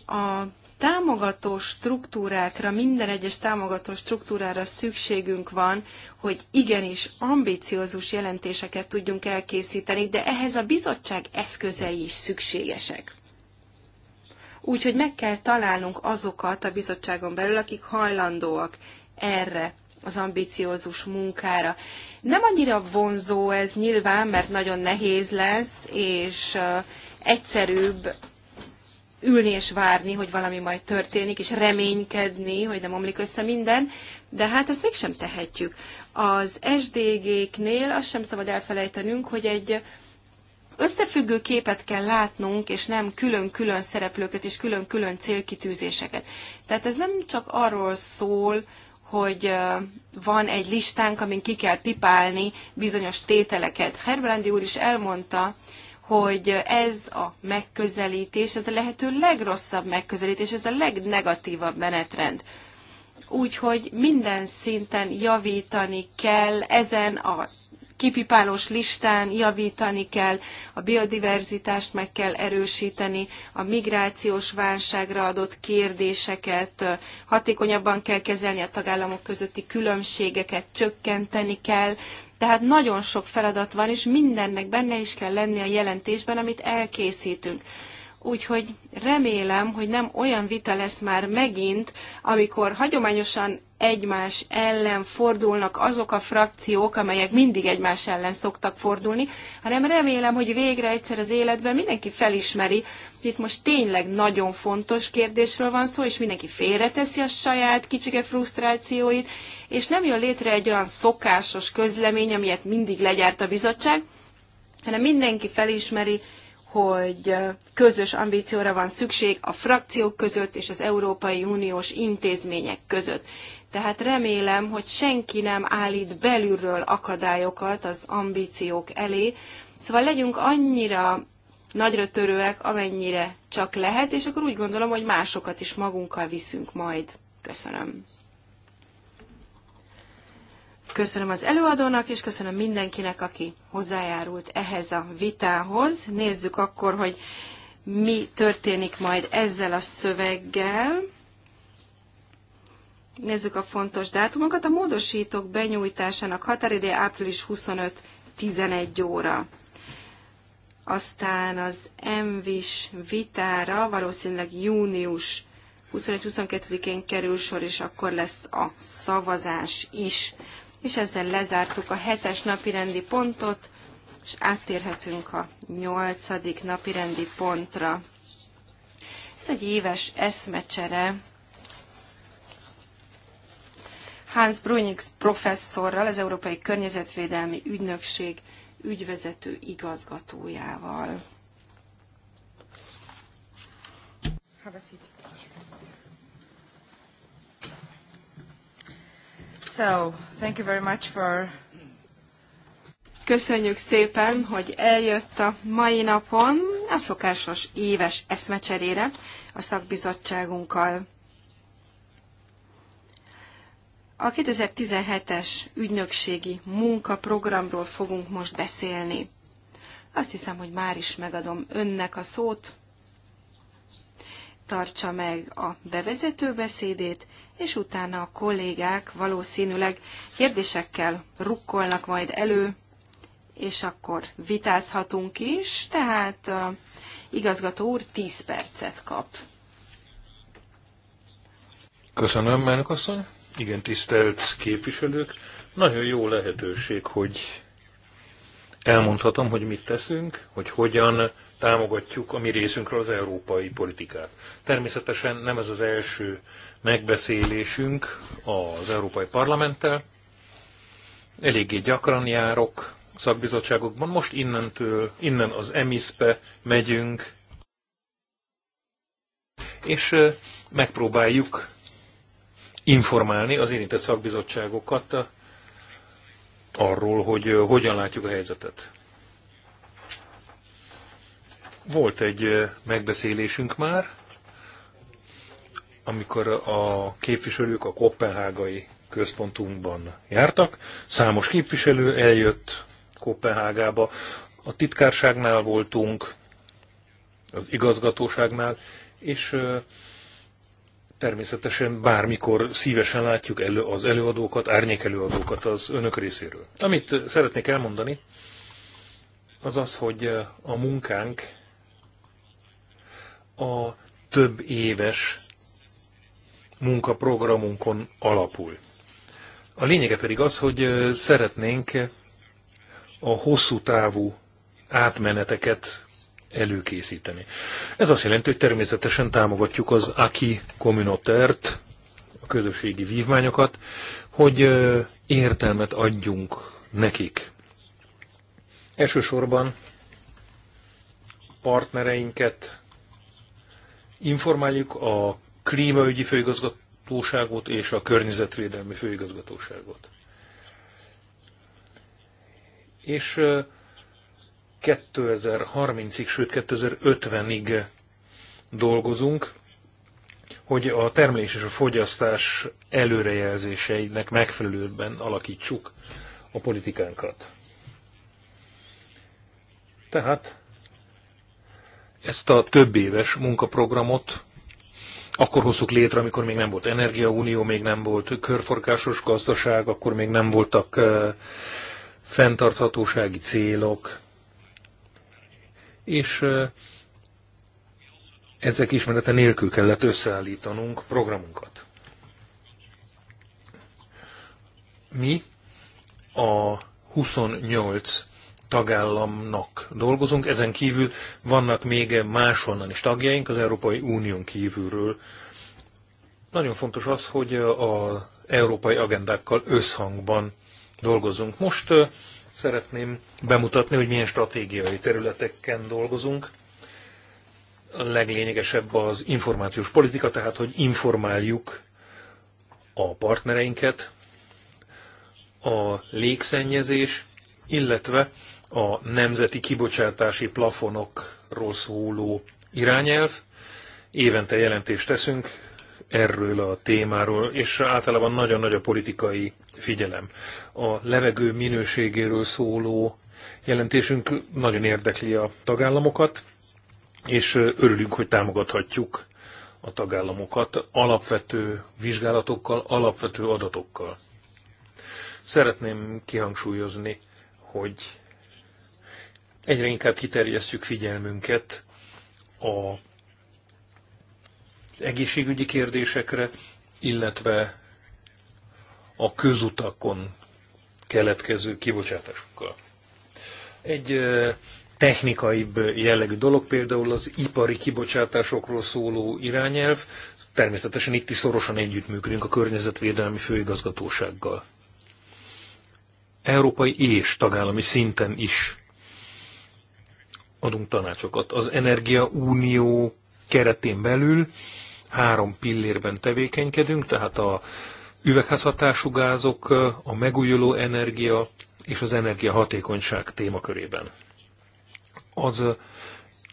A támogató struktúrákra, minden egyes támogató struktúrára szükségünk van, hogy igenis ambiciózus jelentéseket tudjunk elkészíteni, de ehhez a bizottság eszközei is szükségesek. Úgyhogy meg kell találnunk azokat a bizottságon belül, akik hajlandóak erre az ambiciózus munkára. Nem annyira vonzó ez nyilván, mert nagyon nehéz lesz, és egyszerűbb ülni és várni, hogy valami majd történik, és reménykedni, hogy nem omlik össze minden, de hát ezt mégsem tehetjük. Az SDG-knél azt sem szabad elfelejtenünk, hogy egy összefüggő képet kell látnunk, és nem külön-külön szereplőket és külön-külön célkitűzéseket. Tehát ez nem csak arról szól, hogy van egy listánk, amin ki kell pipálni bizonyos tételeket. Herbrandi úr is elmondta, hogy ez a megközelítés, ez a lehető legrosszabb megközelítés, ez a legnegatívabb menetrend. Úgyhogy minden szinten javítani kell ezen a kipipálós listán javítani kell, a biodiverzitást meg kell erősíteni, a migrációs válságra adott kérdéseket hatékonyabban kell kezelni, a tagállamok közötti különbségeket csökkenteni kell, tehát nagyon sok feladat van, és mindennek benne is kell lenni a jelentésben, amit elkészítünk. Úgyhogy remélem, hogy nem olyan vita lesz már megint, amikor hagyományosan egymás ellen fordulnak azok a frakciók, amelyek mindig egymás ellen szoktak fordulni, hanem remélem, hogy végre egyszer az életben mindenki felismeri, hogy itt most tényleg nagyon fontos kérdésről van szó, és mindenki félreteszi a saját kicsike frusztrációit, és nem jön létre egy olyan szokásos közlemény, amilyet mindig legyárt a bizottság, hanem mindenki felismeri, hogy közös ambícióra van szükség a frakciók között és az Európai Uniós intézmények között. Tehát remélem, hogy senki nem állít belülről akadályokat az ambíciók elé. Szóval legyünk annyira nagyra törőek, amennyire csak lehet, és akkor úgy gondolom, hogy másokat is magunkkal viszünk majd. Köszönöm. Köszönöm az előadónak, és köszönöm mindenkinek, aki hozzájárult ehhez a vitához. Nézzük akkor, hogy mi történik majd ezzel a szöveggel. Nézzük a fontos dátumokat. A módosítók benyújtásának határideje április 25-11 óra. Aztán az MVIS vitára valószínűleg június 21-22-én kerül sor, és akkor lesz a szavazás is és ezzel lezártuk a hetes napirendi pontot, és áttérhetünk a nyolcadik napirendi pontra. Ez egy éves eszmecsere Hans Brunix professzorral, az Európai Környezetvédelmi Ügynökség ügyvezető igazgatójával. Have a seat. So, thank you very much for... Köszönjük szépen, hogy eljött a mai napon a szokásos éves eszmecserére a szakbizottságunkkal. A 2017-es ügynökségi munkaprogramról fogunk most beszélni. Azt hiszem, hogy már is megadom önnek a szót. Tartsa meg a bevezető beszédét, és utána a kollégák valószínűleg kérdésekkel rukkolnak majd elő, és akkor vitázhatunk is, tehát a igazgató úr 10 percet kap. Köszönöm, elnök asszony. Igen, tisztelt képviselők. Nagyon jó lehetőség, hogy elmondhatom, hogy mit teszünk, hogy hogyan támogatjuk a mi részünkről az európai politikát. Természetesen nem ez az első megbeszélésünk az Európai Parlamenttel. Eléggé gyakran járok szakbizottságokban, most innentől, innen az EMISZPE megyünk, és megpróbáljuk informálni az érintett szakbizottságokat arról, hogy hogyan látjuk a helyzetet. Volt egy megbeszélésünk már, amikor a képviselők a kopenhágai központunkban jártak, számos képviselő eljött Kopenhágába, a titkárságnál voltunk, az igazgatóságnál, és természetesen bármikor szívesen látjuk elő az előadókat, árnyékelőadókat előadókat az önök részéről. Amit szeretnék elmondani, az az, hogy a munkánk a több éves munkaprogramunkon alapul. A lényege pedig az, hogy szeretnénk a hosszú távú átmeneteket előkészíteni. Ez azt jelenti, hogy természetesen támogatjuk az AKI kommunotert, a közösségi vívmányokat, hogy értelmet adjunk nekik. Elsősorban partnereinket informáljuk a klímaügyi főigazgatóságot és a környezetvédelmi főigazgatóságot. És 2030-ig, sőt 2050-ig dolgozunk, hogy a termelés és a fogyasztás előrejelzéseinek megfelelőbben alakítsuk a politikánkat. Tehát ezt a több éves munkaprogramot akkor hoztuk létre, amikor még nem volt energiaunió, még nem volt körforgásos gazdaság, akkor még nem voltak fenntarthatósági célok. És ezek ismerete nélkül kellett összeállítanunk programunkat. Mi a 28 tagállamnak dolgozunk, ezen kívül vannak még máshonnan is tagjaink az Európai Unión kívülről. Nagyon fontos az, hogy az európai agendákkal összhangban dolgozunk. Most szeretném bemutatni, hogy milyen stratégiai területeken dolgozunk. A leglényegesebb az információs politika, tehát hogy informáljuk a partnereinket, a légszennyezés, illetve a nemzeti kibocsátási plafonokról szóló irányelv. Évente jelentést teszünk erről a témáról, és általában nagyon nagy a politikai figyelem. A levegő minőségéről szóló jelentésünk nagyon érdekli a tagállamokat, és örülünk, hogy támogathatjuk a tagállamokat alapvető vizsgálatokkal, alapvető adatokkal. Szeretném kihangsúlyozni, hogy egyre inkább kiterjesztjük figyelmünket a egészségügyi kérdésekre, illetve a közutakon keletkező kibocsátásokkal. Egy technikai jellegű dolog, például az ipari kibocsátásokról szóló irányelv, természetesen itt is szorosan együttműködünk a környezetvédelmi főigazgatósággal. Európai és tagállami szinten is adunk tanácsokat. Az Energia Unió keretén belül három pillérben tevékenykedünk, tehát a üvegházhatású gázok, a megújuló energia és az energiahatékonyság témakörében. Az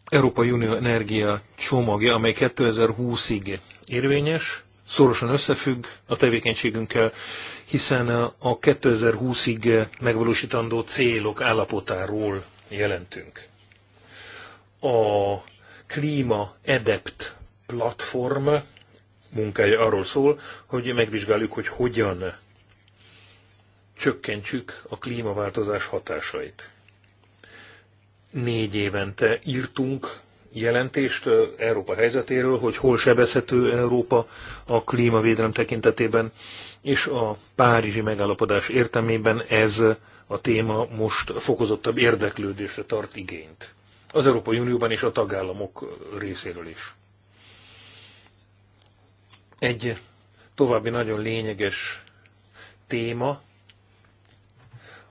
Európai Unió energia csomagja, amely 2020-ig érvényes, szorosan összefügg a tevékenységünkkel, hiszen a 2020-ig megvalósítandó célok állapotáról jelentünk. A Klíma Adept platform munkája arról szól, hogy megvizsgáljuk, hogy hogyan csökkentsük a klímaváltozás hatásait. Négy évente írtunk jelentést Európa helyzetéről, hogy hol sebezhető Európa a klímavédelem tekintetében, és a Párizsi megállapodás értelmében ez a téma most fokozottabb érdeklődésre tart igényt az Európai Unióban és a tagállamok részéről is. Egy további nagyon lényeges téma,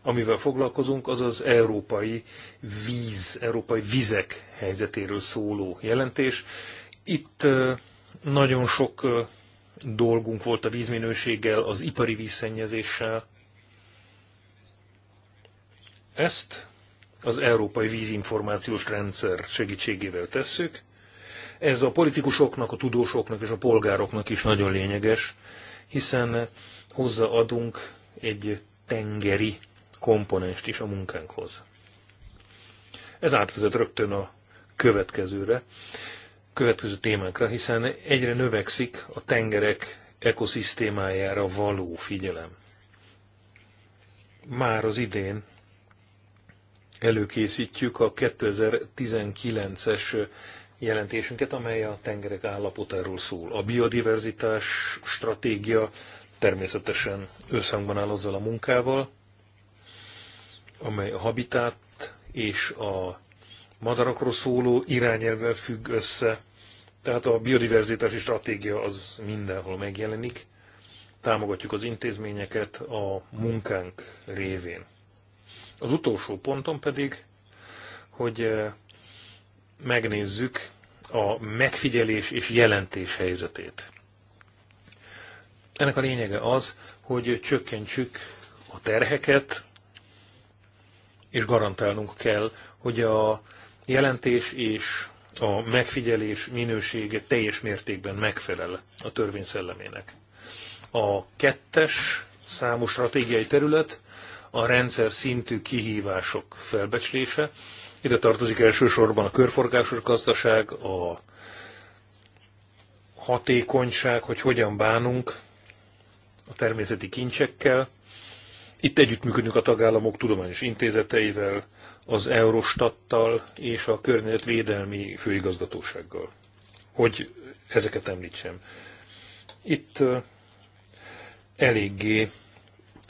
amivel foglalkozunk, az az európai víz, európai vizek helyzetéről szóló jelentés. Itt nagyon sok dolgunk volt a vízminőséggel, az ipari vízszennyezéssel. Ezt az Európai Vízinformációs Rendszer segítségével tesszük. Ez a politikusoknak, a tudósoknak és a polgároknak is nagyon lényeges, hiszen hozzáadunk egy tengeri komponenst is a munkánkhoz. Ez átvezet rögtön a következőre, következő témákra, hiszen egyre növekszik a tengerek ekoszisztémájára való figyelem. Már az idén előkészítjük a 2019-es jelentésünket, amely a tengerek állapotáról szól. A biodiverzitás stratégia természetesen összhangban áll azzal a munkával, amely a habitát és a madarakról szóló irányelvvel függ össze. Tehát a biodiverzitási stratégia az mindenhol megjelenik. Támogatjuk az intézményeket a munkánk révén. Az utolsó ponton pedig, hogy eh, megnézzük a megfigyelés és jelentés helyzetét. Ennek a lényege az, hogy csökkentsük a terheket, és garantálnunk kell, hogy a jelentés és a megfigyelés minősége teljes mértékben megfelel a törvény szellemének. A kettes számú stratégiai terület a rendszer szintű kihívások felbecslése. Ide tartozik elsősorban a körforgásos gazdaság, a hatékonyság, hogy hogyan bánunk a természeti kincsekkel. Itt együttműködünk a tagállamok tudományos intézeteivel, az Eurostattal és a környezetvédelmi főigazgatósággal. Hogy ezeket említsem. Itt eléggé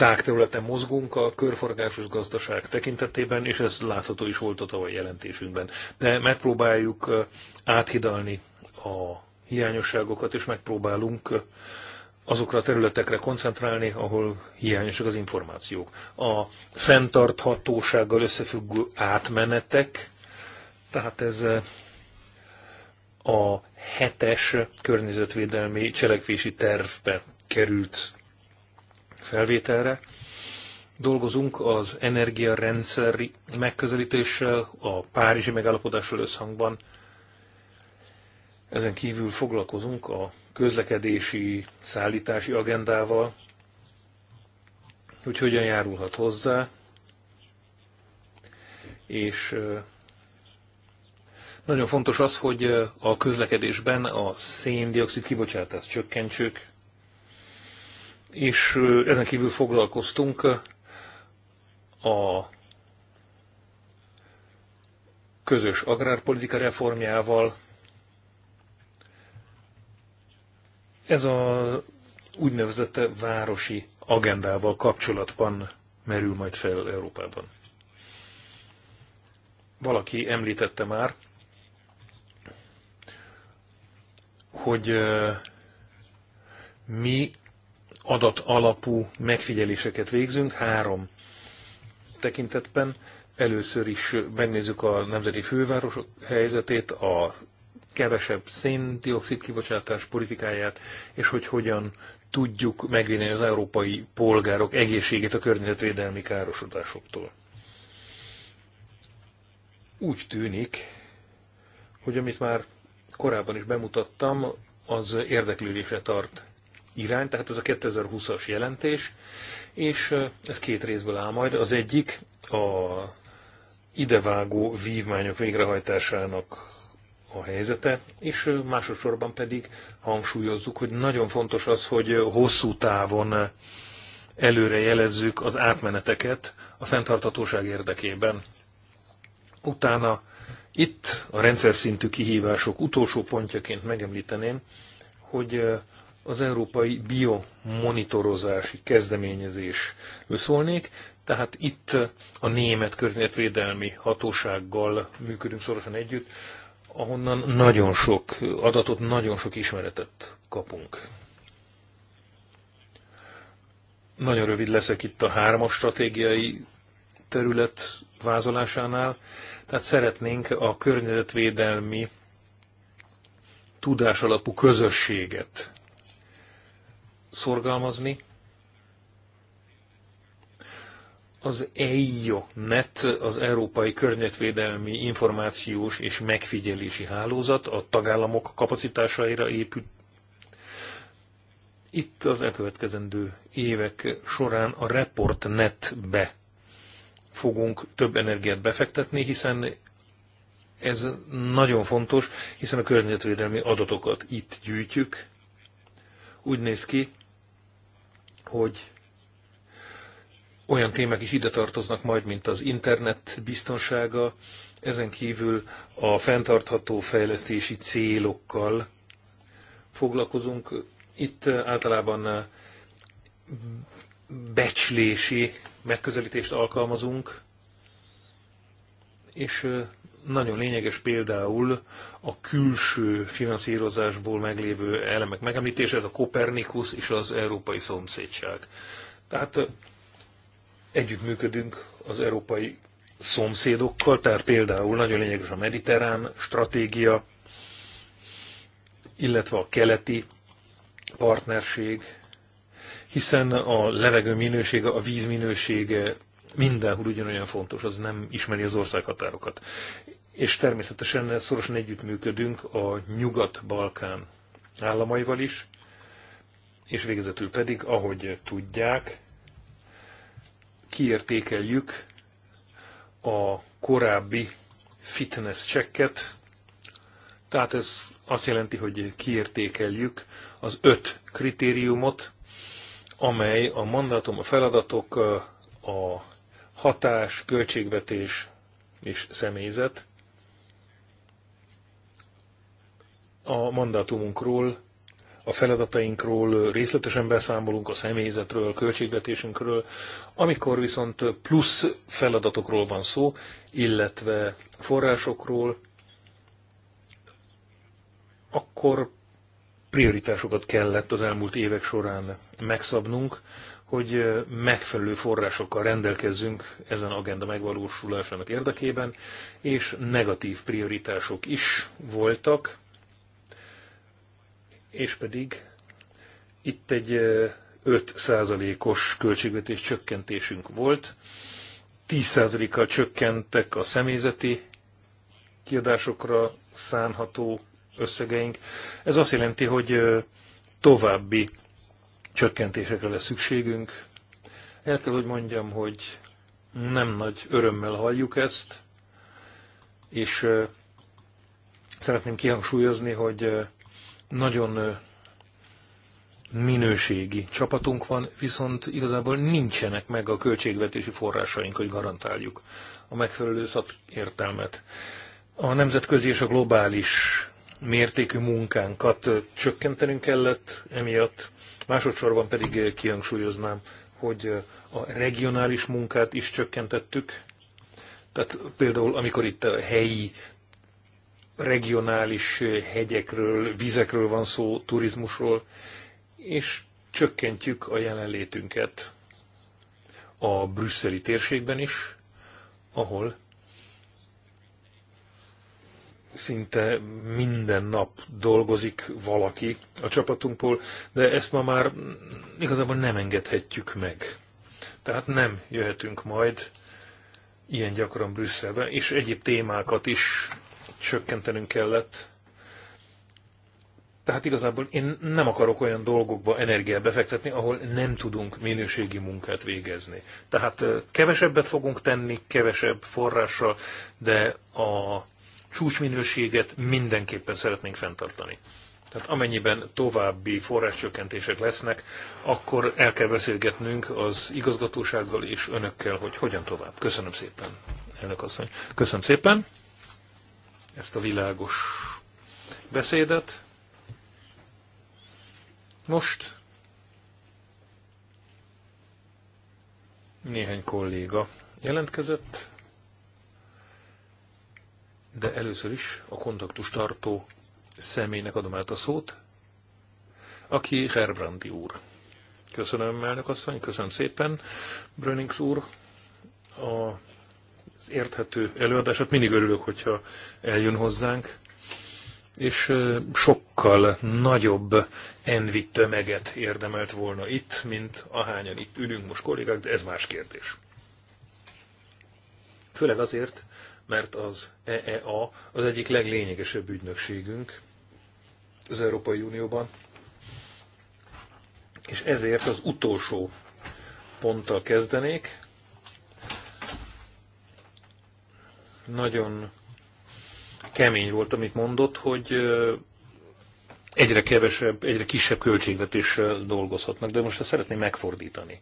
tágterületen mozgunk a körforgásos gazdaság tekintetében, és ez látható is volt a tavaly jelentésünkben. De megpróbáljuk áthidalni a hiányosságokat, és megpróbálunk azokra a területekre koncentrálni, ahol hiányosak az információk. A fenntarthatósággal összefüggő átmenetek, tehát ez a hetes környezetvédelmi cselekvési tervbe került felvételre. Dolgozunk az energiarendszeri megközelítéssel, a Párizsi megállapodással összhangban. Ezen kívül foglalkozunk a közlekedési, szállítási agendával, hogy hogyan járulhat hozzá, és nagyon fontos az, hogy a közlekedésben a széndiokszid kibocsátás csökkentsük, és ezen kívül foglalkoztunk a közös agrárpolitika reformjával. Ez a úgynevezett városi agendával kapcsolatban merül majd fel Európában. Valaki említette már, hogy mi adat alapú megfigyeléseket végzünk három tekintetben. Először is megnézzük a nemzeti fővárosok helyzetét, a kevesebb széndiokszid kibocsátás politikáját, és hogy hogyan tudjuk megvédeni az európai polgárok egészségét a környezetvédelmi károsodásoktól. Úgy tűnik, hogy amit már korábban is bemutattam, az érdeklődése tart irány, tehát ez a 2020-as jelentés, és ez két részből áll majd. Az egyik a idevágó vívmányok végrehajtásának a helyzete, és másosorban pedig hangsúlyozzuk, hogy nagyon fontos az, hogy hosszú távon előre jelezzük az átmeneteket a fenntartatóság érdekében. Utána itt a rendszer szintű kihívások utolsó pontjaként megemlíteném, hogy az európai biomonitorozási kezdeményezésről szólnék, tehát itt a német környezetvédelmi hatósággal működünk szorosan együtt, ahonnan nagyon sok adatot, nagyon sok ismeretet kapunk. Nagyon rövid leszek itt a hármas stratégiai terület vázolásánál. Tehát szeretnénk a környezetvédelmi tudásalapú közösséget szorgalmazni. Az EIO-net, az Európai Környezetvédelmi Információs és Megfigyelési Hálózat a tagállamok kapacitásaira épül. Itt az elkövetkezendő évek során a Report net be fogunk több energiát befektetni, hiszen ez nagyon fontos, hiszen a környezetvédelmi adatokat itt gyűjtjük. Úgy néz ki, hogy olyan témák is ide tartoznak majd, mint az internet biztonsága, ezen kívül a fenntartható fejlesztési célokkal foglalkozunk. Itt eh, általában eh, becslési megközelítést alkalmazunk, és eh, nagyon lényeges például a külső finanszírozásból meglévő elemek megemlítése, ez a Kopernikus és az Európai Szomszédság. Tehát együttműködünk az európai szomszédokkal, tehát például nagyon lényeges a mediterrán stratégia, illetve a keleti partnerség, hiszen a levegő minősége, a víz minősége mindenhol ugyanolyan fontos, az nem ismeri az országhatárokat. És természetesen szorosan együttműködünk a Nyugat-Balkán államaival is, és végezetül pedig, ahogy tudják, kiértékeljük a korábbi fitness checket, tehát ez azt jelenti, hogy kiértékeljük az öt kritériumot, amely a mandátum, a feladatok, a hatás, költségvetés és személyzet. A mandátumunkról, a feladatainkról részletesen beszámolunk, a személyzetről, a költségvetésünkről. Amikor viszont plusz feladatokról van szó, illetve forrásokról, akkor prioritásokat kellett az elmúlt évek során megszabnunk, hogy megfelelő forrásokkal rendelkezzünk ezen agenda megvalósulásának érdekében, és negatív prioritások is voltak, és pedig itt egy 5%-os költségvetés csökkentésünk volt, 10%-kal csökkentek a személyzeti kiadásokra szánható összegeink. Ez azt jelenti, hogy további csökkentésekre lesz szükségünk. El kell, hogy mondjam, hogy nem nagy örömmel halljuk ezt, és szeretném kihangsúlyozni, hogy nagyon minőségi csapatunk van, viszont igazából nincsenek meg a költségvetési forrásaink, hogy garantáljuk a megfelelő szakértelmet. A nemzetközi és a globális mértékű munkánkat csökkentenünk kellett emiatt, Másodszorban pedig kihangsúlyoznám, hogy a regionális munkát is csökkentettük. Tehát például, amikor itt a helyi, regionális hegyekről, vizekről van szó, turizmusról, és csökkentjük a jelenlétünket a brüsszeli térségben is, ahol szinte minden nap dolgozik valaki a csapatunkból, de ezt ma már igazából nem engedhetjük meg. Tehát nem jöhetünk majd ilyen gyakran Brüsszelbe, és egyéb témákat is csökkentenünk kellett. Tehát igazából én nem akarok olyan dolgokba energiát befektetni, ahol nem tudunk minőségi munkát végezni. Tehát kevesebbet fogunk tenni, kevesebb forrással, de a csúcsminőséget mindenképpen szeretnénk fenntartani. Tehát amennyiben további forráscsökkentések lesznek, akkor el kell beszélgetnünk az igazgatósággal és önökkel, hogy hogyan tovább. Köszönöm szépen, elnök asszony. Köszönöm szépen ezt a világos beszédet. Most néhány kolléga jelentkezett de először is a kontaktus tartó személynek adom át a szót, aki Herbrandi úr. Köszönöm, elnök asszony, köszönöm szépen, Brönings úr, az érthető előadását. Mindig örülök, hogyha eljön hozzánk, és sokkal nagyobb envi tömeget érdemelt volna itt, mint ahányan itt ülünk most kollégák, de ez más kérdés. Főleg azért, mert az EEA az egyik leglényegesebb ügynökségünk az Európai Unióban, és ezért az utolsó ponttal kezdenék. Nagyon kemény volt, amit mondott, hogy egyre kevesebb, egyre kisebb költségvetéssel dolgozhatnak, de most ezt szeretném megfordítani.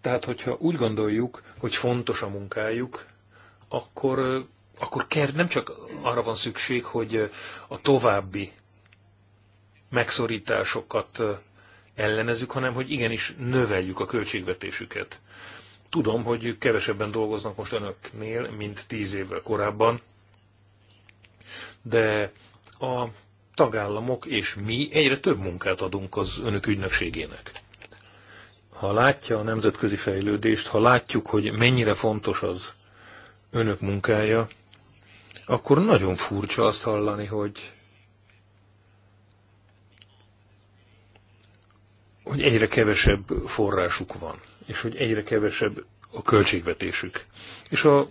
Tehát, hogyha úgy gondoljuk, hogy fontos a munkájuk, akkor, akkor ker, nem csak arra van szükség, hogy a további megszorításokat ellenezzük, hanem hogy igenis növeljük a költségvetésüket. Tudom, hogy kevesebben dolgoznak most önöknél, mint tíz évvel korábban, de a tagállamok és mi egyre több munkát adunk az önök ügynökségének. Ha látja a nemzetközi fejlődést, ha látjuk, hogy mennyire fontos az, önök munkája, akkor nagyon furcsa azt hallani, hogy hogy egyre kevesebb forrásuk van, és hogy egyre kevesebb a költségvetésük. És a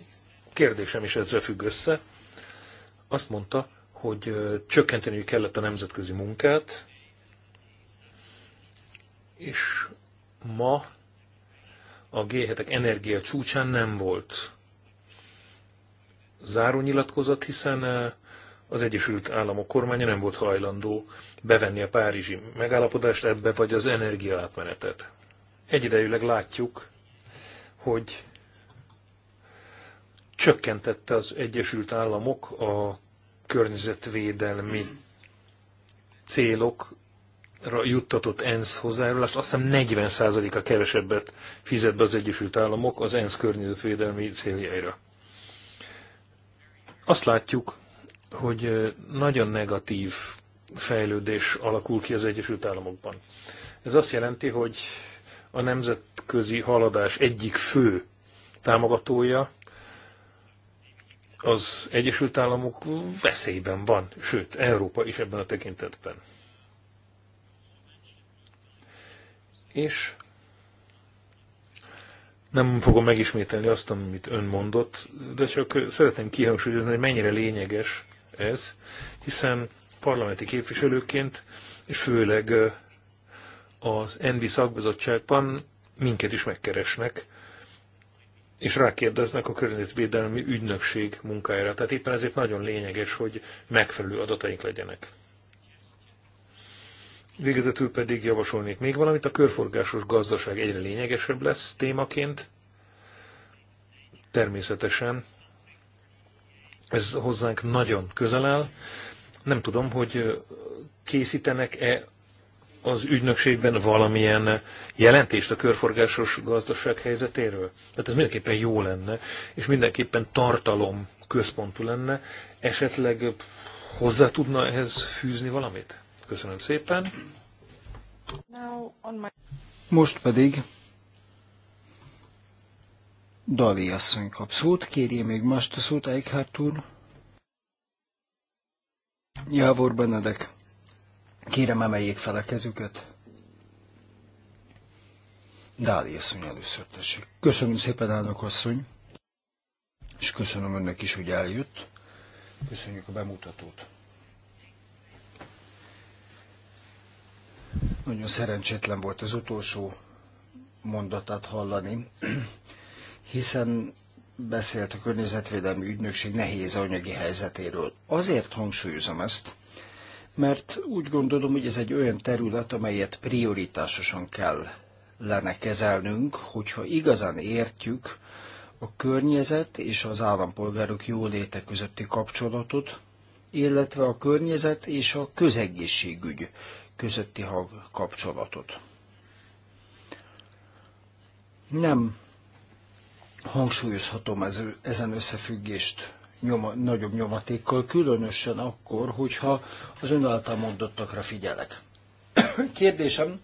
kérdésem is ezzel függ össze. Azt mondta, hogy csökkenteniük kellett a nemzetközi munkát, és ma a G7-ek energia csúcsán nem volt nyilatkozat, hiszen az Egyesült Államok kormánya nem volt hajlandó bevenni a párizsi megállapodást ebbe, vagy az energiaátmenetet. Egyidejűleg látjuk, hogy csökkentette az Egyesült Államok a környezetvédelmi célokra juttatott ENSZ hozzájárulást, azt hiszem 40%-a kevesebbet fizet be az Egyesült Államok az ENSZ környezetvédelmi céljaira. Azt látjuk, hogy nagyon negatív fejlődés alakul ki az Egyesült Államokban. Ez azt jelenti, hogy a nemzetközi haladás egyik fő támogatója az Egyesült Államok veszélyben van, sőt, Európa is ebben a tekintetben. És nem fogom megismételni azt, amit ön mondott, de csak szeretném kihangsúlyozni, hogy mennyire lényeges ez, hiszen parlamenti képviselőként, és főleg az ENVI szakbizottságban minket is megkeresnek, és rákérdeznek a környezetvédelmi ügynökség munkájára. Tehát éppen ezért nagyon lényeges, hogy megfelelő adataink legyenek. Végezetül pedig javasolnék még valamit, a körforgásos gazdaság egyre lényegesebb lesz témaként. Természetesen ez hozzánk nagyon közel áll. Nem tudom, hogy készítenek-e az ügynökségben valamilyen jelentést a körforgásos gazdaság helyzetéről? Tehát ez mindenképpen jó lenne, és mindenképpen tartalom központú lenne. Esetleg hozzá tudna ehhez fűzni valamit? Köszönöm szépen. Most pedig Dali asszony kap szót, kérje még most a szót Eichhardt úr. Jávor Benedek, kérem emeljék fel a kezüket. Dali asszony először tessék. Köszönöm szépen, elnök asszony, és köszönöm önnek is, hogy eljött. Köszönjük a bemutatót. Nagyon szerencsétlen volt az utolsó mondatát hallani, hiszen beszélt a környezetvédelmi ügynökség nehéz anyagi helyzetéről. Azért hangsúlyozom ezt, mert úgy gondolom, hogy ez egy olyan terület, amelyet prioritásosan kell lenne kezelnünk, hogyha igazán értjük a környezet és az állampolgárok jóléte közötti kapcsolatot, illetve a környezet és a közegészségügy közötti hang kapcsolatot. Nem hangsúlyozhatom ez, ezen összefüggést nyoma, nagyobb nyomatékkal, különösen akkor, hogyha az ön által mondottakra figyelek. (coughs) Kérdésem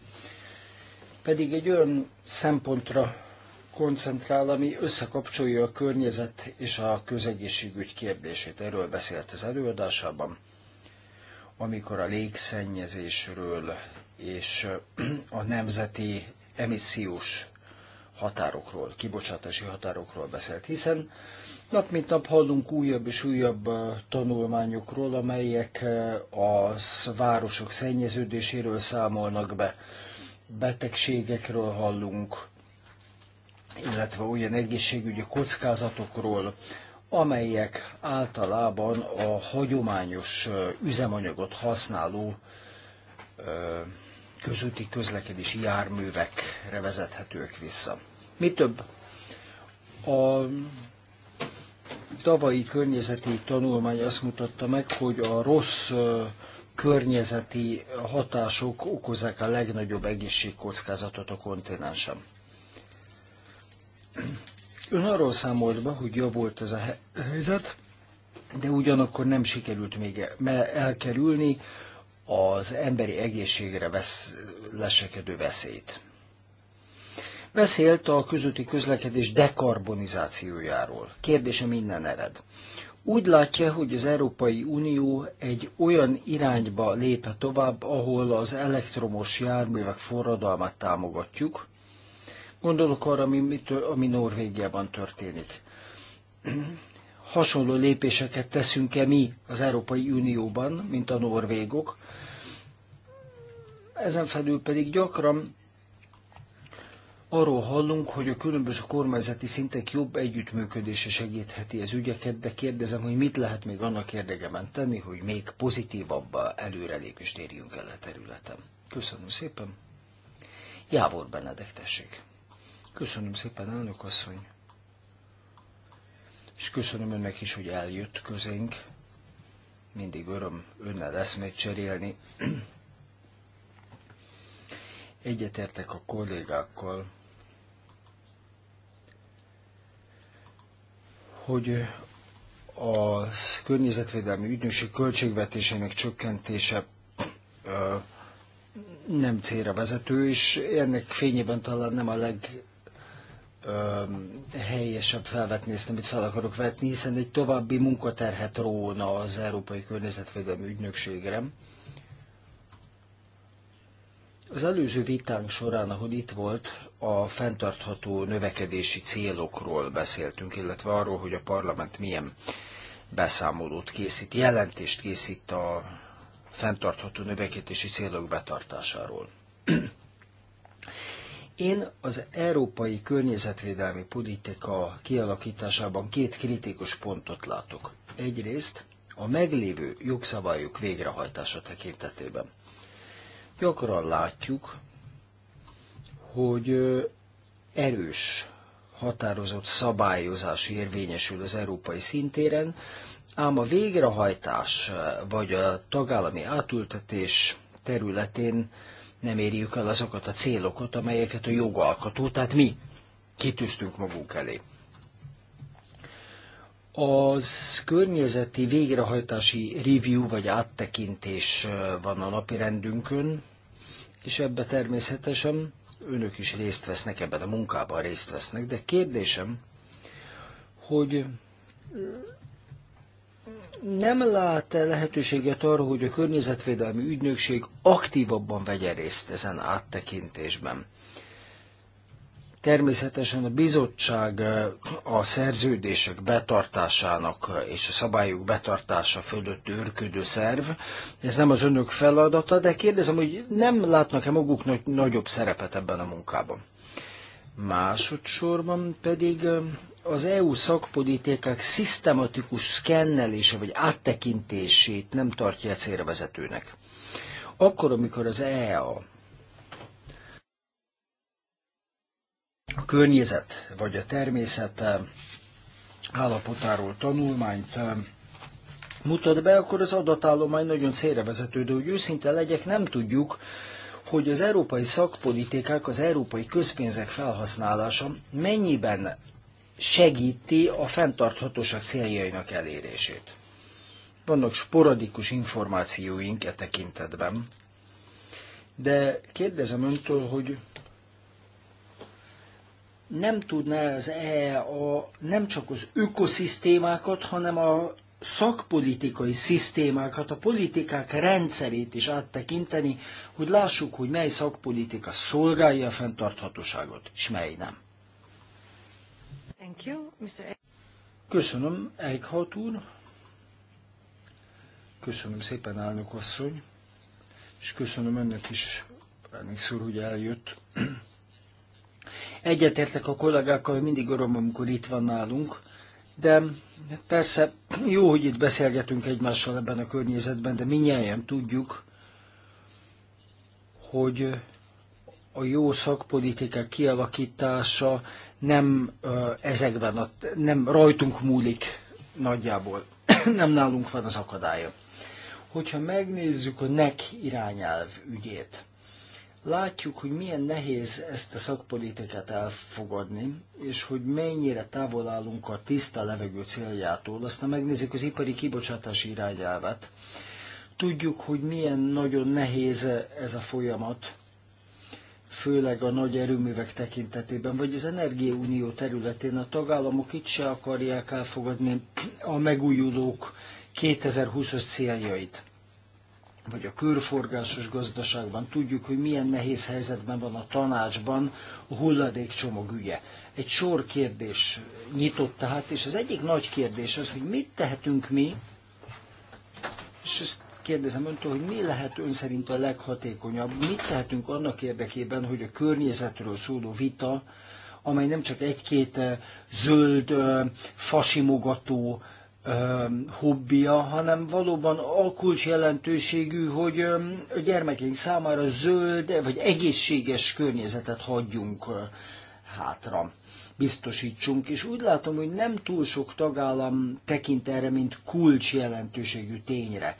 pedig egy olyan szempontra koncentrál, ami összekapcsolja a környezet és a közegészségügy kérdését. Erről beszélt az előadásában amikor a légszennyezésről és a nemzeti emissziós határokról, kibocsátási határokról beszélt, hiszen nap mint nap hallunk újabb és újabb tanulmányokról, amelyek a városok szennyeződéséről számolnak be, betegségekről hallunk, illetve olyan egészségügyi kockázatokról, amelyek általában a hagyományos üzemanyagot használó közúti közlekedési járművekre vezethetők vissza. Mi több, a tavalyi környezeti tanulmány azt mutatta meg, hogy a rossz környezeti hatások okozzák a legnagyobb egészségkockázatot a kontinensen. Ön arról számolt be, hogy javult ez a helyzet, de ugyanakkor nem sikerült még elkerülni az emberi egészségre vesz, lesekedő veszélyt. Beszélt a közúti közlekedés dekarbonizációjáról. Kérdésem innen ered. Úgy látja, hogy az Európai Unió egy olyan irányba lépe tovább, ahol az elektromos járművek forradalmát támogatjuk, Gondolok arra, ami, ami Norvégiában történik. Hasonló lépéseket teszünk-e mi az Európai Unióban, mint a norvégok? Ezen felül pedig gyakran Arról hallunk, hogy a különböző kormányzati szintek jobb együttműködése segítheti az ügyeket, de kérdezem, hogy mit lehet még annak érdekében tenni, hogy még pozitívabb előrelépést érjünk el a területen. Köszönöm szépen. Jávor Benedek, tessék. Köszönöm szépen, elnök asszony. És köszönöm önnek is, hogy eljött közénk. Mindig öröm önnel eszmét cserélni. (clears throat) Egyetértek a kollégákkal, hogy a környezetvédelmi ügynökség költségvetésének csökkentése nem célra vezető, és ennek fényében talán nem a leg helyesebb felvetni ezt, amit fel akarok vetni, hiszen egy további munkaterhet róna az Európai Környezetvédelmi Ügynökségre. Az előző vitánk során, ahogy itt volt, a fenntartható növekedési célokról beszéltünk, illetve arról, hogy a parlament milyen beszámolót készít, jelentést készít a fenntartható növekedési célok betartásáról. Én az európai környezetvédelmi politika kialakításában két kritikus pontot látok. Egyrészt a meglévő jogszabályok végrehajtása tekintetében. Gyakran látjuk, hogy erős, határozott szabályozás érvényesül az európai szintéren, ám a végrehajtás vagy a tagállami átültetés területén nem érjük el azokat a célokat, amelyeket a jogalkotó, tehát mi kitűztünk magunk elé. Az környezeti végrehajtási review vagy áttekintés van a napi rendünkön, és ebbe természetesen önök is részt vesznek, ebben a munkában részt vesznek, de kérdésem, hogy nem lát -e lehetőséget arra, hogy a környezetvédelmi ügynökség aktívabban vegye részt ezen áttekintésben? Természetesen a bizottság eh, a szerződések betartásának és a szabályok betartása fölött őrködő szerv. Ez nem az önök feladata, de kérdezem, hogy nem látnak-e nagy nagyobb szerepet ebben a munkában? Másodszorban pedig eh, az EU szakpolitikák szisztematikus szkennelése vagy áttekintését nem tartja célra vezetőnek. Akkor, amikor az EA a környezet vagy a természet eh, állapotáról tanulmányt eh, mutat be, akkor az adatállomány nagyon célrevezető, de hogy őszinte legyek, nem tudjuk, hogy az európai szakpolitikák, az európai közpénzek felhasználása mennyiben segíti a fenntarthatóság céljainak elérését. Vannak sporadikus információink e tekintetben, de kérdezem öntől, hogy nem tudná az e a nem csak az ökoszisztémákat, hanem a szakpolitikai szisztémákat, a politikák rendszerét is áttekinteni, hogy lássuk, hogy mely szakpolitika szolgálja a fenntarthatóságot, és mely nem. Thank you, Mr. Köszönöm, Eichhout úr. Köszönöm szépen, elnök asszony, és köszönöm önnek is, Renix úr, hogy eljött. Egyetértek a kollégákkal, mindig öröm, amikor itt van nálunk, de persze jó, hogy itt beszélgetünk egymással ebben a környezetben, de minnyáján tudjuk, hogy a jó szakpolitikák kialakítása nem ezekben, a, nem rajtunk múlik nagyjából, (clears throat) nem nálunk van az akadálya. Hogyha megnézzük a nek irányelv ügyét, látjuk, hogy milyen nehéz ezt a szakpolitikát elfogadni, és hogy mennyire távol állunk a tiszta levegő céljától. Aztán megnézzük az ipari kibocsátás irányelvet. Tudjuk, hogy milyen nagyon nehéz ez a folyamat, főleg a nagy erőművek tekintetében, vagy az Energiaunió területén a tagállamok itt se akarják elfogadni a megújulók 2020-as céljait vagy a körforgásos gazdaságban. Tudjuk, hogy milyen nehéz helyzetben van a tanácsban a hulladékcsomag ügye. Egy sor kérdés nyitott tehát, és az egyik nagy kérdés az, hogy mit tehetünk mi, és ezt kérdezem öntől, hogy mi lehet ön szerint a leghatékonyabb? Mit tehetünk annak érdekében, hogy a környezetről szóló vita, amely nem csak egy-két zöld, fasimogató hobbija, hanem valóban alkulcs jelentőségű, hogy a gyermekeink számára zöld vagy egészséges környezetet hagyjunk hátra biztosítsunk, és úgy látom, hogy nem túl sok tagállam tekint erre, mint kulcs jelentőségű tényre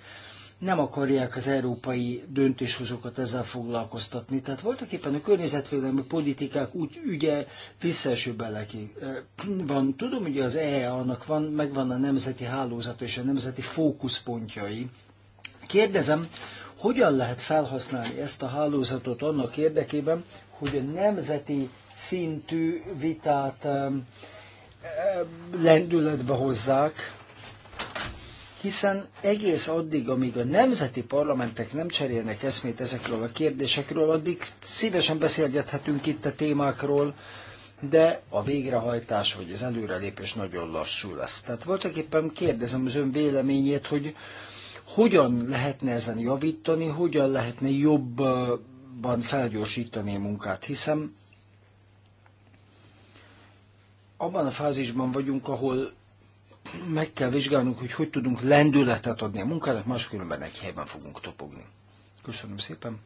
nem akarják az európai döntéshozókat ezzel foglalkoztatni. Tehát voltak éppen a környezetvédelmi politikák úgy ügye visszaeső beleki van. Tudom, hogy az eea annak van, megvan a nemzeti hálózat és a nemzeti fókuszpontjai. Kérdezem, hogyan lehet felhasználni ezt a hálózatot annak érdekében, hogy a nemzeti szintű vitát lendületbe hozzák, hiszen egész addig, amíg a nemzeti parlamentek nem cserélnek eszmét ezekről a kérdésekről, addig szívesen beszélgethetünk itt a témákról, de a végrehajtás vagy az előrelépés nagyon lassú lesz. Tehát voltak éppen kérdezem az ön véleményét, hogy hogyan lehetne ezen javítani, hogyan lehetne jobban felgyorsítani a munkát, hiszen abban a fázisban vagyunk, ahol meg kell vizsgálnunk, hogy hogy tudunk lendületet adni a munkának, máskülönben egy helyben fogunk topogni. Köszönöm szépen.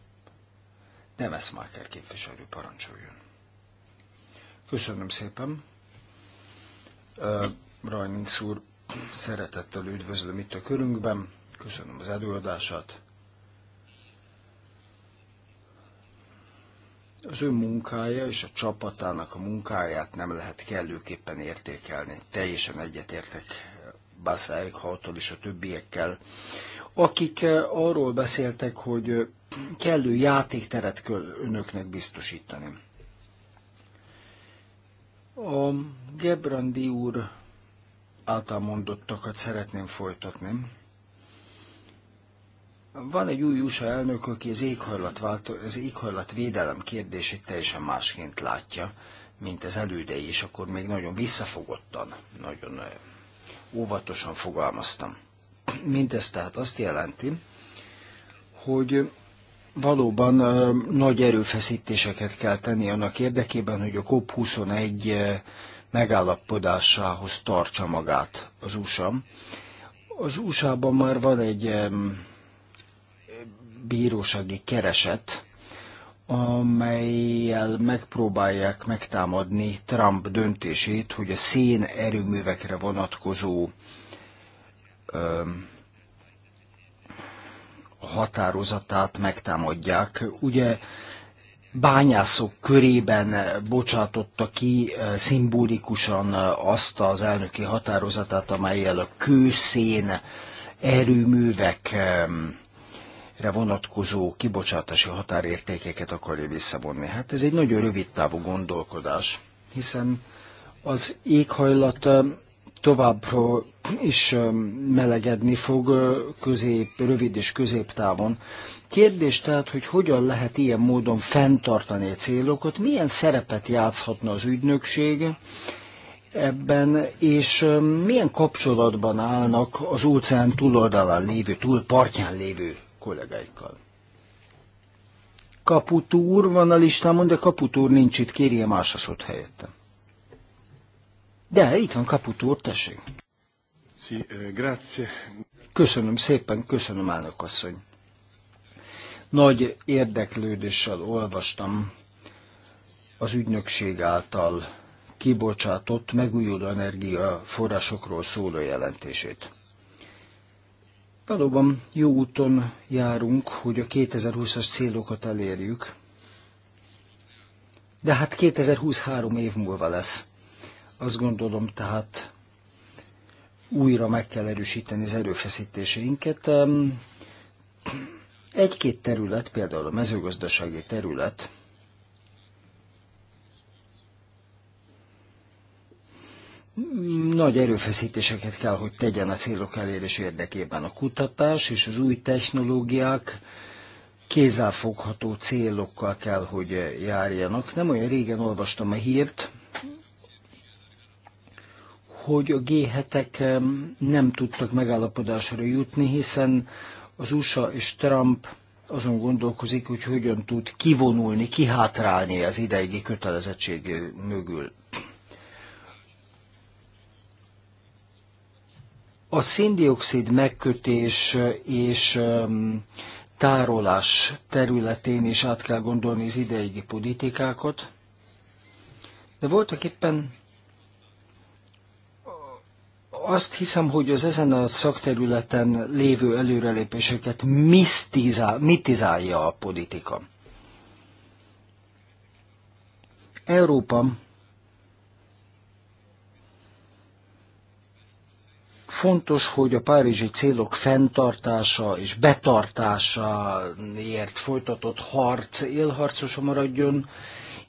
Nem kell képviselő parancsoljon. Köszönöm szépen. Uh, Rajnings úr, szeretettel üdvözlöm itt a körünkben. Köszönöm az előadását. az ő munkája és a csapatának a munkáját nem lehet kellőképpen értékelni. Teljesen egyetértek Basszáik Haltól és a többiekkel, akik eh, arról beszéltek, hogy eh, kellő játékteret kell önöknek biztosítani. A Gebrandi úr által mondottakat szeretném folytatni. Van egy új USA elnök, aki az, éghajlatváltó, az éghajlatvédelem kérdését teljesen másként látja, mint az elődei, és akkor még nagyon visszafogottan, nagyon eh, óvatosan fogalmaztam. Mindez tehát azt jelenti, hogy valóban eh, nagy erőfeszítéseket kell tenni annak érdekében, hogy a COP21 eh, megállapodásához tartsa magát az USA. Az USA-ban már van egy bírósági kereset, amelyel megpróbálják megtámadni Trump döntését, hogy a szén erőművekre vonatkozó ö, határozatát megtámadják. Ugye bányászok körében bocsátotta ki szimbolikusan azt az elnöki határozatát, amelyel a kőszén erőművek ö, re vonatkozó kibocsátási határértékeket akarja visszavonni. Hát ez egy nagyon rövid távú gondolkodás, hiszen az éghajlat továbbra is melegedni fog közép, rövid és középtávon. Kérdés tehát, hogy hogyan lehet ilyen módon fenntartani a célokat, milyen szerepet játszhatna az ügynökség ebben, és milyen kapcsolatban állnak az óceán túloldalán lévő, túl partján lévő kollégáikkal. Kaputó úr van a listámon, de Kaputó úr nincs itt, kérje a szót helyette. De itt van Kaputó úr, tessék. Sí, eh, grazie. Köszönöm szépen, köszönöm elnök asszony. Nagy érdeklődéssel olvastam az ügynökség által kibocsátott megújuló energia forrásokról szóló jelentését. Valóban jó úton járunk, hogy a 2020-as célokat elérjük, de hát 2023 év múlva lesz. Azt gondolom tehát újra meg kell erősíteni az erőfeszítéseinket. Egy-két terület, például a mezőgazdasági terület, Mm, nagy erőfeszítéseket kell, hogy tegyen a célok elérés érdekében. A kutatás és az új technológiák kézzelfogható célokkal kell, hogy járjanak. Nem olyan régen olvastam a hírt, hogy a g nem tudtak megállapodásra jutni, hiszen az USA és Trump azon gondolkozik, hogy hogyan tud kivonulni, kihátrálni az ideigi kötelezettség mögül. A széndiokszid megkötés és um, tárolás területén is át kell gondolni az ideigi politikákat, de voltak éppen azt hiszem, hogy az ezen a szakterületen lévő előrelépéseket misztizál, mitizálja a politika. Európa Fontos, hogy a párizsi célok fenntartása és ért folytatott harc élharcosa maradjon,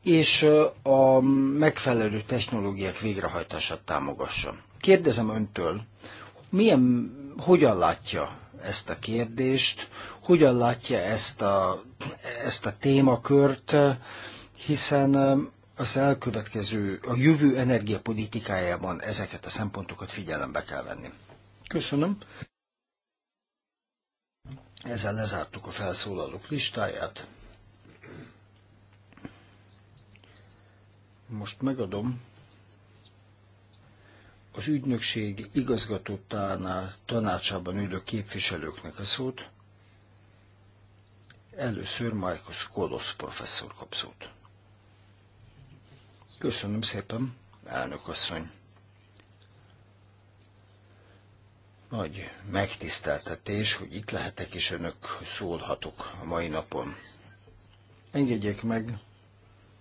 és a megfelelő technológiák végrehajtását támogassa. Kérdezem öntől, milyen, hogyan látja ezt a kérdést, hogyan látja ezt a, ezt a témakört, hiszen az elkövetkező, a jövő energiapolitikájában ezeket a szempontokat figyelembe kell venni. Köszönöm. Ezzel lezártuk a felszólalók listáját. Most megadom az ügynökség igazgatótánál tanácsában ülő képviselőknek a szót. Először Michael Kolosz professzor kap szót. Köszönöm szépen, elnök asszony. Nagy megtiszteltetés, hogy itt lehetek és önök szólhatok a mai napon. Engedjék meg,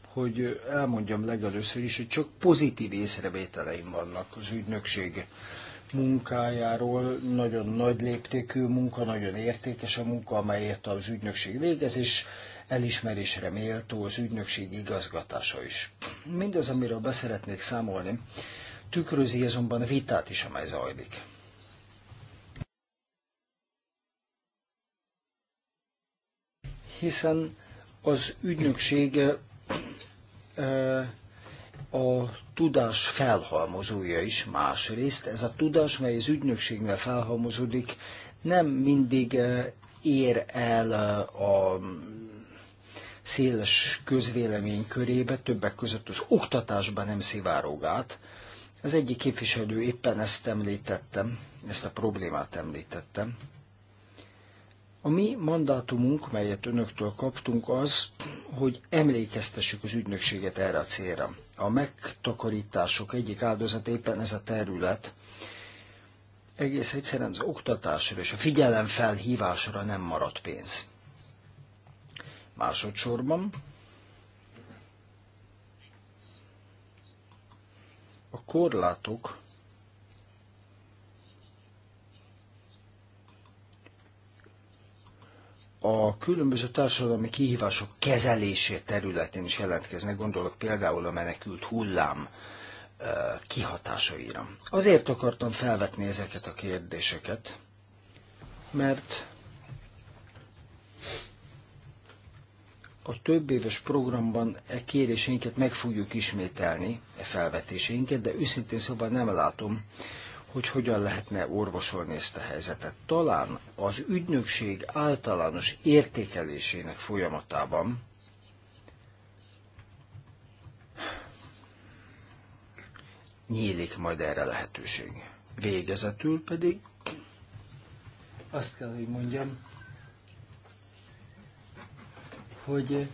hogy elmondjam legelőször is, hogy csak pozitív észrevételeim vannak az ügynökség munkájáról. Nagyon nagy léptékű munka, nagyon értékes a munka, amelyet az ügynökség végez, és elismerésre méltó az ügynökség igazgatása is. Mindez, amiről beszeretnék számolni, tükrözi azonban a vitát is, amely zajlik. Hiszen az ügynökség a tudás felhalmozója is másrészt. Ez a tudás, mely az ügynökségnél felhalmozódik, nem mindig ér el a széles közvélemény körébe, többek között az oktatásban nem szivárog át. Az egyik képviselő éppen ezt említettem, ezt a problémát említettem. A mi mandátumunk, melyet önöktől kaptunk, az, hogy emlékeztessük az ügynökséget erre a célra. A megtakarítások egyik áldozat éppen ez a terület, egész egyszerűen az oktatásra és a figyelemfelhívásra nem maradt pénz. Másodszorban a korlátok a különböző társadalmi kihívások kezelésé területén is jelentkeznek, gondolok például a menekült hullám eh, kihatásaira. Azért akartam felvetni ezeket a kérdéseket, mert a több éves programban e kérésénket meg fogjuk ismételni, e felvetésénket, de őszintén szóval nem látom, hogy hogyan lehetne orvosolni ezt a helyzetet. Talán az ügynökség általános értékelésének folyamatában nyílik majd erre lehetőség. Végezetül pedig azt kell, hogy mondjam, hogy eh,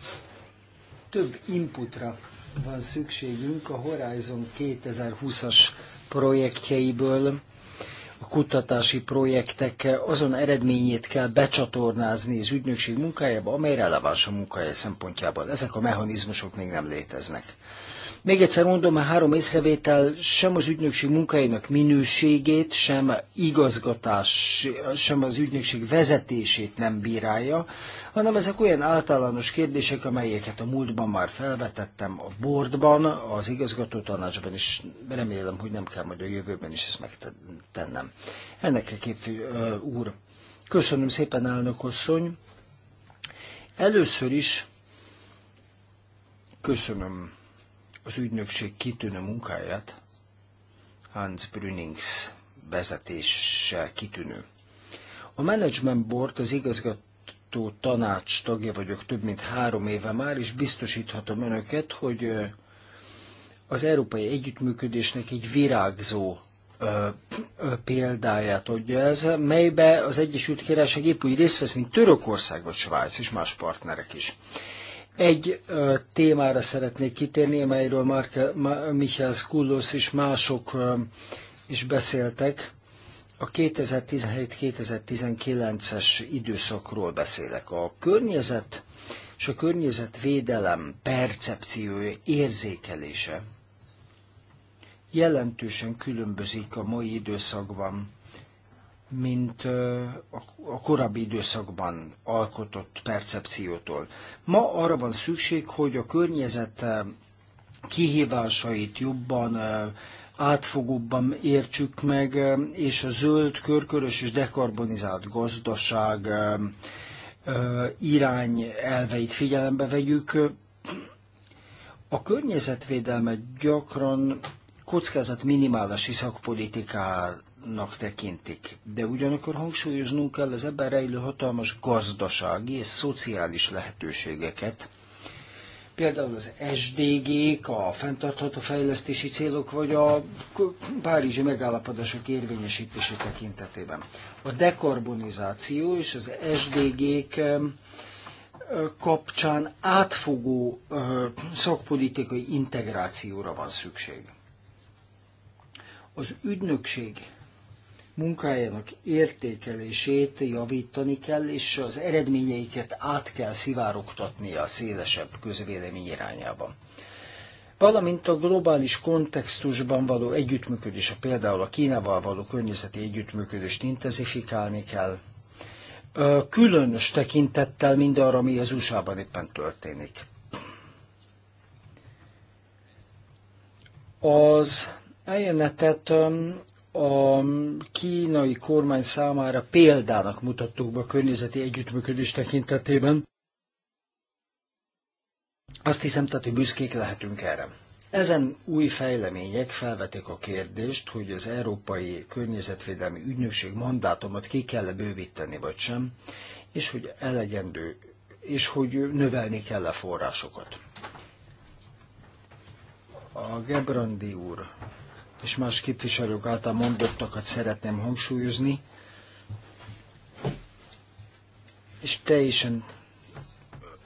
több inputra van szükségünk a Horizon 2020-as projektjeiből, a kutatási projektek eh, azon eredményét kell becsatornázni az ügynökség munkájába, amely releváns a munkahely szempontjából. Ezek a mechanizmusok még nem léteznek. Még egyszer mondom, a három észrevétel sem az ügynökség munkájának minőségét, sem igazgatás, sem az ügynökség vezetését nem bírálja, hanem ezek olyan általános kérdések, amelyeket a múltban már felvetettem a boardban, az igazgató tanácsban, és remélem, hogy nem kell majd a jövőben is ezt megtennem. Ennek a képviselő uh, úr. Köszönöm szépen, elnök asszony. Először is köszönöm az ügynökség kitűnő munkáját, Hans Brünings vezetéssel kitűnő. A Management Board az igazgató tanács tagja vagyok több mint három éve már, és biztosíthatom önöket, hogy az európai együttműködésnek egy virágzó ö, ö, példáját adja ez, melybe az Egyesült Királyság épp úgy részt vesz, mint Törökország vagy Svájc és más partnerek is. Egy témára szeretnék kitérni, amelyről már Michael Skullos és mások is beszéltek. A 2017-2019-es időszakról beszélek. A környezet és a környezetvédelem percepciója, érzékelése jelentősen különbözik a mai időszakban mint a korábbi időszakban alkotott percepciótól. Ma arra van szükség, hogy a környezet kihívásait jobban, átfogóbban értsük meg, és a zöld, körkörös és dekarbonizált gazdaság irány elveit figyelembe vegyük. A környezetvédelmet gyakran kockázat minimális szakpolitikát haszonnak tekintik. De ugyanakkor hangsúlyoznunk kell az ebben rejlő hatalmas gazdasági és szociális lehetőségeket, például az SDG-k, a fenntartható fejlesztési célok, vagy a párizsi megállapodások érvényesítése tekintetében. A dekarbonizáció és az SDG-k kapcsán átfogó szakpolitikai integrációra van szükség. Az ügynökség munkájának értékelését javítani kell, és az eredményeiket át kell szivárogtatni a szélesebb közvélemény irányába. Valamint a globális kontextusban való együttműködés, például a Kínával való környezeti együttműködést intenzifikálni kell, különös tekintettel mindarra, ami az USA-ban éppen történik. Az eljönetet a kínai kormány számára példának mutattuk be a környezeti együttműködés tekintetében. Azt hiszem, tehát, hogy büszkék lehetünk erre. Ezen új fejlemények felvetik a kérdést, hogy az Európai Környezetvédelmi Ügynökség mandátumot ki kell -e bővíteni, vagy sem, és hogy elegendő, és hogy növelni kell a -e forrásokat. A Gebrandi úr és más képviselők által mondottakat szeretném hangsúlyozni, és teljesen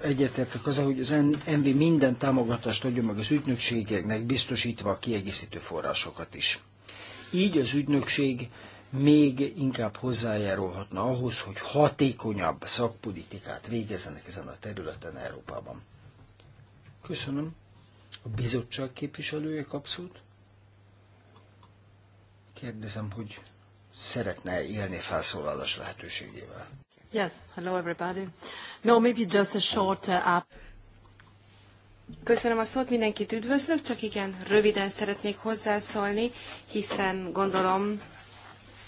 egyetértek azzal, hogy az NV minden támogatást adjon meg az ügynökségeknek, biztosítva a kiegészítő forrásokat is. Így az ügynökség még inkább hozzájárulhatna ahhoz, hogy hatékonyabb szakpolitikát végezzenek ezen a területen Európában. Köszönöm. A bizottság képviselője kapszót. Kérdezem, hogy szeretne élni felszólalás lehetőségével. Yes, hello everybody. No, maybe just a short uh, up. Köszönöm a szót, mindenkit üdvözlök, csak igen, röviden szeretnék hozzászólni, hiszen gondolom,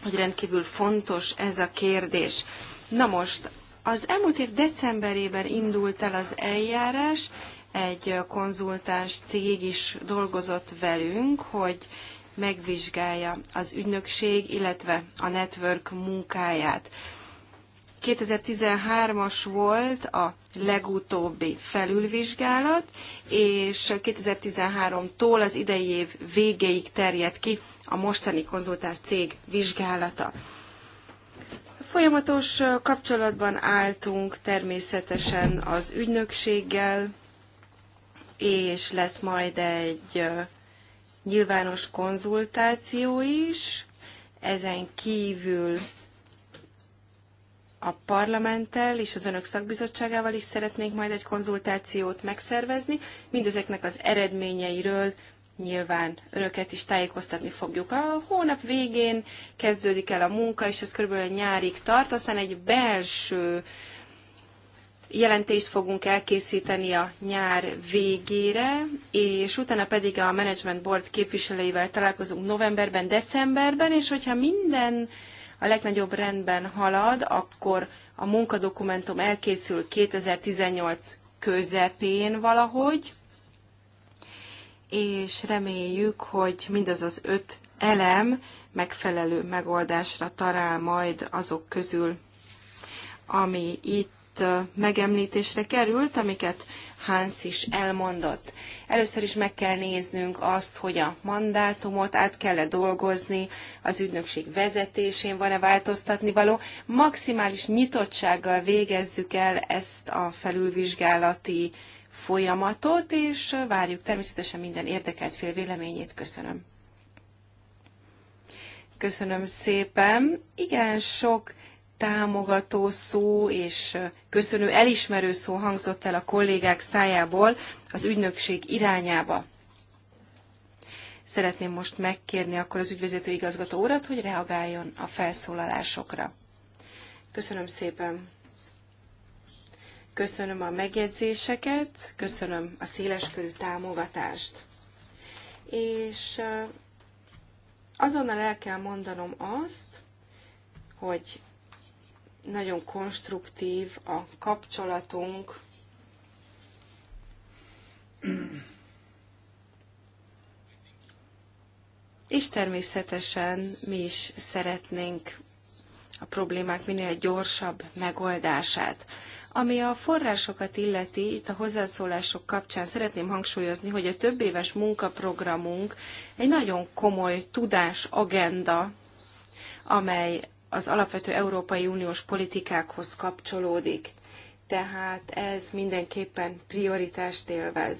hogy rendkívül fontos ez a kérdés. Na most, az elmúlt év decemberében indult el az eljárás, egy konzultáns cég is dolgozott velünk, hogy megvizsgálja az ügynökség, illetve a network munkáját. 2013-as volt a legutóbbi felülvizsgálat, és 2013-tól az idei év végéig terjed ki a mostani konzultáns cég vizsgálata. Folyamatos kapcsolatban álltunk természetesen az ügynökséggel, és lesz majd egy nyilvános konzultáció is, ezen kívül a parlamenttel és az önök szakbizottságával is szeretnénk majd egy konzultációt megszervezni. Mindezeknek az eredményeiről nyilván önöket is tájékoztatni fogjuk. A hónap végén kezdődik el a munka, és ez körülbelül nyárig tart, aztán egy belső Jelentést fogunk elkészíteni a nyár végére, és utána pedig a Management Board képviselőivel találkozunk novemberben, decemberben, és hogyha minden a legnagyobb rendben halad, akkor a munkadokumentum elkészül 2018 közepén valahogy, és reméljük, hogy mindaz az öt elem megfelelő megoldásra talál majd azok közül, ami itt itt megemlítésre került, amiket Hans is elmondott. Először is meg kell néznünk azt, hogy a mandátumot át kell -e dolgozni, az ügynökség vezetésén van-e változtatni való. Maximális nyitottsággal végezzük el ezt a felülvizsgálati folyamatot, és várjuk természetesen minden érdekelt fél véleményét. Köszönöm. Köszönöm szépen. Igen, sok támogató szó és köszönő elismerő szó hangzott el a kollégák szájából az ügynökség irányába. Szeretném most megkérni akkor az ügyvezető igazgató urat, hogy reagáljon a felszólalásokra. Köszönöm szépen. Köszönöm a megjegyzéseket, köszönöm a széleskörű támogatást. És azonnal el kell mondanom azt, hogy nagyon konstruktív a kapcsolatunk. És természetesen mi is szeretnénk a problémák minél gyorsabb megoldását. Ami a forrásokat illeti, itt a hozzászólások kapcsán szeretném hangsúlyozni, hogy a több éves munkaprogramunk egy nagyon komoly tudásagenda, amely az alapvető Európai Uniós politikákhoz kapcsolódik. Tehát ez mindenképpen prioritást élvez.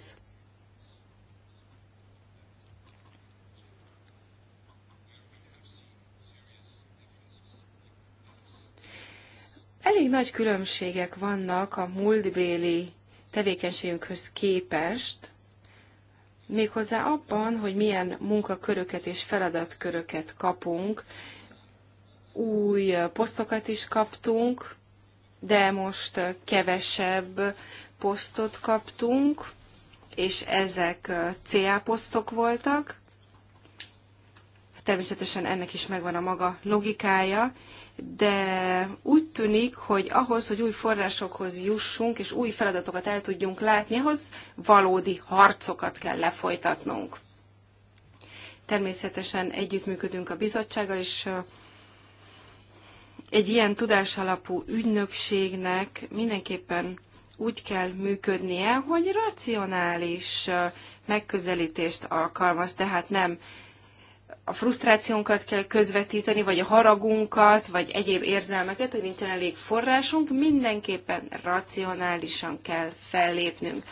Elég nagy különbségek vannak a múltbéli tevékenységünkhöz képest, méghozzá abban, hogy milyen munkaköröket és feladatköröket kapunk, új posztokat is kaptunk, de most kevesebb posztot kaptunk, és ezek CA posztok voltak. Természetesen ennek is megvan a maga logikája, de úgy tűnik, hogy ahhoz, hogy új forrásokhoz jussunk, és új feladatokat el tudjunk látni, ahhoz valódi harcokat kell lefolytatnunk. Természetesen együttműködünk a bizottsággal, és egy ilyen tudásalapú ügynökségnek mindenképpen úgy kell működnie, hogy racionális megközelítést alkalmaz, tehát nem a frusztrációnkat kell közvetíteni, vagy a haragunkat, vagy egyéb érzelmeket, hogy nincsen elég forrásunk, mindenképpen racionálisan kell fellépnünk.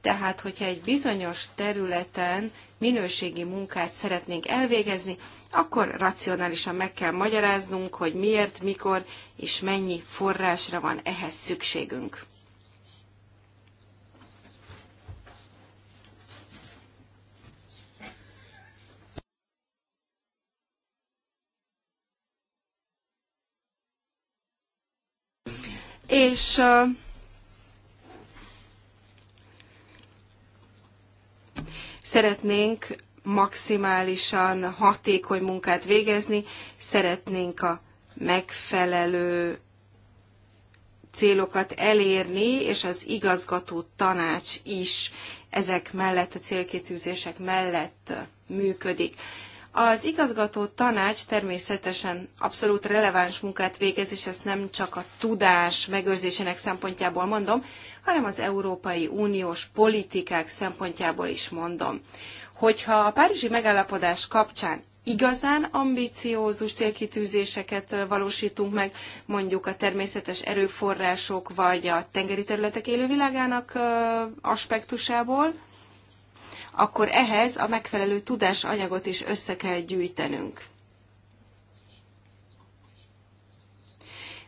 Tehát, hogyha egy bizonyos területen minőségi munkát szeretnénk elvégezni, akkor racionálisan meg kell magyaráznunk, hogy miért, mikor és mennyi forrásra van ehhez szükségünk. És szeretnénk maximálisan hatékony munkát végezni, szeretnénk a megfelelő célokat elérni, és az igazgató tanács is ezek mellett, a célkitűzések mellett működik. Az igazgató tanács természetesen abszolút releváns munkát végez, és ezt nem csak a tudás megőrzésének szempontjából mondom, hanem az Európai Uniós politikák szempontjából is mondom. Hogyha a Párizsi megállapodás kapcsán igazán ambiciózus célkitűzéseket valósítunk meg, mondjuk a természetes erőforrások vagy a tengeri területek élővilágának aspektusából, akkor ehhez a megfelelő tudásanyagot is össze kell gyűjtenünk.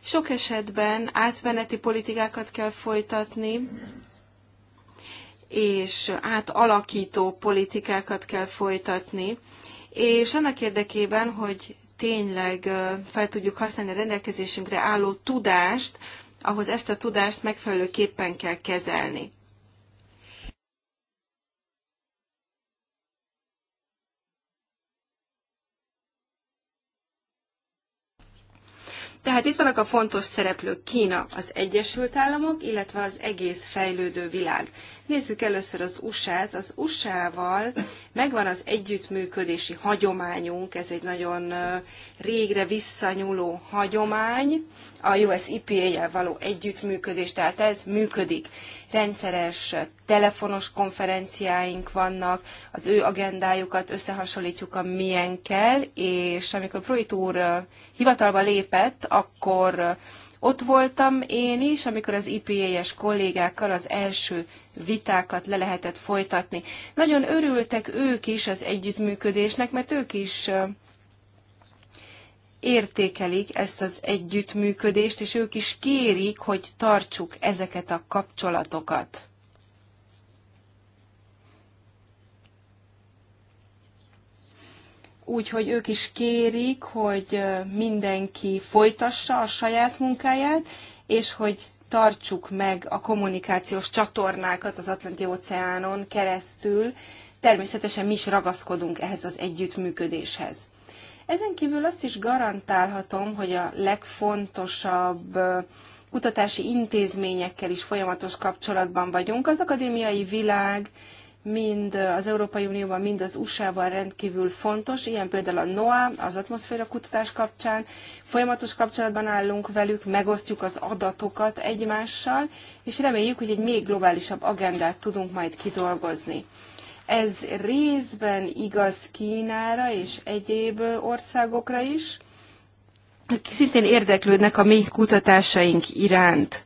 Sok esetben átmeneti politikákat kell folytatni, és átalakító politikákat kell folytatni, és annak érdekében, hogy tényleg fel tudjuk használni a rendelkezésünkre álló tudást, ahhoz ezt a tudást megfelelőképpen kell kezelni. Tehát itt vannak a fontos szereplők Kína, az Egyesült Államok, illetve az egész fejlődő világ. Nézzük először az USA-t. Az USA-val megvan az együttműködési hagyományunk, ez egy nagyon régre visszanyúló hagyomány, a US EPA-jel való együttműködés, tehát ez működik. Rendszeres telefonos konferenciáink vannak, az ő agendájukat összehasonlítjuk a miénkkel, és amikor Pruitt úr hivatalba lépett, akkor ott voltam én is, amikor az IPA-es e kollégákkal az első vitákat le lehetett folytatni. Nagyon örültek ők is az együttműködésnek, mert ők is értékelik ezt az együttműködést, és ők is kérik, hogy tartsuk ezeket a kapcsolatokat. Úgyhogy ők is kérik, hogy mindenki folytassa a saját munkáját, és hogy tartsuk meg a kommunikációs csatornákat az Atlanti-óceánon keresztül, természetesen mi is ragaszkodunk ehhez az együttműködéshez. Ezen kívül azt is garantálhatom, hogy a legfontosabb kutatási intézményekkel is folyamatos kapcsolatban vagyunk. Az akadémiai világ mind az Európai Unióban, mind az USA-ban rendkívül fontos, ilyen például a NOAA, az atmoszféra kutatás kapcsán. Folyamatos kapcsolatban állunk velük, megosztjuk az adatokat egymással, és reméljük, hogy egy még globálisabb agendát tudunk majd kidolgozni. Ez részben igaz Kínára és egyéb országokra is, akik szintén érdeklődnek a mi kutatásaink iránt.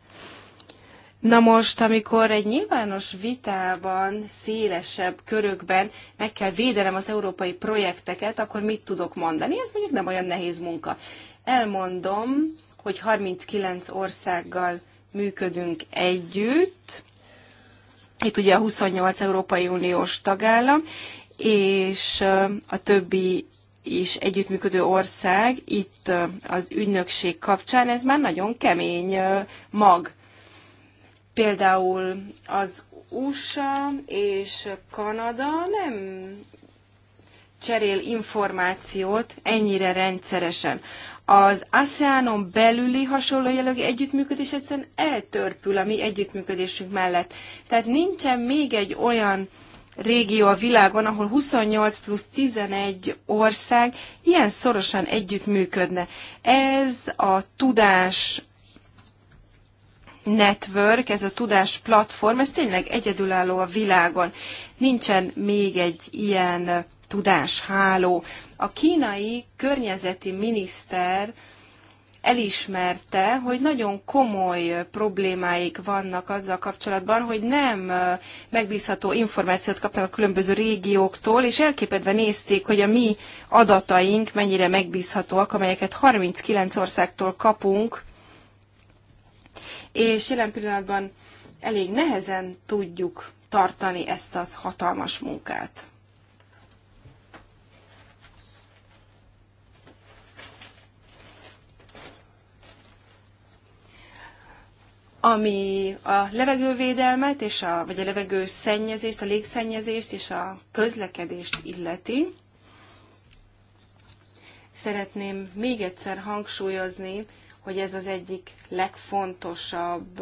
Na most, amikor egy nyilvános vitában, szélesebb körökben meg kell védenem az európai projekteket, akkor mit tudok mondani? Ez mondjuk nem olyan nehéz munka. Elmondom, hogy 39 országgal működünk együtt, itt ugye a 28 Európai Uniós tagállam, és a többi is együttműködő ország itt az ügynökség kapcsán, ez már nagyon kemény mag Például az USA és Kanada nem cserél információt ennyire rendszeresen. Az ASEANon belüli hasonló jellegű együttműködés egyszerűen eltörpül a mi együttműködésünk mellett. Tehát nincsen még egy olyan régió a világon, ahol 28 plusz 11 ország ilyen szorosan együttműködne. Ez a tudás network, ez a tudás platform, ez tényleg egyedülálló a világon. Nincsen még egy ilyen tudásháló. A kínai környezeti miniszter elismerte, hogy nagyon komoly problémáik vannak azzal kapcsolatban, hogy nem megbízható információt kapnak a különböző régióktól, és elképedve nézték, hogy a mi adataink mennyire megbízhatóak, amelyeket 39 országtól kapunk, és jelen pillanatban elég nehezen tudjuk tartani ezt az hatalmas munkát. ami a levegővédelmet, és a, vagy a levegőszennyezést, a légszennyezést és a közlekedést illeti. Szeretném még egyszer hangsúlyozni, hogy ez az egyik legfontosabb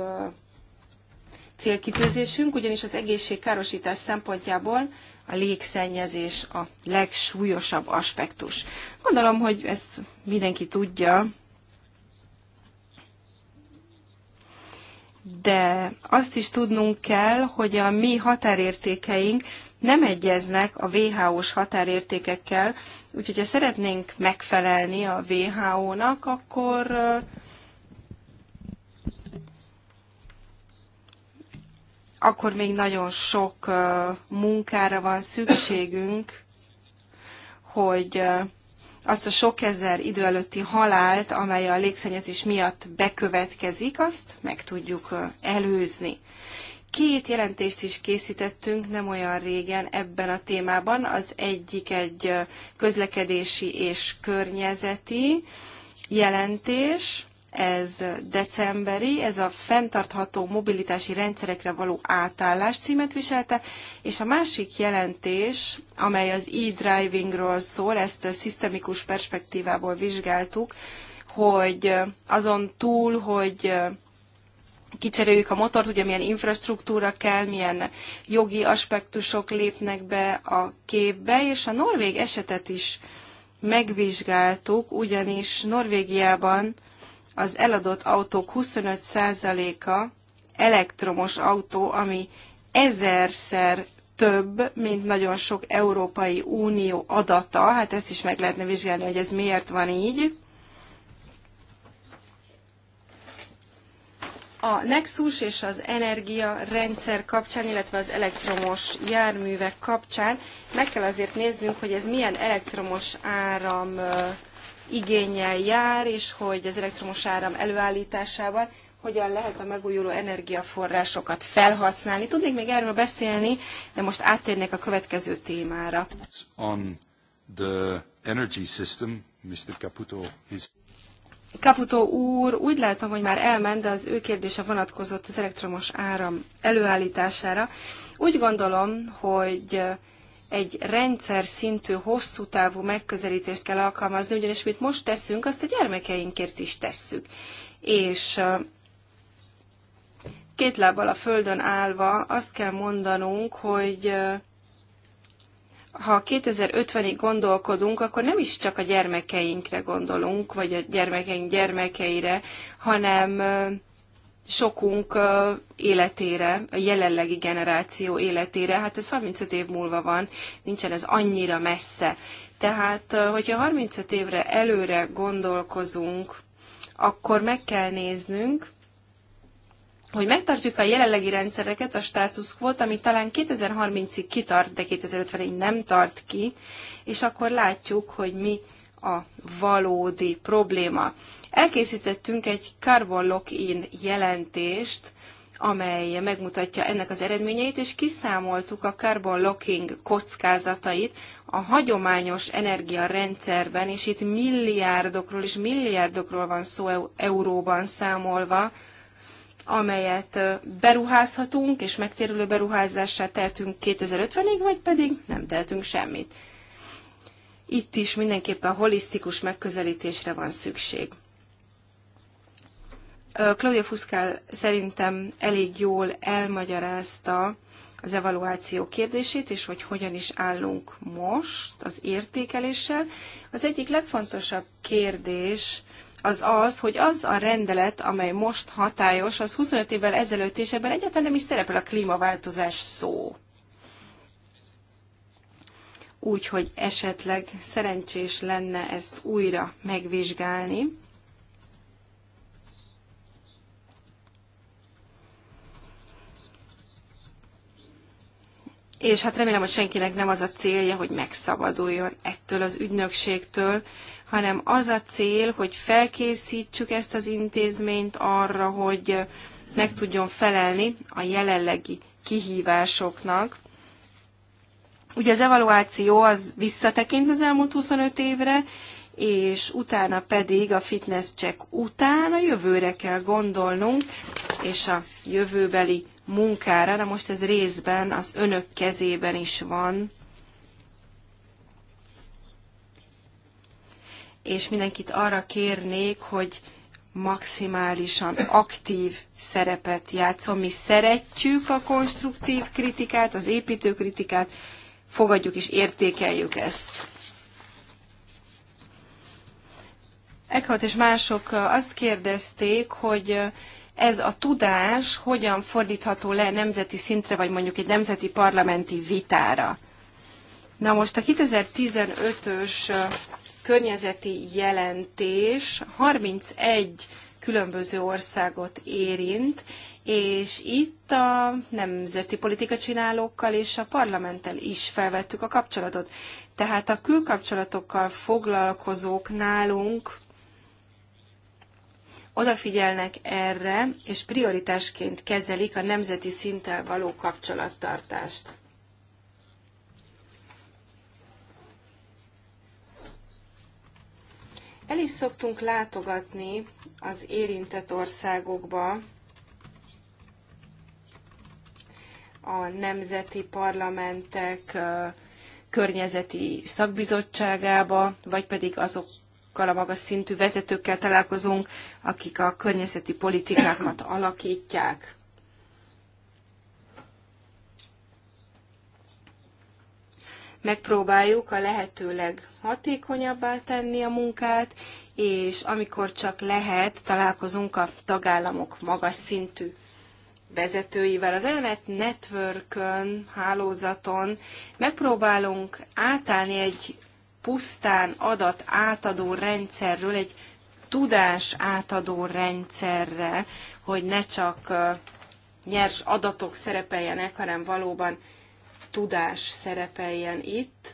célkitűzésünk, ugyanis az egészségkárosítás szempontjából a légszennyezés a legsúlyosabb aspektus. Gondolom, hogy ezt mindenki tudja, de azt is tudnunk kell, hogy a mi határértékeink nem egyeznek a WHO-s határértékekkel, úgyhogy ha szeretnénk megfelelni a WHO-nak, akkor akkor még nagyon sok munkára van szükségünk, hogy azt a sok ezer idő előtti halált, amely a légszennyezés miatt bekövetkezik, azt meg tudjuk előzni. Két jelentést is készítettünk nem olyan régen ebben a témában. Az egyik egy közlekedési és környezeti jelentés, ez decemberi, ez a fenntartható mobilitási rendszerekre való átállás címet viselte, és a másik jelentés, amely az e-drivingról szól, ezt a szisztemikus perspektívából vizsgáltuk, hogy azon túl, hogy kicseréljük a motort, ugye milyen infrastruktúra kell, milyen jogi aspektusok lépnek be a képbe, és a norvég esetet is megvizsgáltuk, ugyanis Norvégiában az eladott autók 25%-a elektromos autó, ami ezerszer több, mint nagyon sok Európai Unió adata, hát ezt is meg lehetne vizsgálni, hogy ez miért van így. A Nexus és az energiarendszer kapcsán, illetve az elektromos járművek kapcsán meg kell azért néznünk, hogy ez milyen elektromos áram igényel jár, és hogy az elektromos áram előállításában hogyan lehet a megújuló energiaforrásokat felhasználni. Tudnék még erről beszélni, de most áttérnék a következő témára. On the energy system, Mr. Caputo is... Kaputó úr, úgy látom, hogy már elment, de az ő kérdése vonatkozott az elektromos áram előállítására. Úgy gondolom, hogy egy rendszer szintű, hosszú távú megközelítést kell alkalmazni, ugyanis mit most teszünk, azt a gyermekeinkért is tesszük. És két lábbal a földön állva azt kell mondanunk, hogy ha 2050-ig gondolkodunk, akkor nem is csak a gyermekeinkre gondolunk, vagy a gyermekeink gyermekeire, hanem sokunk életére, a jelenlegi generáció életére, hát ez 35 év múlva van, nincsen ez annyira messze. Tehát, hogyha 35 évre előre gondolkozunk, akkor meg kell néznünk, hogy megtartjuk a jelenlegi rendszereket, a status quo ami talán 2030-ig kitart, de 2050-ig nem tart ki, és akkor látjuk, hogy mi a valódi probléma. Elkészítettünk egy Carbon Lock-in jelentést, amely megmutatja ennek az eredményeit, és kiszámoltuk a carbon locking kockázatait a hagyományos energiarendszerben, és itt milliárdokról és milliárdokról van szó euróban számolva, amelyet beruházhatunk, és megtérülő beruházásra tehetünk 2050-ig, vagy pedig nem tehetünk semmit. Itt is mindenképpen holisztikus megközelítésre van szükség. Claudia Fuszkál szerintem elég jól elmagyarázta az evaluáció kérdését, és hogy hogyan is állunk most az értékeléssel. Az egyik legfontosabb kérdés az az, hogy az a rendelet, amely most hatályos, az 25 évvel ezelőtt, és ebben egyáltalán nem is szerepel a klímaváltozás szó. Úgyhogy esetleg szerencsés lenne ezt újra megvizsgálni. és hát remélem, hogy senkinek nem az a célja, hogy megszabaduljon ettől az ügynökségtől, hanem az a cél, hogy felkészítsük ezt az intézményt arra, hogy meg tudjon felelni a jelenlegi kihívásoknak. Ugye az evaluáció az visszatekint az elmúlt 25 évre, és utána pedig a fitness check után a jövőre kell gondolnunk, és a jövőbeli munkára, de most ez részben az önök kezében is van. és mindenkit arra kérnék, hogy maximálisan aktív szerepet játszom. Mi szeretjük a konstruktív kritikát, az építő kritikát, fogadjuk és értékeljük ezt. Eckhart és mások azt kérdezték, hogy ez a tudás hogyan fordítható le nemzeti szintre, vagy mondjuk egy nemzeti parlamenti vitára. Na most a 2015-ös környezeti jelentés 31 különböző országot érint, és itt a nemzeti politika csinálókkal és a parlamenttel is felvettük a kapcsolatot. Tehát a külkapcsolatokkal foglalkozók nálunk odafigyelnek erre, és prioritásként kezelik a nemzeti szinttel való kapcsolattartást. El is szoktunk látogatni az érintett országokba, a nemzeti parlamentek környezeti szakbizottságába, vagy pedig azokkal a magas szintű vezetőkkel találkozunk, akik a környezeti politikákat alakítják. megpróbáljuk a lehetőleg hatékonyabbá tenni a munkát, és amikor csak lehet, találkozunk a tagállamok magas szintű vezetőivel. Az Elnet Networkön, hálózaton megpróbálunk átállni egy pusztán adat átadó rendszerről egy tudás átadó rendszerre, hogy ne csak nyers adatok szerepeljenek, hanem valóban tudás szerepeljen itt,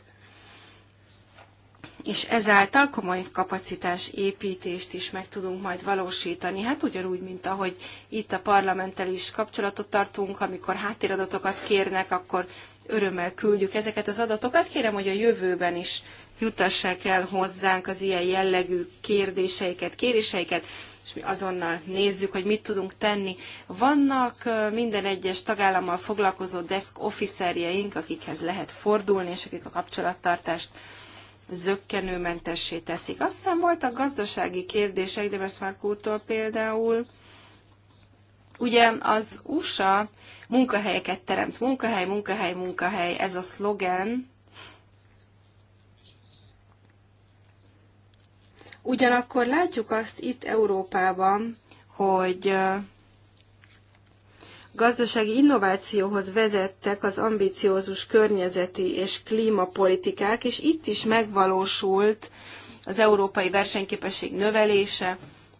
és ezáltal komoly kapacitás építést is meg tudunk majd valósítani. Hát ugyanúgy, mint ahogy itt a parlamenttel is kapcsolatot tartunk, amikor háttéradatokat kérnek, akkor örömmel küldjük ezeket az adatokat. Kérem, hogy a jövőben is jutassák el hozzánk az ilyen jellegű kérdéseiket, kéréseiket, és mi azonnal nézzük, hogy mit tudunk tenni. Vannak minden egyes tagállammal foglalkozó desk officerjeink, akikhez lehet fordulni, és akik a kapcsolattartást zöggenőmentessé teszik. Aztán voltak gazdasági kérdések, de már úrtól például. Ugye az USA munkahelyeket teremt, munkahely, munkahely, munkahely, ez a szlogen, Ugyanakkor látjuk azt itt Európában, hogy gazdasági innovációhoz vezettek az ambiciózus környezeti és klímapolitikák, és itt is megvalósult az európai versenyképesség növelése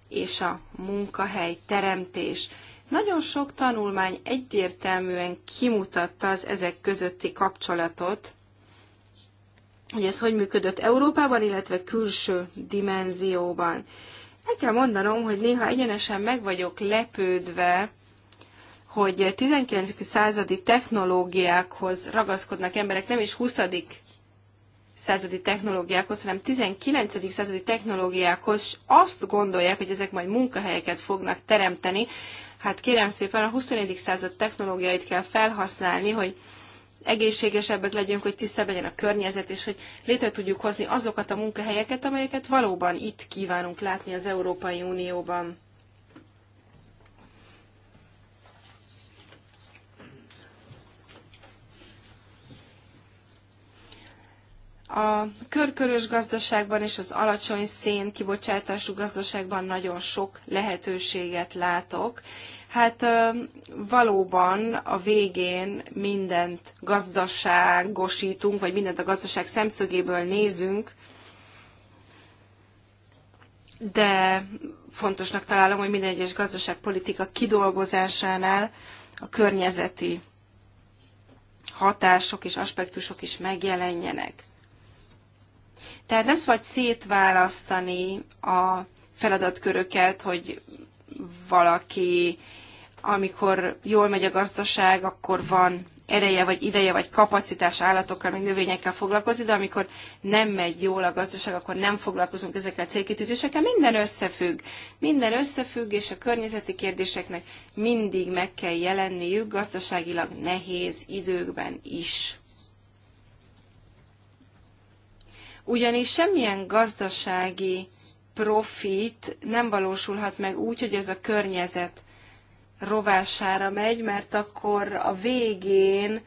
és a munkahely teremtés. Nagyon sok tanulmány egyértelműen kimutatta az ezek közötti kapcsolatot, hogy ez hogy működött Európában, illetve külső dimenzióban. El kell mondanom, hogy néha egyenesen meg vagyok lepődve, hogy 19. századi technológiákhoz ragaszkodnak emberek, nem is 20 századi technológiákhoz, hanem 19. századi technológiákhoz, és azt gondolják, hogy ezek majd munkahelyeket fognak teremteni. Hát kérem szépen, a 21. század technológiáit kell felhasználni, hogy egészségesebbek legyünk, hogy tisztább legyen a környezet, és hogy létre tudjuk hozni azokat a munkahelyeket, amelyeket valóban itt kívánunk látni az Európai Unióban. A körkörös gazdaságban és az alacsony szén kibocsátású gazdaságban nagyon sok lehetőséget látok. Hát valóban a végén mindent gazdaságosítunk, vagy mindent a gazdaság szemszögéből nézünk, de fontosnak találom, hogy minden egyes gazdaságpolitika kidolgozásánál a környezeti hatások és aspektusok is megjelenjenek. Tehát nem szabad szétválasztani a feladatköröket, hogy valaki, amikor jól megy a gazdaság, akkor van ereje, vagy ideje, vagy kapacitás állatokkal, meg növényekkel foglalkozni, de amikor nem megy jól a gazdaság, akkor nem foglalkozunk ezekkel a célkitűzésekkel. Minden összefügg. Minden összefügg, és a környezeti kérdéseknek mindig meg kell jelenniük gazdaságilag nehéz időkben is. Ugyanis semmilyen gazdasági profit nem valósulhat meg úgy, hogy ez a környezet rovására megy, mert akkor a végén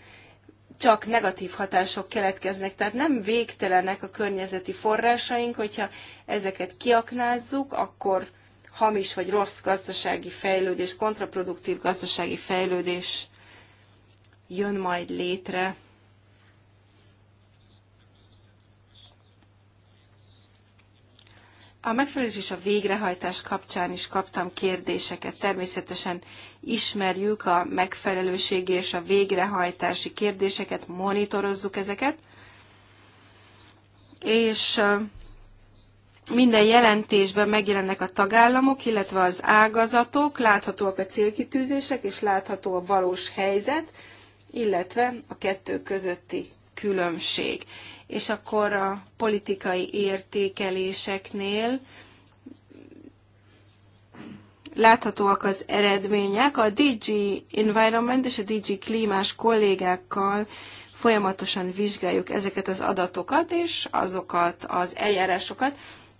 csak negatív hatások keletkeznek. Tehát nem végtelenek a környezeti forrásaink, hogyha ezeket kiaknázzuk, akkor hamis vagy rossz gazdasági fejlődés, kontraproduktív gazdasági fejlődés jön majd létre. A megfelelés és a végrehajtás kapcsán is kaptam kérdéseket. Természetesen ismerjük a megfelelőség és a végrehajtási kérdéseket, monitorozzuk ezeket, és minden jelentésben megjelennek a tagállamok, illetve az ágazatok, láthatóak a célkitűzések, és látható a valós helyzet, illetve a kettő közötti különbség. És akkor a politikai értékeléseknél láthatóak az eredmények. A DG Environment és a DG Klímás kollégákkal folyamatosan vizsgáljuk ezeket az adatokat és azokat az eljárásokat,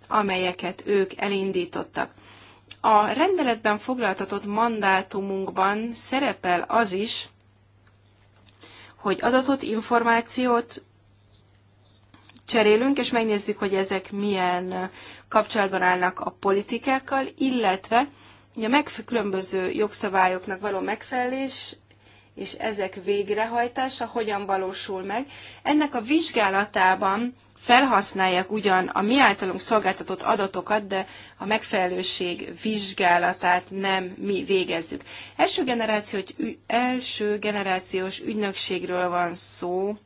amelyeket ők elindítottak. A rendeletben foglaltatott mandátumunkban szerepel az is, hogy adatot, információt cserélünk, és megnézzük, hogy ezek milyen kapcsolatban állnak a politikákkal, illetve a megkülönböző jogszabályoknak való megfelelés és ezek végrehajtása hogyan valósul meg. Ennek a vizsgálatában felhasználják ugyan a mi általunk szolgáltatott adatokat, de a megfelelőség vizsgálatát nem mi végezzük. Első, generáció, első generációs ügynökségről van szó,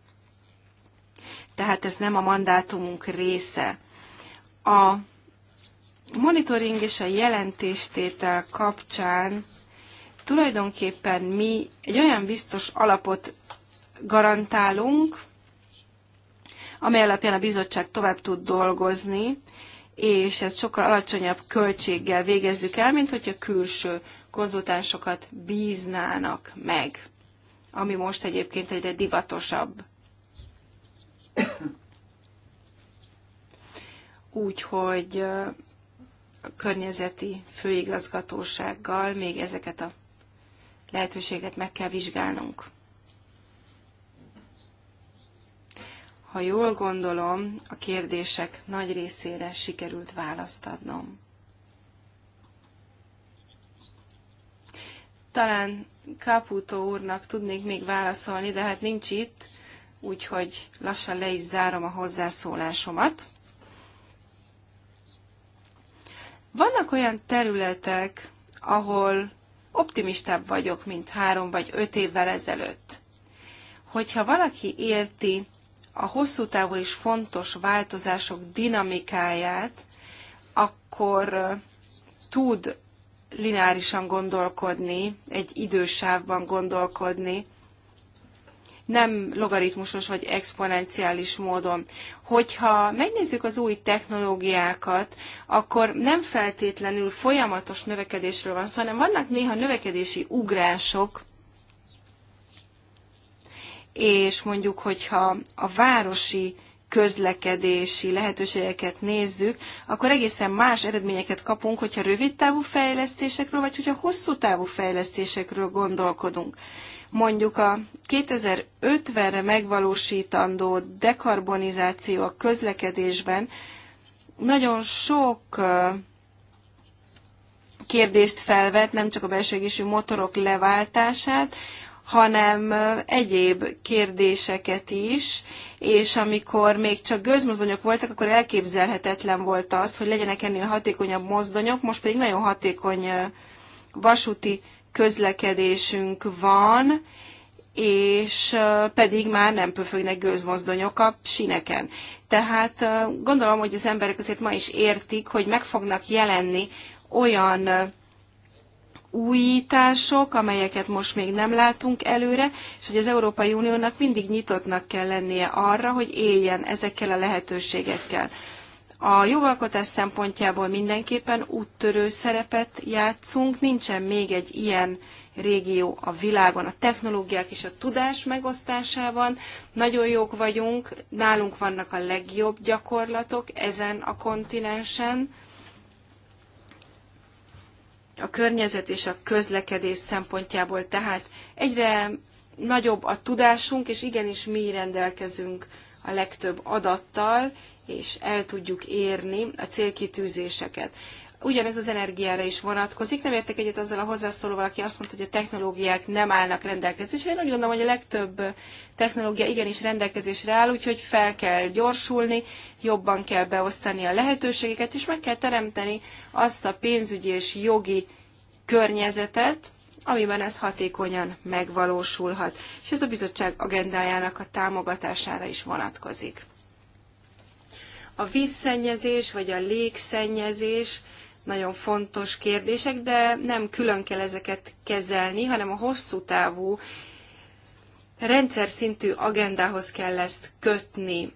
tehát ez nem a mandátumunk része. A monitoring és a jelentéstétel kapcsán tulajdonképpen mi egy olyan biztos alapot garantálunk, amely alapján a bizottság tovább tud dolgozni, és ezt sokkal alacsonyabb költséggel végezzük el, mint hogyha külső konzultánsokat bíznának meg, ami most egyébként egyre divatosabb. Úgyhogy a környezeti főigazgatósággal még ezeket a lehetőséget meg kell vizsgálnunk. Ha jól gondolom, a kérdések nagy részére sikerült választ adnom. Talán Caputo úrnak tudnék még válaszolni, de hát nincs itt, úgyhogy lassan le is zárom a hozzászólásomat. Vannak olyan területek, ahol optimistább vagyok, mint három vagy öt évvel ezelőtt. Hogyha valaki érti a hosszú távú és fontos változások dinamikáját, akkor tud lineárisan gondolkodni, egy idősávban gondolkodni, nem logaritmusos vagy exponenciális módon. Hogyha megnézzük az új technológiákat, akkor nem feltétlenül folyamatos növekedésről van szó, hanem vannak néha növekedési ugrások, és mondjuk, hogyha a városi közlekedési lehetőségeket nézzük, akkor egészen más eredményeket kapunk, hogyha rövid távú fejlesztésekről, vagy hogyha hosszú távú fejlesztésekről gondolkodunk. Mondjuk a 2050-re megvalósítandó dekarbonizáció a közlekedésben nagyon sok kérdést felvet, nem csak a belső motorok leváltását, hanem egyéb kérdéseket is, és amikor még csak gőzmozdonyok voltak, akkor elképzelhetetlen volt az, hogy legyenek ennél hatékonyabb mozdonyok, most pedig nagyon hatékony vasúti közlekedésünk van, és pedig már nem pöfögnek gőzmozdonyok a sineken. Tehát gondolom, hogy az emberek azért ma is értik, hogy meg fognak jelenni olyan újítások, amelyeket most még nem látunk előre, és hogy az Európai Uniónak mindig nyitottnak kell lennie arra, hogy éljen ezekkel a lehetőségekkel. A jogalkotás szempontjából mindenképpen úttörő szerepet játszunk, nincsen még egy ilyen régió a világon, a technológiák és a tudás megosztásában. Nagyon jók vagyunk, nálunk vannak a legjobb gyakorlatok ezen a kontinensen, a környezet és a közlekedés szempontjából. Tehát egyre nagyobb a tudásunk, és igenis mi rendelkezünk a legtöbb adattal, és el tudjuk érni a célkitűzéseket. Ugyanez az energiára is vonatkozik. Nem értek egyet azzal a hozzászólóval, aki azt mondta, hogy a technológiák nem állnak rendelkezésre. Én úgy gondolom, hogy a legtöbb technológia igenis rendelkezésre áll, úgyhogy fel kell gyorsulni, jobban kell beosztani a lehetőségeket, és meg kell teremteni azt a pénzügyi és jogi környezetet, amiben ez hatékonyan megvalósulhat. És ez a bizottság agendájának a támogatására is vonatkozik. A vízszennyezés vagy a légszennyezés nagyon fontos kérdések, de nem külön kell ezeket kezelni, hanem a hosszú távú rendszer szintű agendához kell ezt kötni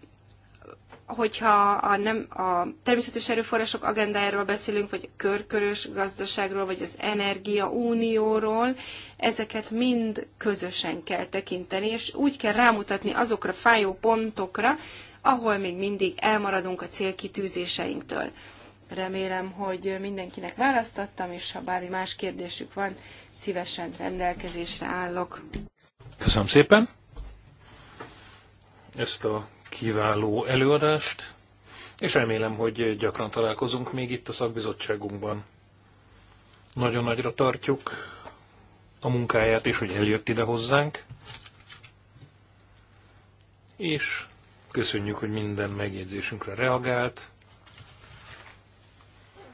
hogyha a, nem, a természetes erőforrások agendájáról beszélünk, vagy körkörös gazdaságról, vagy az energia unióról, ezeket mind közösen kell tekinteni, és úgy kell rámutatni azokra fájó pontokra, ahol még mindig elmaradunk a célkitűzéseinktől. Remélem, hogy mindenkinek választattam, és ha bármi más kérdésük van, szívesen rendelkezésre állok. Köszönöm szépen ezt a kiváló előadást, és remélem, hogy gyakran találkozunk még itt a szakbizottságunkban. Nagyon nagyra tartjuk a munkáját, és hogy eljött ide hozzánk. És köszönjük, hogy minden megjegyzésünkre reagált,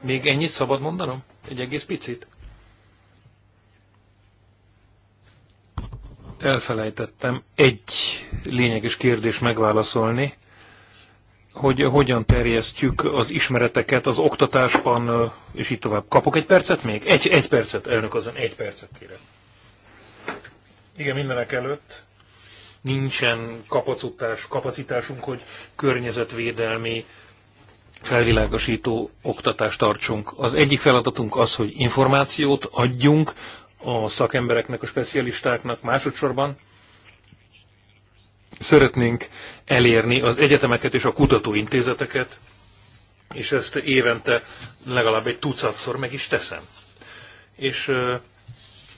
még ennyit szabad mondanom? Egy egész picit? Elfelejtettem egy lényeges kérdés megválaszolni, hogy hogyan terjesztjük az ismereteket az oktatásban, és itt tovább. Kapok egy percet még? Egy, egy percet, elnök azon, egy percet kérem. Igen, mindenek előtt nincsen kapacitás, kapacitásunk, hogy környezetvédelmi felvilágosító oktatást tartsunk. Az egyik feladatunk az, hogy információt adjunk a szakembereknek, a specialistáknak másodszorban. Szeretnénk elérni az egyetemeket és a kutatóintézeteket, és ezt évente legalább egy tucatszor meg is teszem. És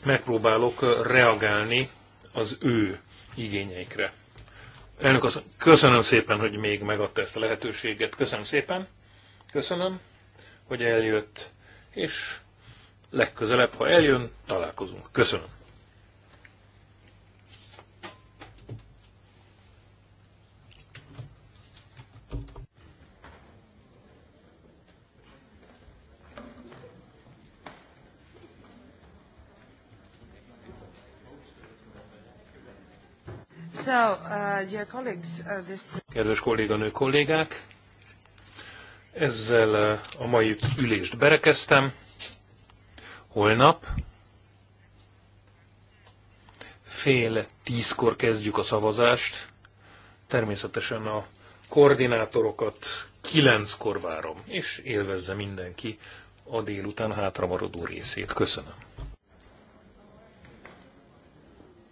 megpróbálok reagálni az ő igényeikre. Elnök köszönöm szépen, hogy még megadta ezt a lehetőséget. Köszönöm szépen. Köszönöm, hogy eljött, és legközelebb, ha eljön, találkozunk. Köszönöm. So, uh, dear colleagues, uh, this... Kedves kolléganő kollégák, ezzel eh, a mai ülést berekeztem. Holnap fél tízkor kezdjük a szavazást. Természetesen a koordinátorokat kilenckor várom, és élvezze mindenki a délután hátramaradó részét. Köszönöm.